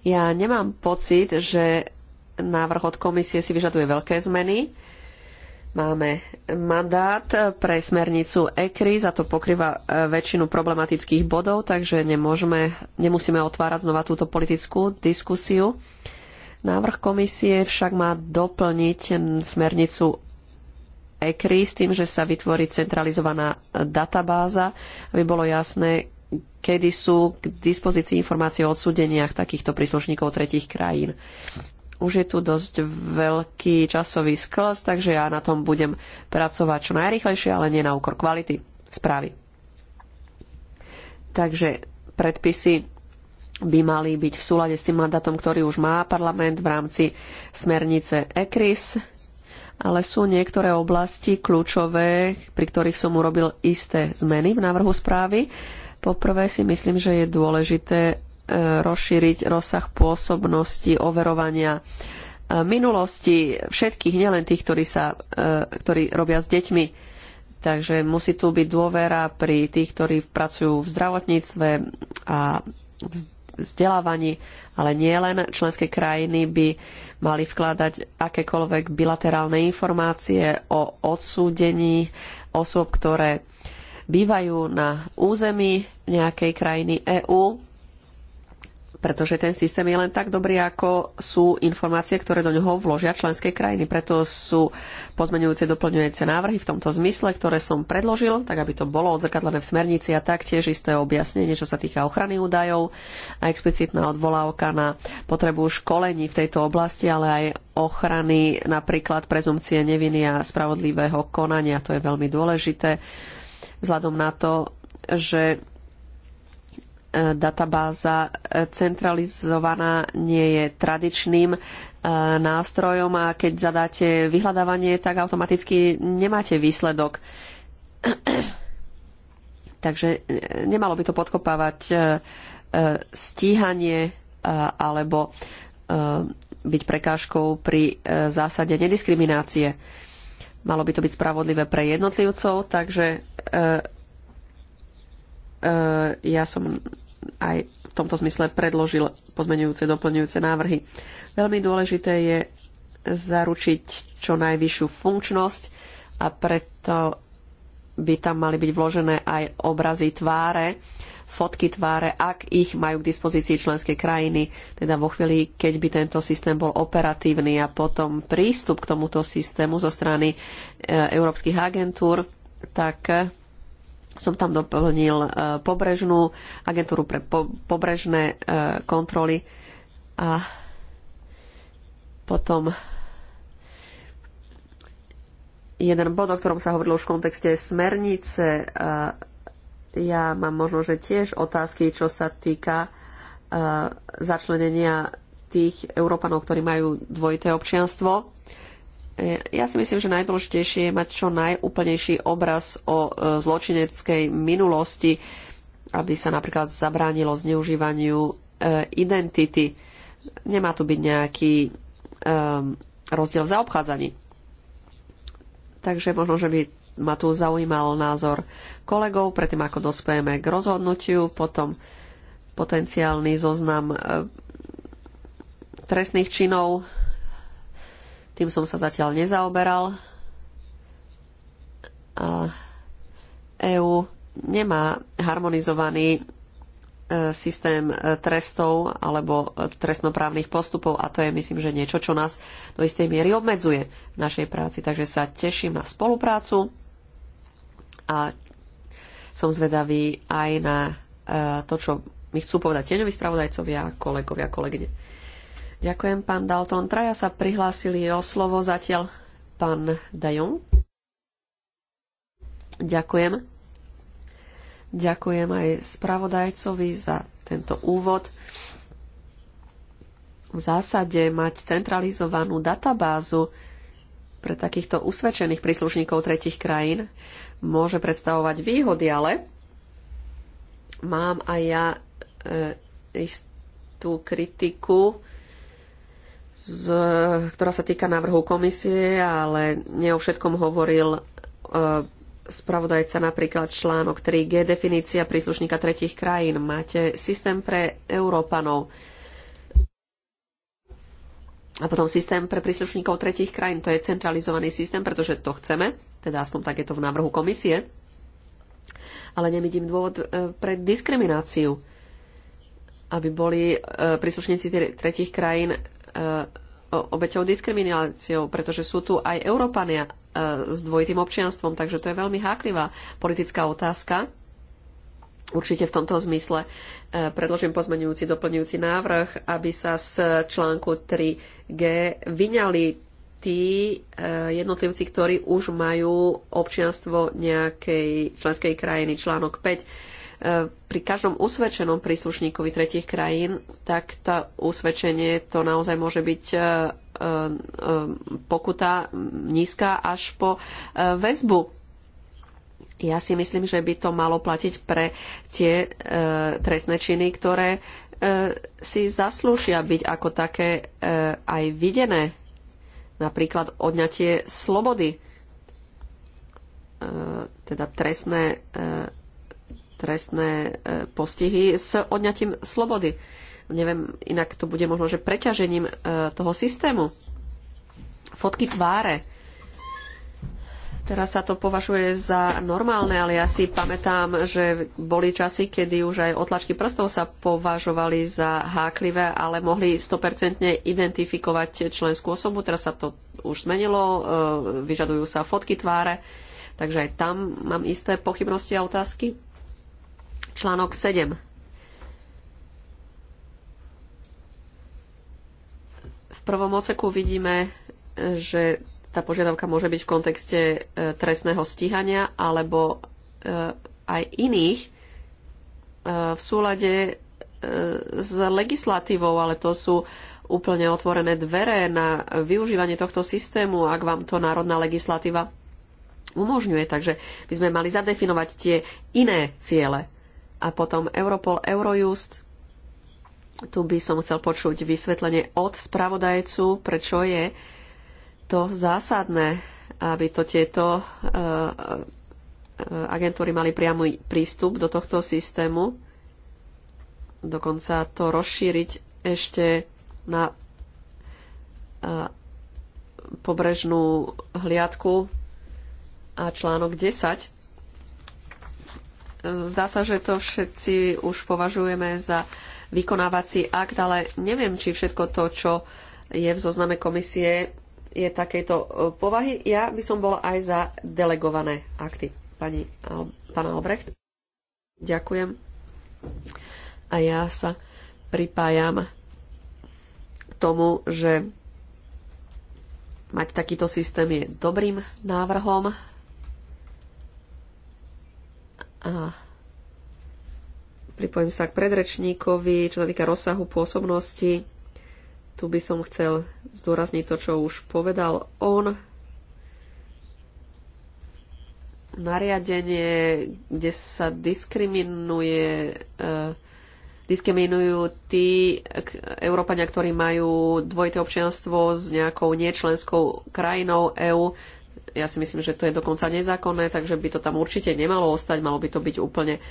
Ja nemám pocit, že návrh od komisie si vyžaduje veľké zmeny. Máme mandát pre smernicu ECRI, za to pokrýva e, väčšinu problematických bodov, takže nemôžeme, nemusíme otvárať znova túto politickú diskusiu. Návrh komisie však má doplniť smernicu ECRI s tým, že sa vytvorí centralizovaná databáza, aby bolo jasné, kedy sú k dispozícii informácie o odsúdeniach takýchto príslušníkov tretich krajín. Už je tu dosť veľký časový sklz, takže ja na tom budem pracovať čo najrychlejšie, ale nie na úkor kvality správy. Takže predpisy by mali byť v súlade s tým mandátom, ktorý už má parlament v rámci smernice ECRIS ale sú niektoré oblasti kľúčové, pri ktorých som urobil isté zmeny v návrhu správy. Poprvé si myslím, že je dôležité e, rozšíriť rozsah pôsobnosti overovania e, minulosti všetkých, nielen tých, ktorí, sa, e, ktorí robia s deťmi. Takže musí tu byť dôvera pri tých, ktorí pracujú v zdravotníctve a vzdelávaní, ale nielen členské krajiny by mali vkladať akékoľvek bilaterálne informácie o odsúdení osôb, ktoré bývajú na území nejakej krajiny EÚ pretože ten systém je len tak dobrý, ako sú informácie, ktoré do ňoho vložia členské krajiny. Preto sú pozmeňujúce doplňujúce návrhy v tomto zmysle, ktoré som predložil, tak aby to bolo odzrkadlené v smernici a taktiež isté objasnenie, čo sa týka ochrany údajov a explicitná odvolávka na potrebu školení v tejto oblasti, ale aj ochrany napríklad prezumcie neviny a spravodlivého konania. To je veľmi dôležité vzhľadom na to, že databáza centralizovaná nie je tradičným e, nástrojom a keď zadáte vyhľadávanie, tak automaticky nemáte výsledok. Takže e, nemalo by to podkopávať e, stíhanie alebo byť prekážkou pri zásade nediskriminácie. Malo by to byť spravodlivé pre jednotlivcov, takže E, ja som aj v tomto zmysle predložil pozmenujúce, doplňujúce návrhy. Veľmi dôležité je zaručiť čo najvyššiu funkčnosť a preto by tam mali byť vložené aj obrazy tváre, fotky tváre, ak ich majú k dispozícii členské krajiny, teda vo chvíli, keď by tento systém bol operatívny a potom prístup k tomuto systému zo strany e, európskych agentúr, tak som tam doplnil e, pobrežnú agentúru pre po, pobrežné e, kontroly a potom jeden bod, o ktorom sa hovorilo už v kontexte smernice. Ja mám možno, že tiež otázky, čo sa týka e, začlenenia tých Európanov, ktorí majú dvojité občianstvo ja si myslím, že najdôležitejšie je mať čo najúplnejší obraz o e, zločineckej minulosti, aby sa napríklad zabránilo zneužívaniu e, identity. Nemá tu byť nejaký e, rozdiel v zaobchádzaní. Takže možno, že by ma tu zaujímal názor kolegov, predtým ako dospejeme k rozhodnutiu, potom potenciálny zoznam trestných činov tým som sa zatiaľ nezaoberal. A EU nemá harmonizovaný e, systém e, trestov alebo e, trestnoprávnych postupov a to je myslím, že niečo, čo nás do istej miery obmedzuje v našej práci. Takže sa teším na spoluprácu a som zvedavý aj na to, čo mi chcú povedať tieňoví spravodajcovia, kolegovia, kolegyne. Ďakujem, pán Dalton. Traja sa prihlásili o slovo zatiaľ pán Dajon. Ďakujem. Ďakujem aj spravodajcovi za tento úvod. V zásade mať centralizovanú databázu pre takýchto usvedčených príslušníkov tretich krajín môže predstavovať výhody, ale mám aj ja e, istú kritiku z, ktorá sa týka návrhu komisie, ale nie o všetkom hovoril e, spravodajca napríklad článok 3G, definícia príslušníka tretich krajín. Máte systém pre Európanov a potom systém pre príslušníkov tretich krajín. To je centralizovaný systém, pretože to chceme, teda aspoň tak je to v návrhu komisie. Ale nevidím dôvod e, pre diskrimináciu aby boli e, príslušníci tretich krajín E, obeťou diskrimináciou, pretože sú tu aj Európania e, s dvojitým občianstvom, takže to je veľmi háklivá politická otázka. Určite v tomto zmysle e, predložím pozmenujúci doplňujúci návrh, aby sa z článku 3G vyňali tí jednotlivci, ktorí už majú občianstvo nejakej členskej krajiny. Článok 5 pri každom usvedčenom príslušníkovi tretich krajín, tak to usvedčenie to naozaj môže byť e, e, pokuta nízka až po e, väzbu ja si myslím, že by to malo platiť pre tie trestné činy, ktoré si zaslúšia byť ako také aj videné. Napríklad odňatie slobody, teda trestné trestné e, postihy s odňatím slobody. Neviem, inak to bude možno, že preťažením e, toho systému. Fotky tváre. Teraz sa to považuje za normálne, ale ja si pamätám, že boli časy, kedy už aj otlačky prstov sa považovali za háklivé, ale mohli 100% identifikovať členskú osobu. Teraz sa to už zmenilo, e, vyžadujú sa fotky tváre, takže aj tam mám isté pochybnosti a otázky. Článok 7. V prvom oceku vidíme, že tá požiadavka môže byť v kontexte e, trestného stíhania alebo e, aj iných e, v súlade s legislatívou, ale to sú úplne otvorené dvere na využívanie tohto systému, ak vám to národná legislatíva umožňuje. Takže by sme mali zadefinovať tie iné ciele a potom Europol, Eurojust. Tu by som chcel počuť vysvetlenie od spravodajcu, prečo je to zásadné, aby to tieto e, e, agentúry mali priamy prístup do tohto systému. Dokonca to rozšíriť ešte na e, pobrežnú hliadku a článok 10 Zdá sa, že to všetci už považujeme za vykonávací akt, ale neviem, či všetko to, čo je v zozname komisie, je takejto e, povahy. Ja by som bola aj za delegované akty. Pani, pán Albrecht, ďakujem. A ja sa pripájam k tomu, že mať takýto systém je dobrým návrhom a pripojím sa k predrečníkovi, čo sa týka rozsahu pôsobnosti. Tu by som chcel zdôrazniť to, čo už povedal on. Nariadenie, kde sa diskriminuje, eh, diskriminujú tí Európania, ktorí majú dvojité občianstvo s nejakou niečlenskou krajinou EÚ ja si myslím, že to je dokonca nezákonné, takže by to tam určite nemalo ostať, malo by to byť úplne e,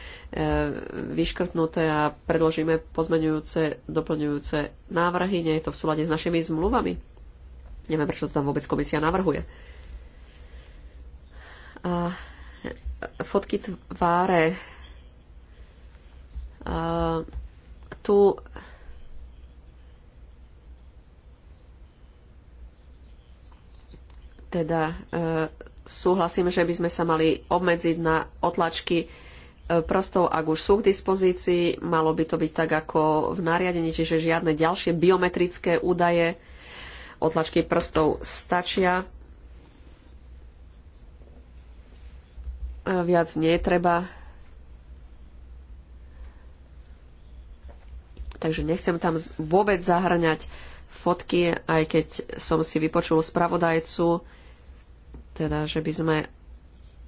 vyškrtnuté a predložíme pozmeňujúce, doplňujúce návrhy. Nie je to v súlade s našimi zmluvami. Neviem, prečo to tam vôbec komisia navrhuje. A fotky tváre. A, tu Teda e, súhlasím, že by sme sa mali obmedziť na otlačky e, prostou ak už sú k dispozícii. Malo by to byť tak ako v nariadení, čiže žiadne ďalšie biometrické údaje. Otlačky prstov stačia. Viac nie je treba. Takže nechcem tam vôbec zahrňať fotky, aj keď som si vypočul spravodajcu, teda, že by sme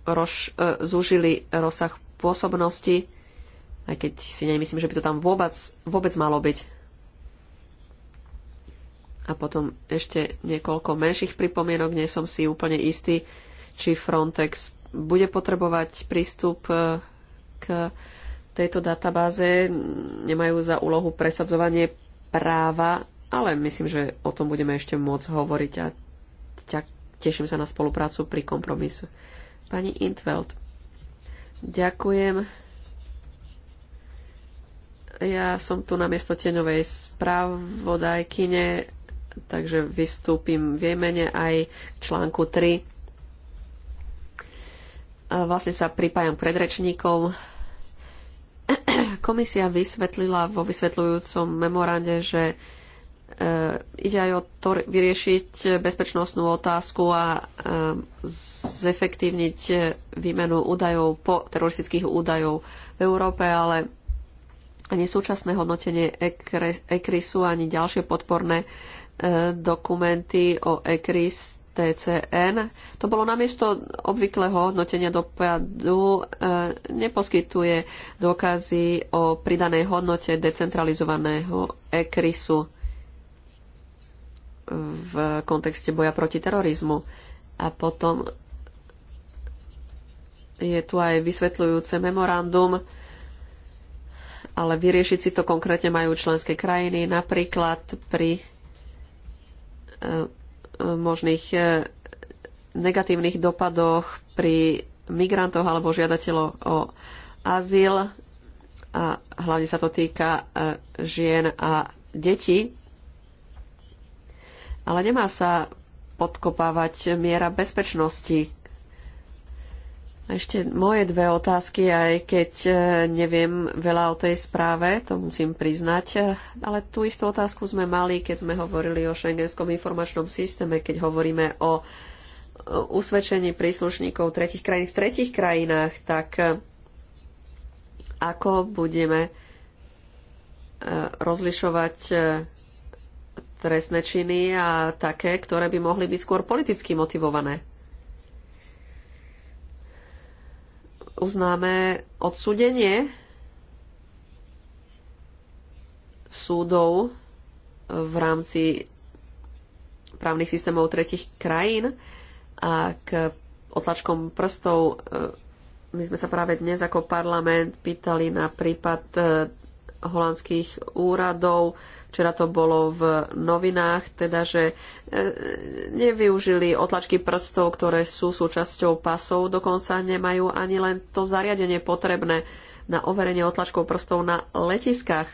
roz, e, zúžili rozsah pôsobnosti, aj keď si nemyslím, že by to tam vôbec, vôbec malo byť. A potom ešte niekoľko menších pripomienok, nie som si úplne istý, či Frontex bude potrebovať prístup e, k tejto databáze. Nemajú za úlohu presadzovanie práva, ale myslím, že o tom budeme ešte môcť hovoriť a teším sa na spoluprácu pri kompromisu. Pani Intveld, ďakujem. Ja som tu na miesto teňovej spravodajkyne, takže vystúpim v jemene mene aj k článku 3. A vlastne sa pripájam k predrečníkom. Komisia vysvetlila vo vysvetľujúcom memorande, že E, ide aj o to vyriešiť bezpečnostnú otázku a e, zefektívniť výmenu údajov po teroristických údajov v Európe, ale ani súčasné hodnotenie ECRISu, ani ďalšie podporné e, dokumenty o ECRIS TCN. To bolo namiesto obvyklého hodnotenia dopadu, neposkytuje dôkazy o pridanej hodnote decentralizovaného ECRISu v kontexte boja proti terorizmu. A potom je tu aj vysvetľujúce memorandum, ale vyriešiť si to konkrétne majú členské krajiny, napríklad pri e, e, možných e, negatívnych dopadoch pri migrantoch alebo žiadateľoch o azyl a hlavne sa to týka žien a detí. Ale nemá sa podkopávať miera bezpečnosti. A ešte moje dve otázky, aj keď e, neviem veľa o tej správe, to musím priznať, e, ale tú istú otázku sme mali, keď sme hovorili o šengenskom informačnom systéme, keď hovoríme o usvedčení príslušníkov tretich krajín v tretich krajinách, tak e, ako budeme rozlišovať trestné činy a také, ktoré by mohli byť skôr politicky motivované. Uznáme odsudenie súdov v rámci právnych systémov tretich krajín a k otlačkom prstov e, my sme sa práve dnes ako parlament pýtali na prípad e, holandských úradov. Včera to bolo v novinách, teda, že e, nevyužili otlačky prstov, ktoré sú súčasťou pasov, dokonca nemajú ani len to zariadenie potrebné na overenie otlačkov prstov na letiskách.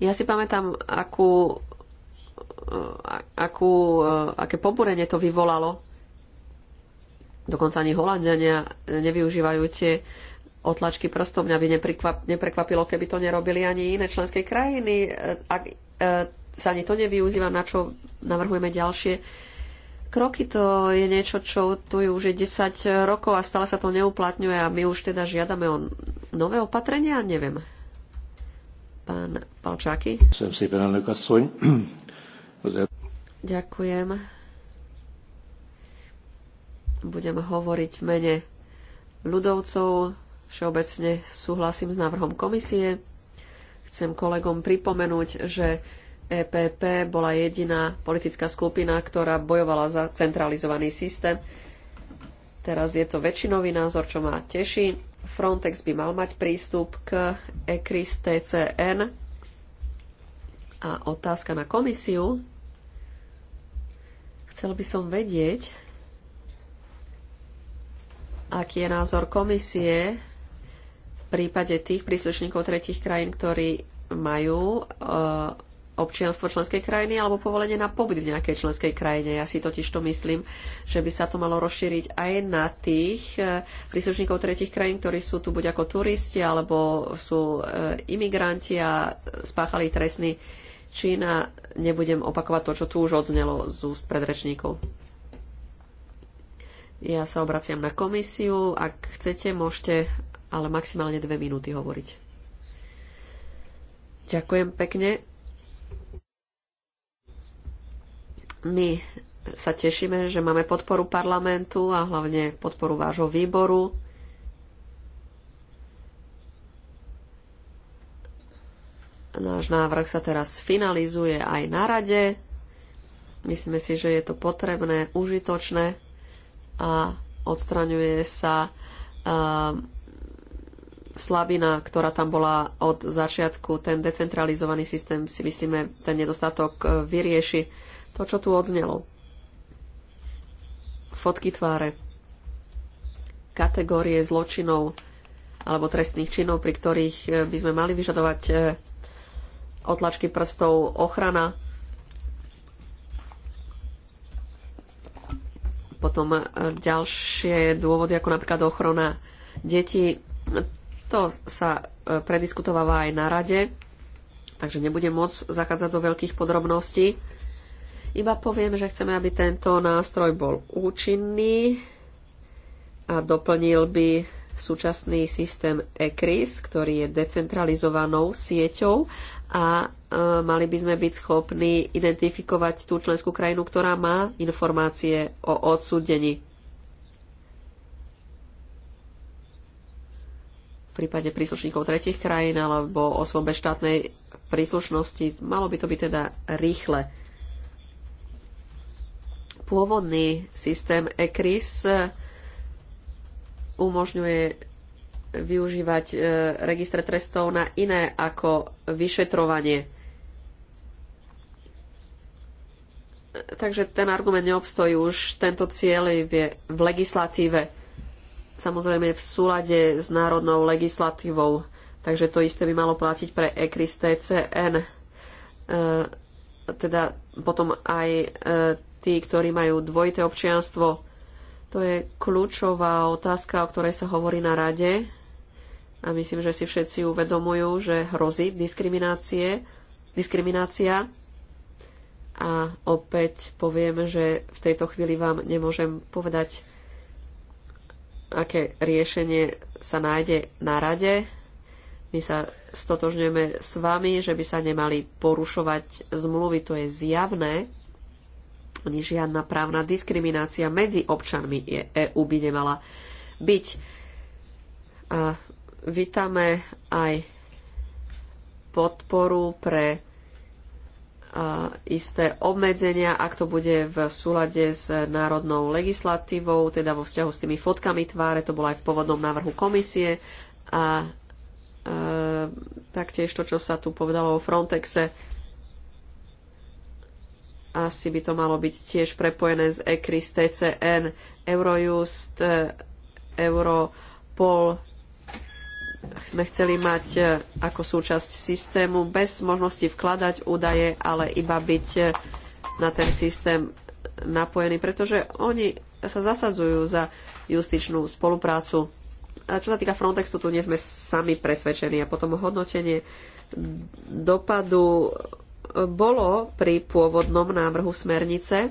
Ja si pamätám, akú, e, akú, e, aké poburenie to vyvolalo. Dokonca ani Holandiania nevyužívajú tie otlačky prstov. Mňa by neprekvapilo, keby to nerobili ani iné členské krajiny. E, ak e, sa ani to nevyužíva, na čo navrhujeme ďalšie kroky, to je niečo, čo tu je už je 10 rokov a stále sa to neuplatňuje a my už teda žiadame o nové opatrenia, neviem. Pán Palčáky. Ďakujem. Budem hovoriť mene ľudovcov, Všeobecne súhlasím s návrhom komisie. Chcem kolegom pripomenúť, že EPP bola jediná politická skupina, ktorá bojovala za centralizovaný systém. Teraz je to väčšinový názor, čo ma teší. Frontex by mal mať prístup k ECRIS TCN. A otázka na komisiu. Chcel by som vedieť, aký je názor komisie prípade tých príslušníkov tretich krajín, ktorí majú eh, občianstvo členskej krajiny alebo povolenie na pobyt v nejakej členskej krajine. Ja si totiž to myslím, že by sa to malo rozšíriť aj na tých eh, príslušníkov tretich krajín, ktorí sú tu buď ako turisti alebo sú eh, imigranti a spáchali trestný čin a nebudem opakovať to, čo tu už odznelo z úst predrečníkov. Ja sa obraciam na komisiu. Ak chcete, môžete ale maximálne dve minúty hovoriť. Ďakujem pekne. My sa tešíme, že máme podporu parlamentu a hlavne podporu vášho výboru. Náš návrh sa teraz finalizuje aj na rade. Myslíme si, že je to potrebné, užitočné a odstraňuje sa um, slabina, ktorá tam bola od začiatku. Ten decentralizovaný systém si myslíme, ten nedostatok e, vyrieši. To, čo tu odznelo. Fotky tváre. Kategórie zločinov alebo trestných činov, pri ktorých e, by sme mali vyžadovať e, otlačky prstov, ochrana. Potom ďalšie dôvody, ako napríklad ochrana detí to sa e, prediskutováva aj na rade, takže nebudem môcť zachádzať do veľkých podrobností. Iba poviem, že chceme, aby tento nástroj bol účinný a doplnil by súčasný systém ECRIS, ktorý je decentralizovanou sieťou a e, mali by sme byť schopní identifikovať tú členskú krajinu, ktorá má informácie o odsúdení. prípade príslušníkov tretich krajín alebo osôb bez štátnej príslušnosti. Malo by to byť teda rýchle. Pôvodný systém ECRIS e, umožňuje využívať e, registre trestov na iné ako vyšetrovanie. E, takže ten argument neobstojí už tento cieľ je v legislatíve samozrejme v súlade s národnou legislatívou. Takže to isté by malo platiť pre ECRIS TCN. E, teda potom aj e, tí, ktorí majú dvojité občianstvo. To je kľúčová otázka, o ktorej sa hovorí na rade. A myslím, že si všetci uvedomujú, že hrozí diskriminácie, diskriminácia. A opäť poviem, že v tejto chvíli vám nemôžem povedať aké riešenie sa nájde na rade. My sa stotožňujeme s vami, že by sa nemali porušovať zmluvy, to je zjavné. Ani žiadna právna diskriminácia medzi občanmi EÚ e by nemala byť. A vítame aj podporu pre isté obmedzenia, ak to bude v súlade s národnou legislatívou, teda vo vzťahu s tými fotkami tváre, to bolo aj v pôvodnom návrhu komisie a e, taktiež to, čo sa tu povedalo o Frontexe, asi by to malo byť tiež prepojené s ECRIS, TCN, Eurojust, e, Europol, sme chceli mať e, ako súčasť systému bez možnosti vkladať údaje, ale iba byť e, na ten systém napojený, pretože oni sa zasadzujú za justičnú spoluprácu. A čo sa týka Frontextu, tu nie sme sami presvedčení. A potom hodnotenie dopadu bolo pri pôvodnom návrhu smernice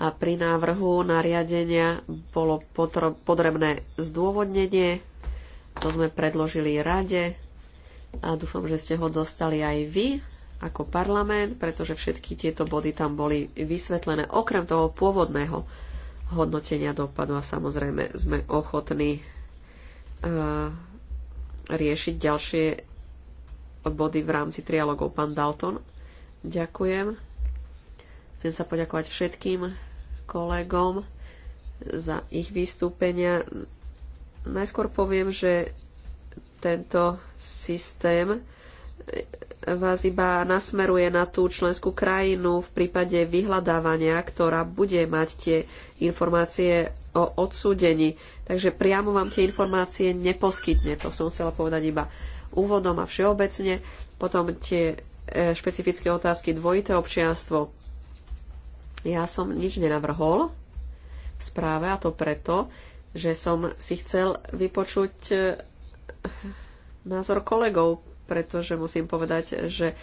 a pri návrhu nariadenia bolo potrebné zdôvodnenie to sme predložili rade a dúfam, že ste ho dostali aj vy ako parlament, pretože všetky tieto body tam boli vysvetlené okrem toho pôvodného hodnotenia dopadu a samozrejme sme ochotní uh, riešiť ďalšie body v rámci trialogov. Pán Dalton, ďakujem. Chcem sa poďakovať všetkým kolegom za ich vystúpenia. Najskôr poviem, že tento systém vás iba nasmeruje na tú členskú krajinu v prípade vyhľadávania, ktorá bude mať tie informácie o odsúdení. Takže priamo vám tie informácie neposkytne. To som chcela povedať iba úvodom a všeobecne. Potom tie e, špecifické otázky dvojité občianstvo. Ja som nič nenavrhol v správe a to preto, že som si chcel vypočuť eh, názor kolegov, pretože musím povedať, že eh,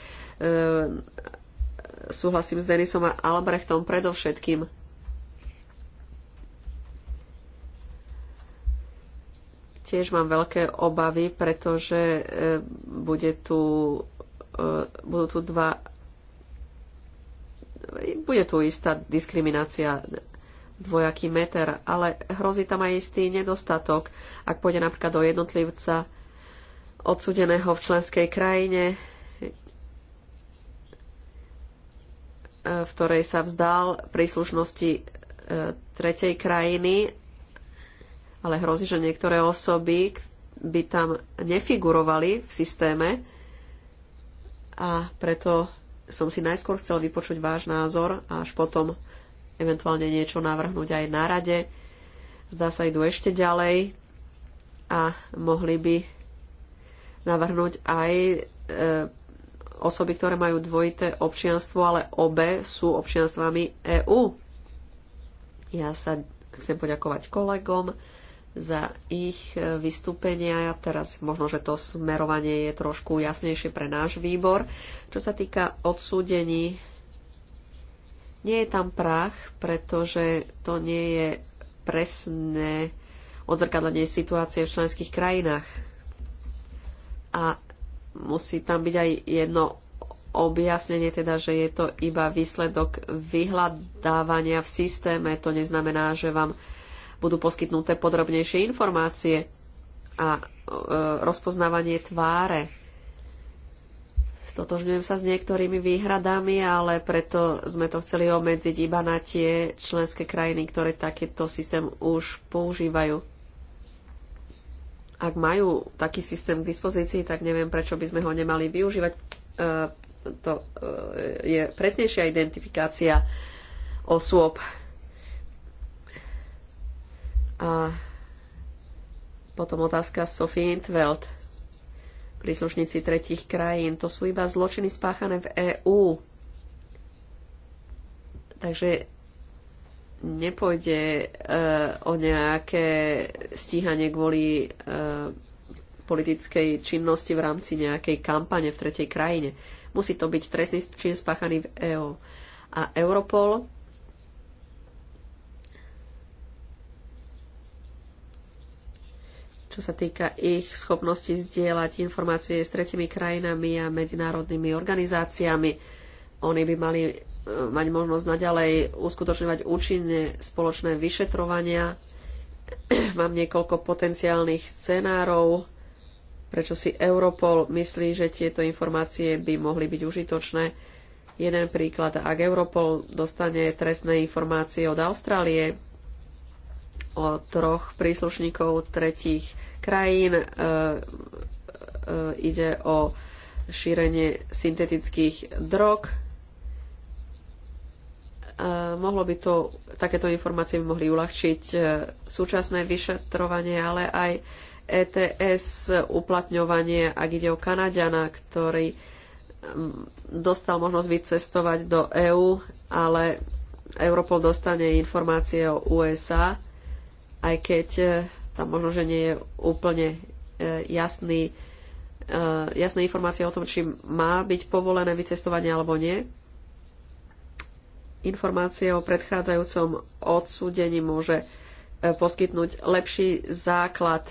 súhlasím s Denisom a Albrechtom predovšetkým. Tiež mám veľké obavy, pretože eh, bude tu, budú tu dva bude tu istá diskriminácia dvojaký meter, ale hrozí tam aj istý nedostatok. Ak pôjde napríklad do jednotlivca odsudeného v členskej krajine, e, v ktorej sa vzdal príslušnosti e, tretej krajiny, ale hrozí, že niektoré osoby by tam nefigurovali v systéme a preto som si najskôr chcel vypočuť váš názor a až potom eventuálne niečo navrhnúť aj na rade. Zdá sa, idú ešte ďalej a mohli by navrhnúť aj e, osoby, ktoré majú dvojité občianstvo, ale obe sú občianstvami EÚ. Ja sa chcem poďakovať kolegom za ich e, vystúpenia. Teraz možno, že to smerovanie je trošku jasnejšie pre náš výbor. Čo sa týka odsúdení nie je tam prach, pretože to nie je presné odzrkadlenie situácie v členských krajinách. A musí tam byť aj jedno objasnenie, teda, že je to iba výsledok vyhľadávania v systéme. To neznamená, že vám budú poskytnuté podrobnejšie informácie a e, rozpoznávanie tváre. Stotožňujem sa s niektorými výhradami, ale preto sme to chceli obmedziť iba na tie členské krajiny, ktoré takýto systém už používajú. Ak majú taký systém k dispozícii, tak neviem, prečo by sme ho nemali využívať. E, to e, je presnejšia identifikácia osôb. A potom otázka Sophie Intveld príslušníci tretich krajín. To sú iba zločiny spáchané v EÚ. Takže nepôjde uh, o nejaké stíhanie kvôli uh, politickej činnosti v rámci nejakej kampane v tretej krajine. Musí to byť trestný čin spáchaný v EÚ. A Europol čo sa týka ich schopnosti zdieľať informácie s tretimi krajinami a medzinárodnými organizáciami. Oni by mali e, mať možnosť naďalej uskutočňovať účinne spoločné vyšetrovania. Mám niekoľko potenciálnych scenárov, prečo si Europol myslí, že tieto informácie by mohli byť užitočné. Jeden príklad, ak Europol dostane trestné informácie od Austrálie, o troch príslušníkov tretích krajín. E, e, ide o šírenie syntetických drog. E, mohlo by to, takéto informácie by mohli uľahčiť súčasné vyšetrovanie, ale aj ETS uplatňovanie, ak ide o Kanadiana, ktorý dostal možnosť vycestovať do EÚ, ale Europol dostane informácie o USA aj keď e, tam možno, že nie je úplne e, jasný, e, jasné informácie o tom, či má byť povolené vycestovanie alebo nie. Informácie o predchádzajúcom odsúdení môže poskytnúť lepší základ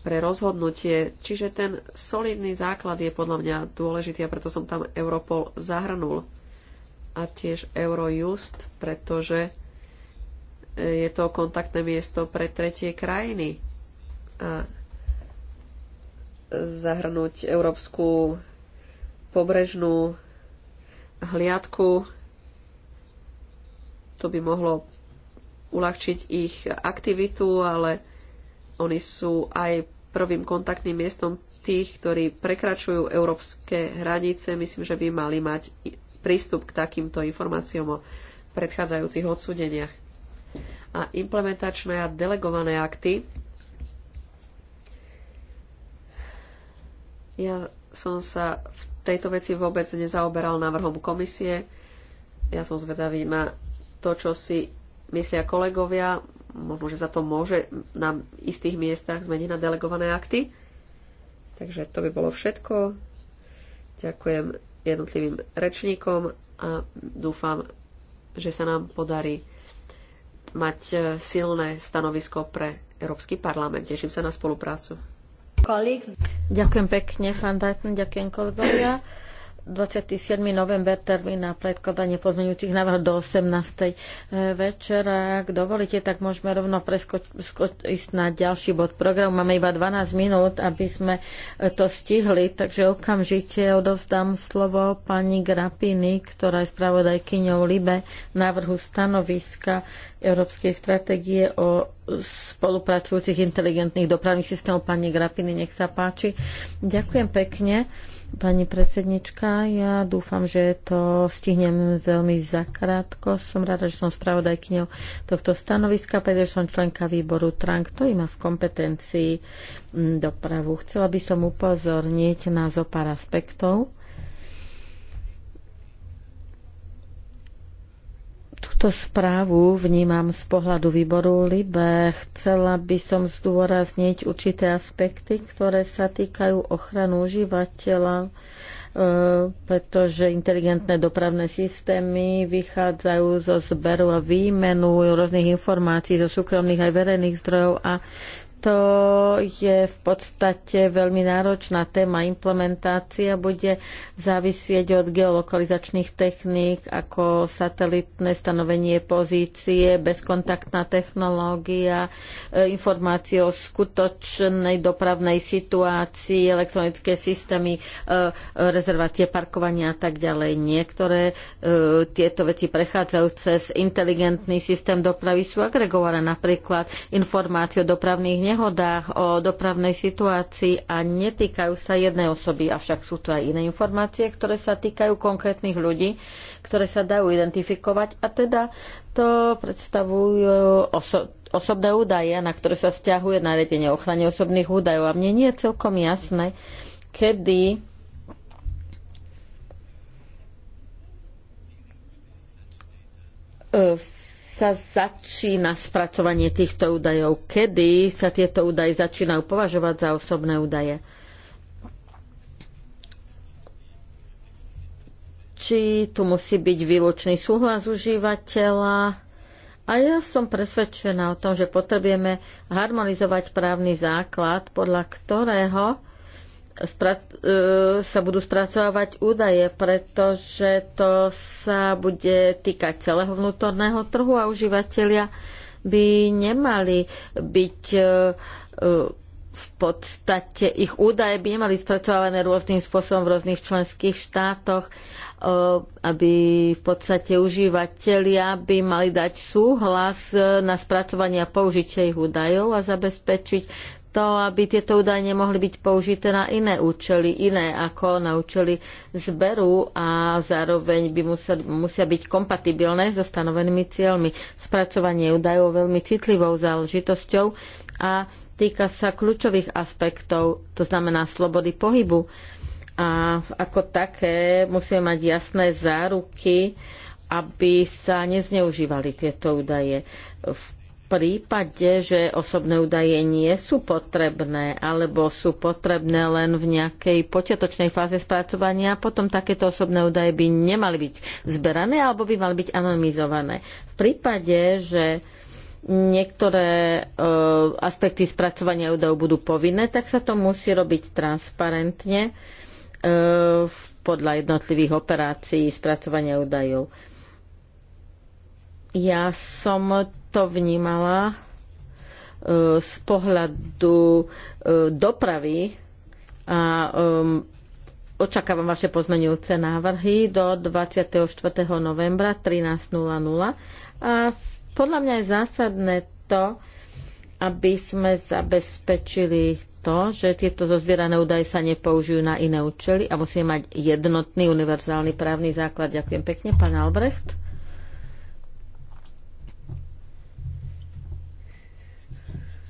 pre rozhodnutie. Čiže ten solidný základ je podľa mňa dôležitý a preto som tam Europol zahrnul. A tiež Eurojust, pretože je to kontaktné miesto pre tretie krajiny a zahrnúť európsku pobrežnú hliadku. To by mohlo uľahčiť ich aktivitu, ale oni sú aj prvým kontaktným miestom tých, ktorí prekračujú európske hranice. Myslím, že by mali mať prístup k takýmto informáciám o predchádzajúcich odsúdeniach a implementačné a delegované akty. Ja som sa v tejto veci vôbec nezaoberal návrhom komisie. Ja som zvedavý na to, čo si myslia kolegovia. Možno, že sa to môže na istých miestach zmeniť na delegované akty. Takže to by bolo všetko. Ďakujem jednotlivým rečníkom a dúfam, že sa nám podarí mať e, silné stanovisko pre Európsky parlament. Teším sa na spoluprácu. Ďakujem pekne, pán Dajten, ďakujem kolegovia. 27. november termín na predkladanie pozmeňujúcich návrhov do 18. večera. Ak dovolíte, tak môžeme rovno ísť na ďalší bod programu. Máme iba 12 minút, aby sme to stihli, takže okamžite odovzdám slovo pani Grapiny, ktorá je spravodajkyňou LIBE návrhu stanoviska Európskej stratégie o spolupracujúcich inteligentných dopravných systémov. Pani Grapiny, nech sa páči. Ďakujem pekne. Pani predsednička, ja dúfam, že to stihnem veľmi zakrátko. Som rada, že som spravodajkyňou tohto stanoviska, pretože som členka výboru Trank, ktorý má v kompetencii mm, dopravu. Chcela by som upozorniť na zo pár aspektov Túto správu vnímam z pohľadu výboru LIBE. Chcela by som zdôrazniť určité aspekty, ktoré sa týkajú ochranu užívateľa, e, pretože inteligentné dopravné systémy vychádzajú zo zberu a výmenu rôznych informácií zo súkromných aj verejných zdrojov a to je v podstate veľmi náročná téma. Implementácia bude závisieť od geolokalizačných techník, ako satelitné stanovenie pozície, bezkontaktná technológia, e, informácie o skutočnej dopravnej situácii, elektronické systémy, e, rezervácie parkovania a tak ďalej. Niektoré e, tieto veci prechádzajú cez inteligentný systém dopravy, sú agregované napríklad informácie o dopravných nehodách, nehodách, o dopravnej situácii a netýkajú sa jednej osoby, avšak sú tu aj iné informácie, ktoré sa týkajú konkrétnych ľudí, ktoré sa dajú identifikovať a teda to predstavujú oso- osobné údaje, na ktoré sa vzťahuje nariadenie ochrany osobných údajov. A mne nie je celkom jasné, kedy uh, sa začína spracovanie týchto údajov? Kedy sa tieto údaje začínajú považovať za osobné údaje? Či tu musí byť výlučný súhlas užívateľa? A ja som presvedčená o tom, že potrebujeme harmonizovať právny základ, podľa ktorého E, sa budú spracovávať údaje, pretože to sa bude týkať celého vnútorného trhu a užívateľia by nemali byť e, e, v podstate ich údaje by nemali spracovávané rôznym spôsobom v rôznych členských štátoch, aby v podstate užívateľia by mali dať súhlas na spracovanie a použitie ich údajov a zabezpečiť to, aby tieto údaje nemohli byť použité na iné účely, iné ako na účely zberu a zároveň by musel, musia byť kompatibilné so stanovenými cieľmi. Spracovanie údajov veľmi citlivou záležitosťou a týka sa kľúčových aspektov, to znamená slobody pohybu. A ako také musíme mať jasné záruky, aby sa nezneužívali tieto údaje v prípade, že osobné údaje nie sú potrebné alebo sú potrebné len v nejakej počiatočnej fáze spracovania, potom takéto osobné údaje by nemali byť zberané alebo by mali byť anonymizované. V prípade, že niektoré e, aspekty spracovania údajov budú povinné, tak sa to musí robiť transparentne e, podľa jednotlivých operácií spracovania údajov. Ja som to vnímala e, z pohľadu e, dopravy a e, očakávam vaše pozmenujúce návrhy do 24. novembra 13.00 a podľa mňa je zásadné to, aby sme zabezpečili to, že tieto zozbierané údaje sa nepoužijú na iné účely a musíme mať jednotný univerzálny právny základ. Ďakujem pekne, pán Albrecht.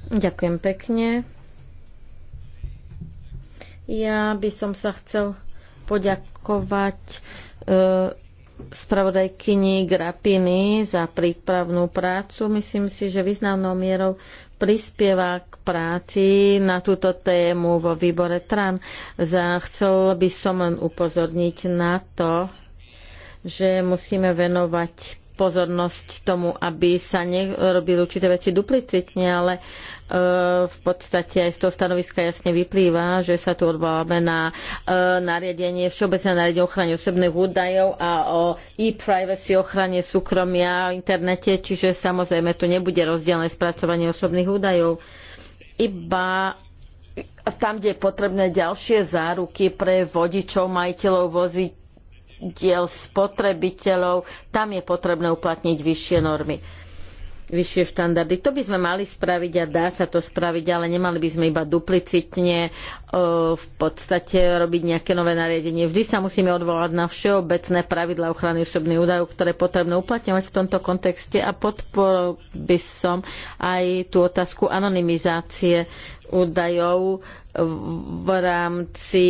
Ďakujem pekne. Ja by som sa chcel poďakovať e, spravodajkyni Grapiny za prípravnú prácu. Myslím si, že významnou mierou prispieva k práci na túto tému vo výbore TRAN. Za chcel by som len upozorniť na to, že musíme venovať pozornosť tomu, aby sa nerobili určité veci duplicitne, ale E, v podstate aj z toho stanoviska jasne vyplýva, že sa tu odvoláme na e, nariadenie, všeobecné nariadenie ochrany osobných údajov a o e-privacy, ochrane súkromia o internete, čiže samozrejme tu nebude rozdielne spracovanie osobných údajov. Iba tam, kde je potrebné ďalšie záruky pre vodičov, majiteľov vozidiel, spotrebiteľov, tam je potrebné uplatniť vyššie normy vyššie štandardy. To by sme mali spraviť a dá sa to spraviť, ale nemali by sme iba duplicitne e, v podstate robiť nejaké nové nariadenie. Vždy sa musíme odvolať na všeobecné pravidla ochrany osobných údajov, ktoré je potrebné uplatňovať v tomto kontexte a podporil by som aj tú otázku anonymizácie údajov v rámci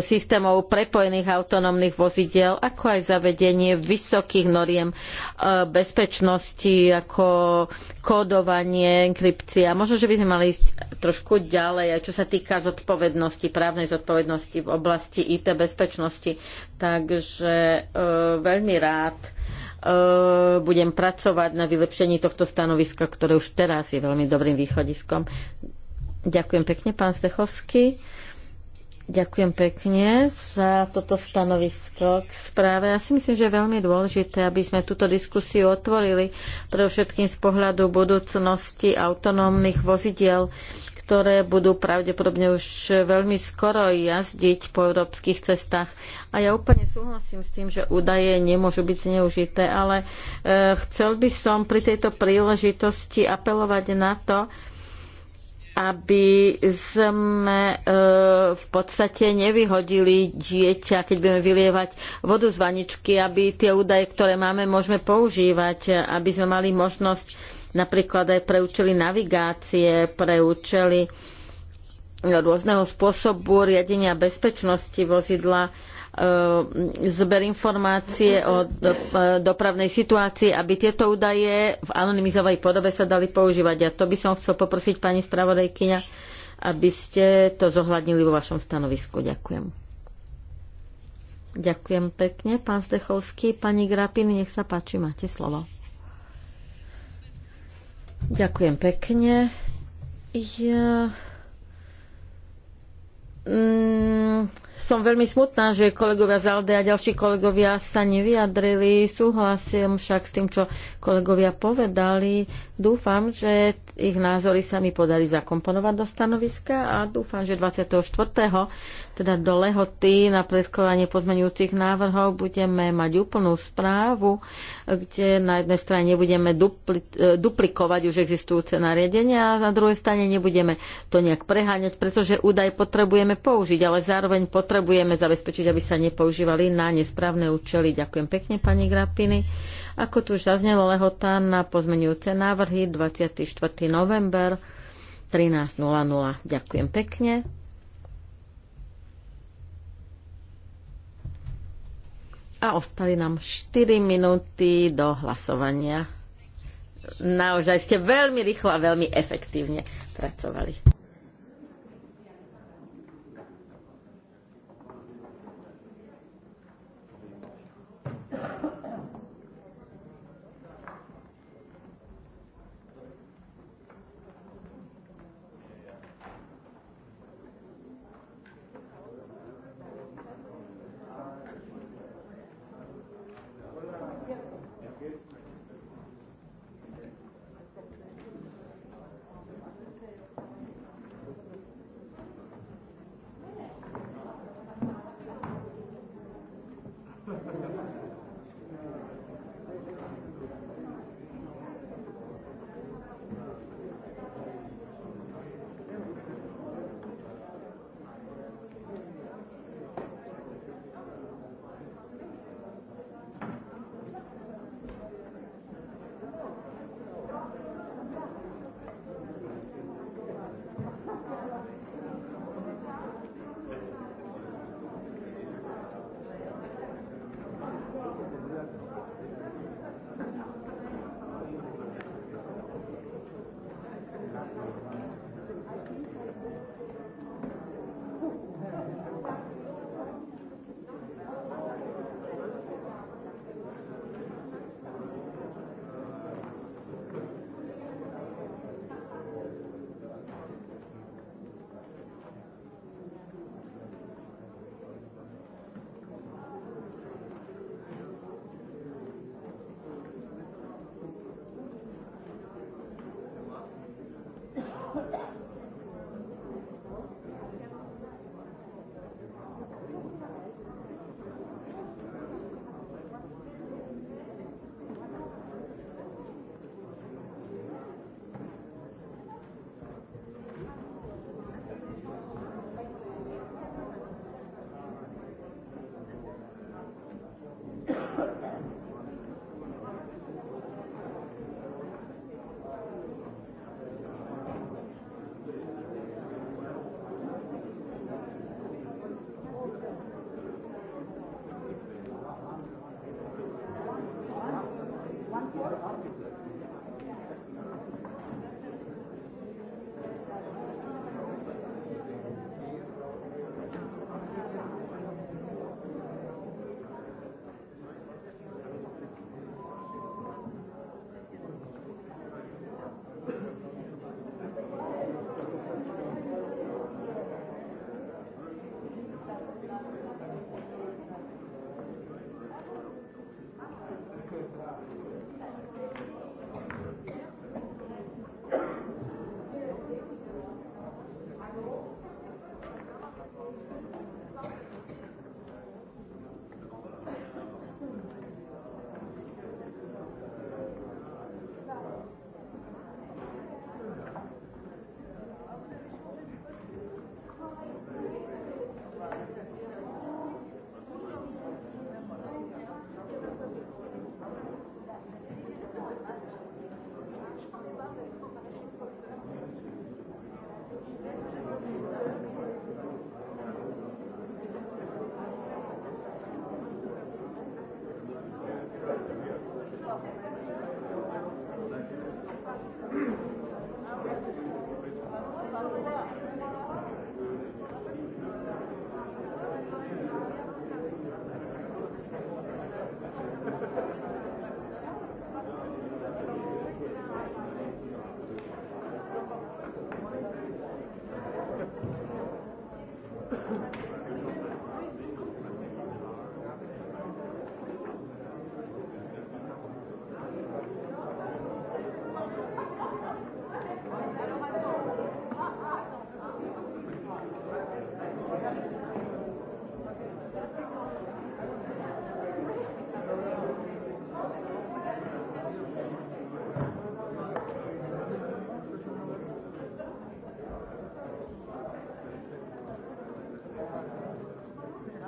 systémov prepojených autonómnych vozidiel, ako aj zavedenie vysokých noriem e, bezpečnosti, ako kódovanie, enkrypcia. Možno, že by sme mali ísť trošku ďalej, aj čo sa týka zodpovednosti, právnej zodpovednosti v oblasti IT bezpečnosti. Takže e, veľmi rád e, budem pracovať na vylepšení tohto stanoviska, ktoré už teraz je veľmi dobrým východiskom. Ďakujem pekne, pán Stechovský. Ďakujem pekne za toto stanovisko k správe. Ja si myslím, že je veľmi dôležité, aby sme túto diskusiu otvorili pre všetkým z pohľadu budúcnosti autonómnych vozidiel, ktoré budú pravdepodobne už veľmi skoro jazdiť po európskych cestách. A ja úplne súhlasím s tým, že údaje nemôžu byť zneužité, ale eh, chcel by som pri tejto príležitosti apelovať na to, aby sme e, v podstate nevyhodili dieťa, keď budeme vylievať vodu z vaničky, aby tie údaje, ktoré máme, môžeme používať, aby sme mali možnosť napríklad aj pre účely navigácie, pre účely rôzneho spôsobu riadenia bezpečnosti vozidla E, zber informácie o e, dopravnej situácii, aby tieto údaje v anonymizovej podobe sa dali používať. A to by som chcel poprosiť pani spravodajkyňa, aby ste to zohľadnili vo vašom stanovisku. Ďakujem. Ďakujem pekne, pán Stechovský. Pani Grapin, nech sa páči, máte slovo. Ďakujem pekne. Ja... Mm, som veľmi smutná, že kolegovia z Alde a ďalší kolegovia sa nevyjadrili. Súhlasím však s tým, čo kolegovia povedali. Dúfam, že ich názory sa mi podarí zakomponovať do stanoviska a dúfam, že 24. teda do lehoty na predkladanie pozmenujúcich návrhov budeme mať úplnú správu, kde na jednej strane nebudeme dupli, e, duplikovať už existujúce nariadenia a na druhej strane nebudeme to nejak preháňať, pretože údaj potrebujeme použiť, ale zároveň potrebujeme potrebujeme zabezpečiť, aby sa nepoužívali na nesprávne účely. Ďakujem pekne, pani Grapiny. Ako tu už zaznelo lehota na pozmenujúce návrhy 24. november 13.00. Ďakujem pekne. A ostali nám 4 minúty do hlasovania. Naozaj ste veľmi rýchlo a veľmi efektívne pracovali.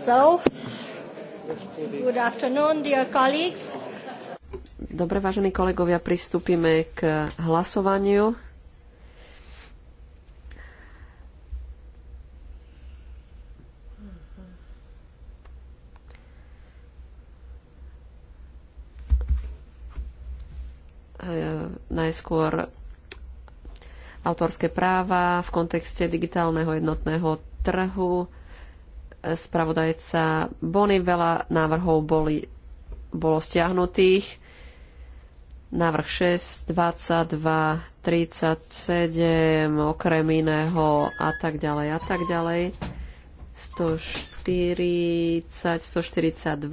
So, good afternoon, dear colleagues. Dobre, vážení kolegovia, pristúpime k hlasovaniu. E, najskôr autorské práva v kontexte digitálneho jednotného trhu spravodajca Bony. Veľa návrhov boli, bolo stiahnutých. Návrh 6, 22, 37, okrem iného a tak ďalej a tak ďalej. 140, 142, 38,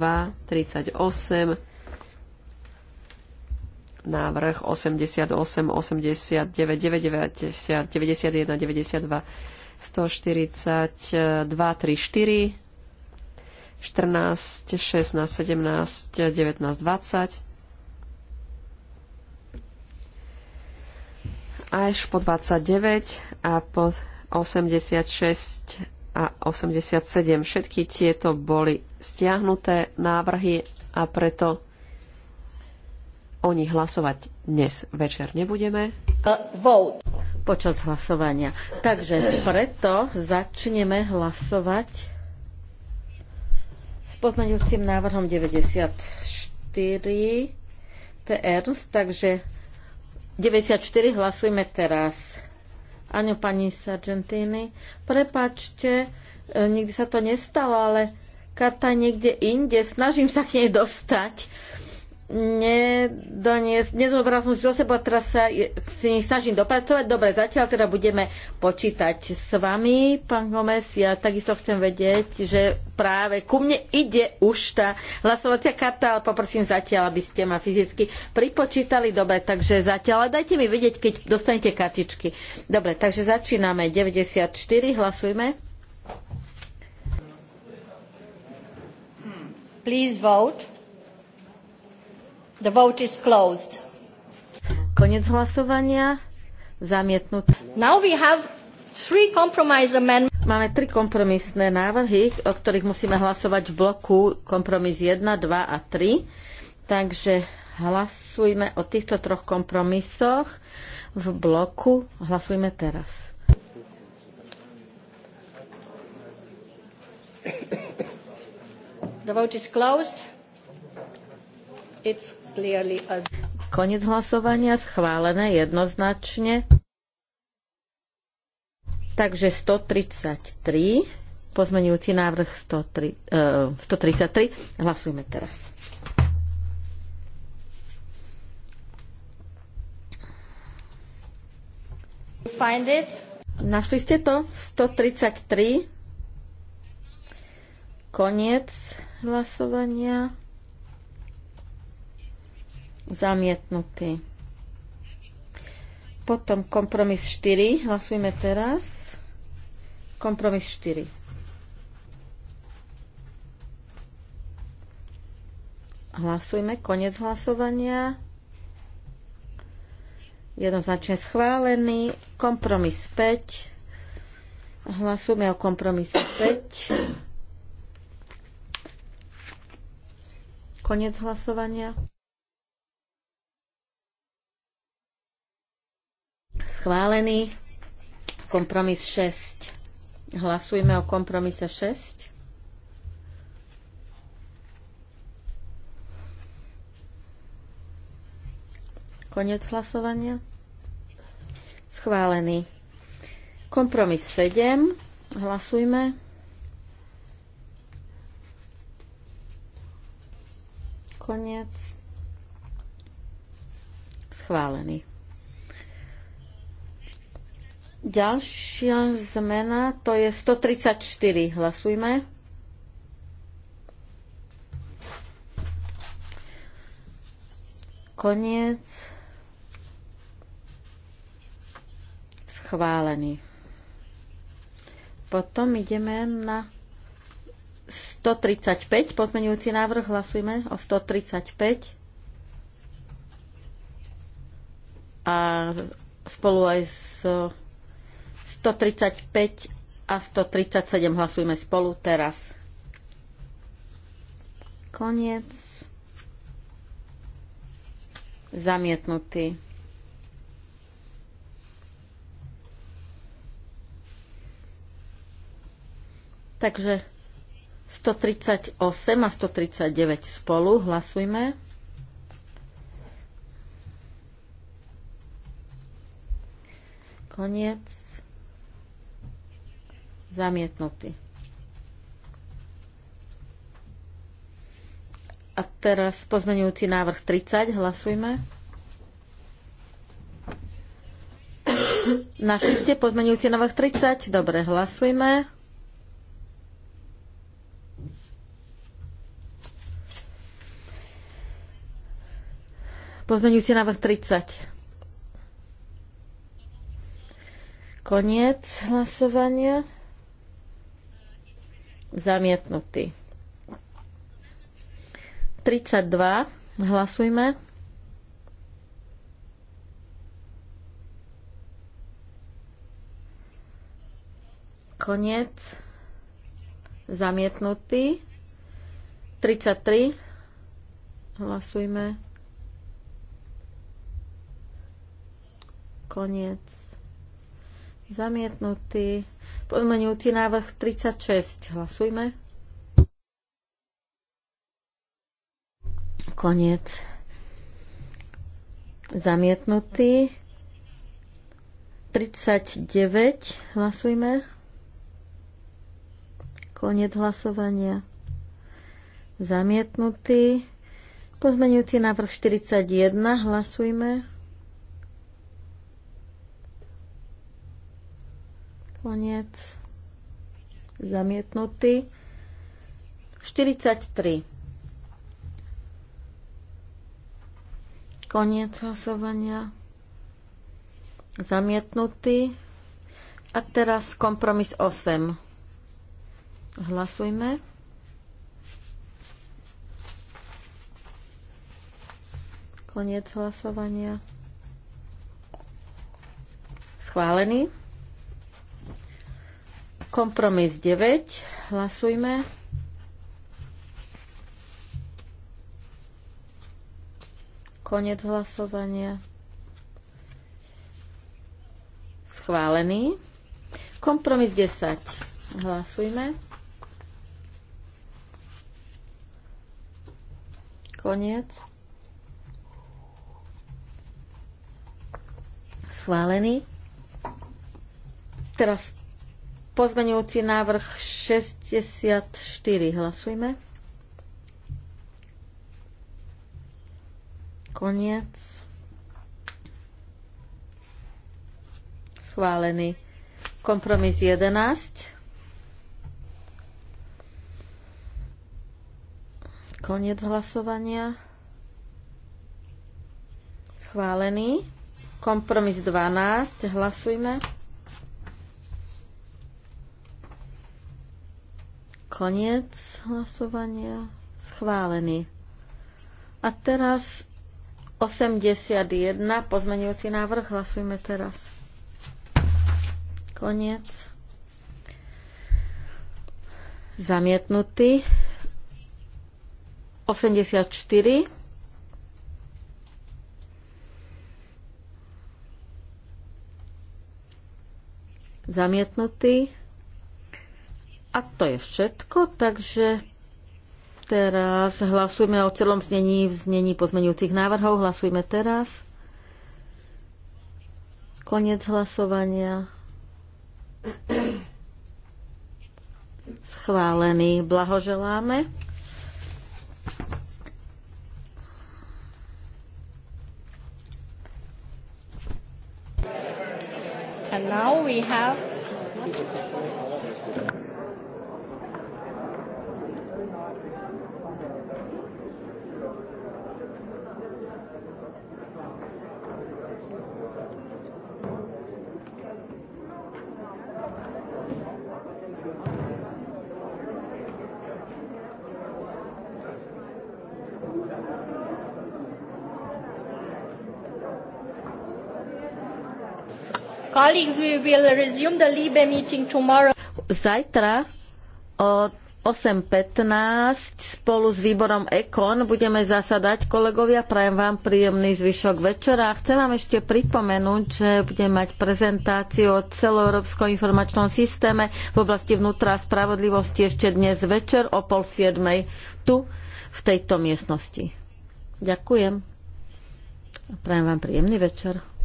návrh 88, 89, 90, 91, 92, 142, 3, 4, 14, 16, 17, 19, 20. až po 29 a po 86 a 87. Všetky tieto boli stiahnuté návrhy a preto o nich hlasovať dnes večer nebudeme. Počas hlasovania. Takže preto začneme hlasovať s poznajúcim návrhom 94 TR, takže 94 hlasujeme teraz. Áno, pani Sargentini, prepačte, e, nikdy sa to nestalo, ale karta niekde inde, snažím sa k nej dostať nedonies, nezobral som si zo seba, teraz sa si nich snažím dopracovať. Dobre, zatiaľ teda budeme počítať s vami, pán Gomez. Ja takisto chcem vedieť, že práve ku mne ide už tá hlasovacia karta, ale poprosím zatiaľ, aby ste ma fyzicky pripočítali. Dobre, takže zatiaľ, ale dajte mi vedieť, keď dostanete kartičky. Dobre, takže začíname. 94, hlasujme. Please vote. The vote is closed. Konec hlasovania. Zamietnuté. Now we have three compromise amendments. Máme tri kompromisné návrhy, o ktorých musíme hlasovať v bloku kompromis 1, 2 a 3. Takže hlasujme o týchto troch kompromisoch v bloku. Hlasujme teraz. The vote is closed. It's clearly Konec hlasovania schválené jednoznačne. Takže 133, pozmenujúci návrh 103, 133, hlasujeme teraz. Find it. Našli ste to? 133. Koniec hlasovania. Zamietnutý. Potom kompromis 4. Hlasujme teraz. Kompromis 4. Hlasujme. Konec hlasovania. Jednoznačne schválený. Kompromis 5. Hlasujme o kompromise 5. Konec hlasovania. schválený. Kompromis 6. Hlasujme o kompromise 6. Konec hlasovania. Schválený. Kompromis 7. Hlasujme. Koniec. Schválený. Ďalšia zmena, to je 134. Hlasujme. Koniec. Schválený. Potom ideme na 135, pozmenujúci návrh, hlasujme o 135. A spolu aj s so 135 a 137 hlasujme spolu teraz. Koniec. Zamietnutý. Takže 138 a 139 spolu hlasujme. Koniec Zamietnutý. A teraz pozmenujúci návrh 30. Hlasujme. Našli ste pozmenujúci návrh 30? Dobre, hlasujme. Pozmenujúci návrh 30. Koniec hlasovania. Zamietnutý. 32. Hlasujme. Koniec. Zamietnutý. 33. Hlasujme. Koniec. Zamietnutý. Podmenutý návrh 36. Hlasujme. Koniec. Zamietnutý. 39. Hlasujme. Koniec hlasovania. Zamietnutý. Pozmenujúci návrh 41. Hlasujme. Koniec. Zamietnutý. 43. Koniec hlasovania. Zamietnutý. A teraz kompromis 8. Hlasujme. Koniec hlasovania. Schválený. Kompromis 9. Hlasujme. Konec hlasovania. Schválený. Kompromis 10. Hlasujme. Koniec. Schválený. Teraz Pozmenujúci návrh 64. Hlasujme. Koniec. Schválený. Kompromis 11. Koniec hlasovania. Schválený. Kompromis 12. Hlasujme. Koniec hlasovania. Schválený. A teraz 81, pozmenujúci návrh, hlasujme teraz. Koniec. Zamietnutý. 84. Zamietnutý. A to je všetko, takže teraz hlasujeme o celom znení, v znení pozmenujúcich návrhov. Hlasujme teraz. Konec hlasovania. Schválený. Blahoželáme. And now we have Colleagues, we will resume the Libe meeting tomorrow. Zajtra o 8.15 spolu s výborom EKON budeme zasadať. Kolegovia, prajem vám príjemný zvyšok večera. Chcem vám ešte pripomenúť, že budem mať prezentáciu o celoeurópskom informačnom systéme v oblasti vnútra a spravodlivosti ešte dnes večer o pol siedmej tu v tejto miestnosti. Ďakujem. Prajem vám príjemný večer.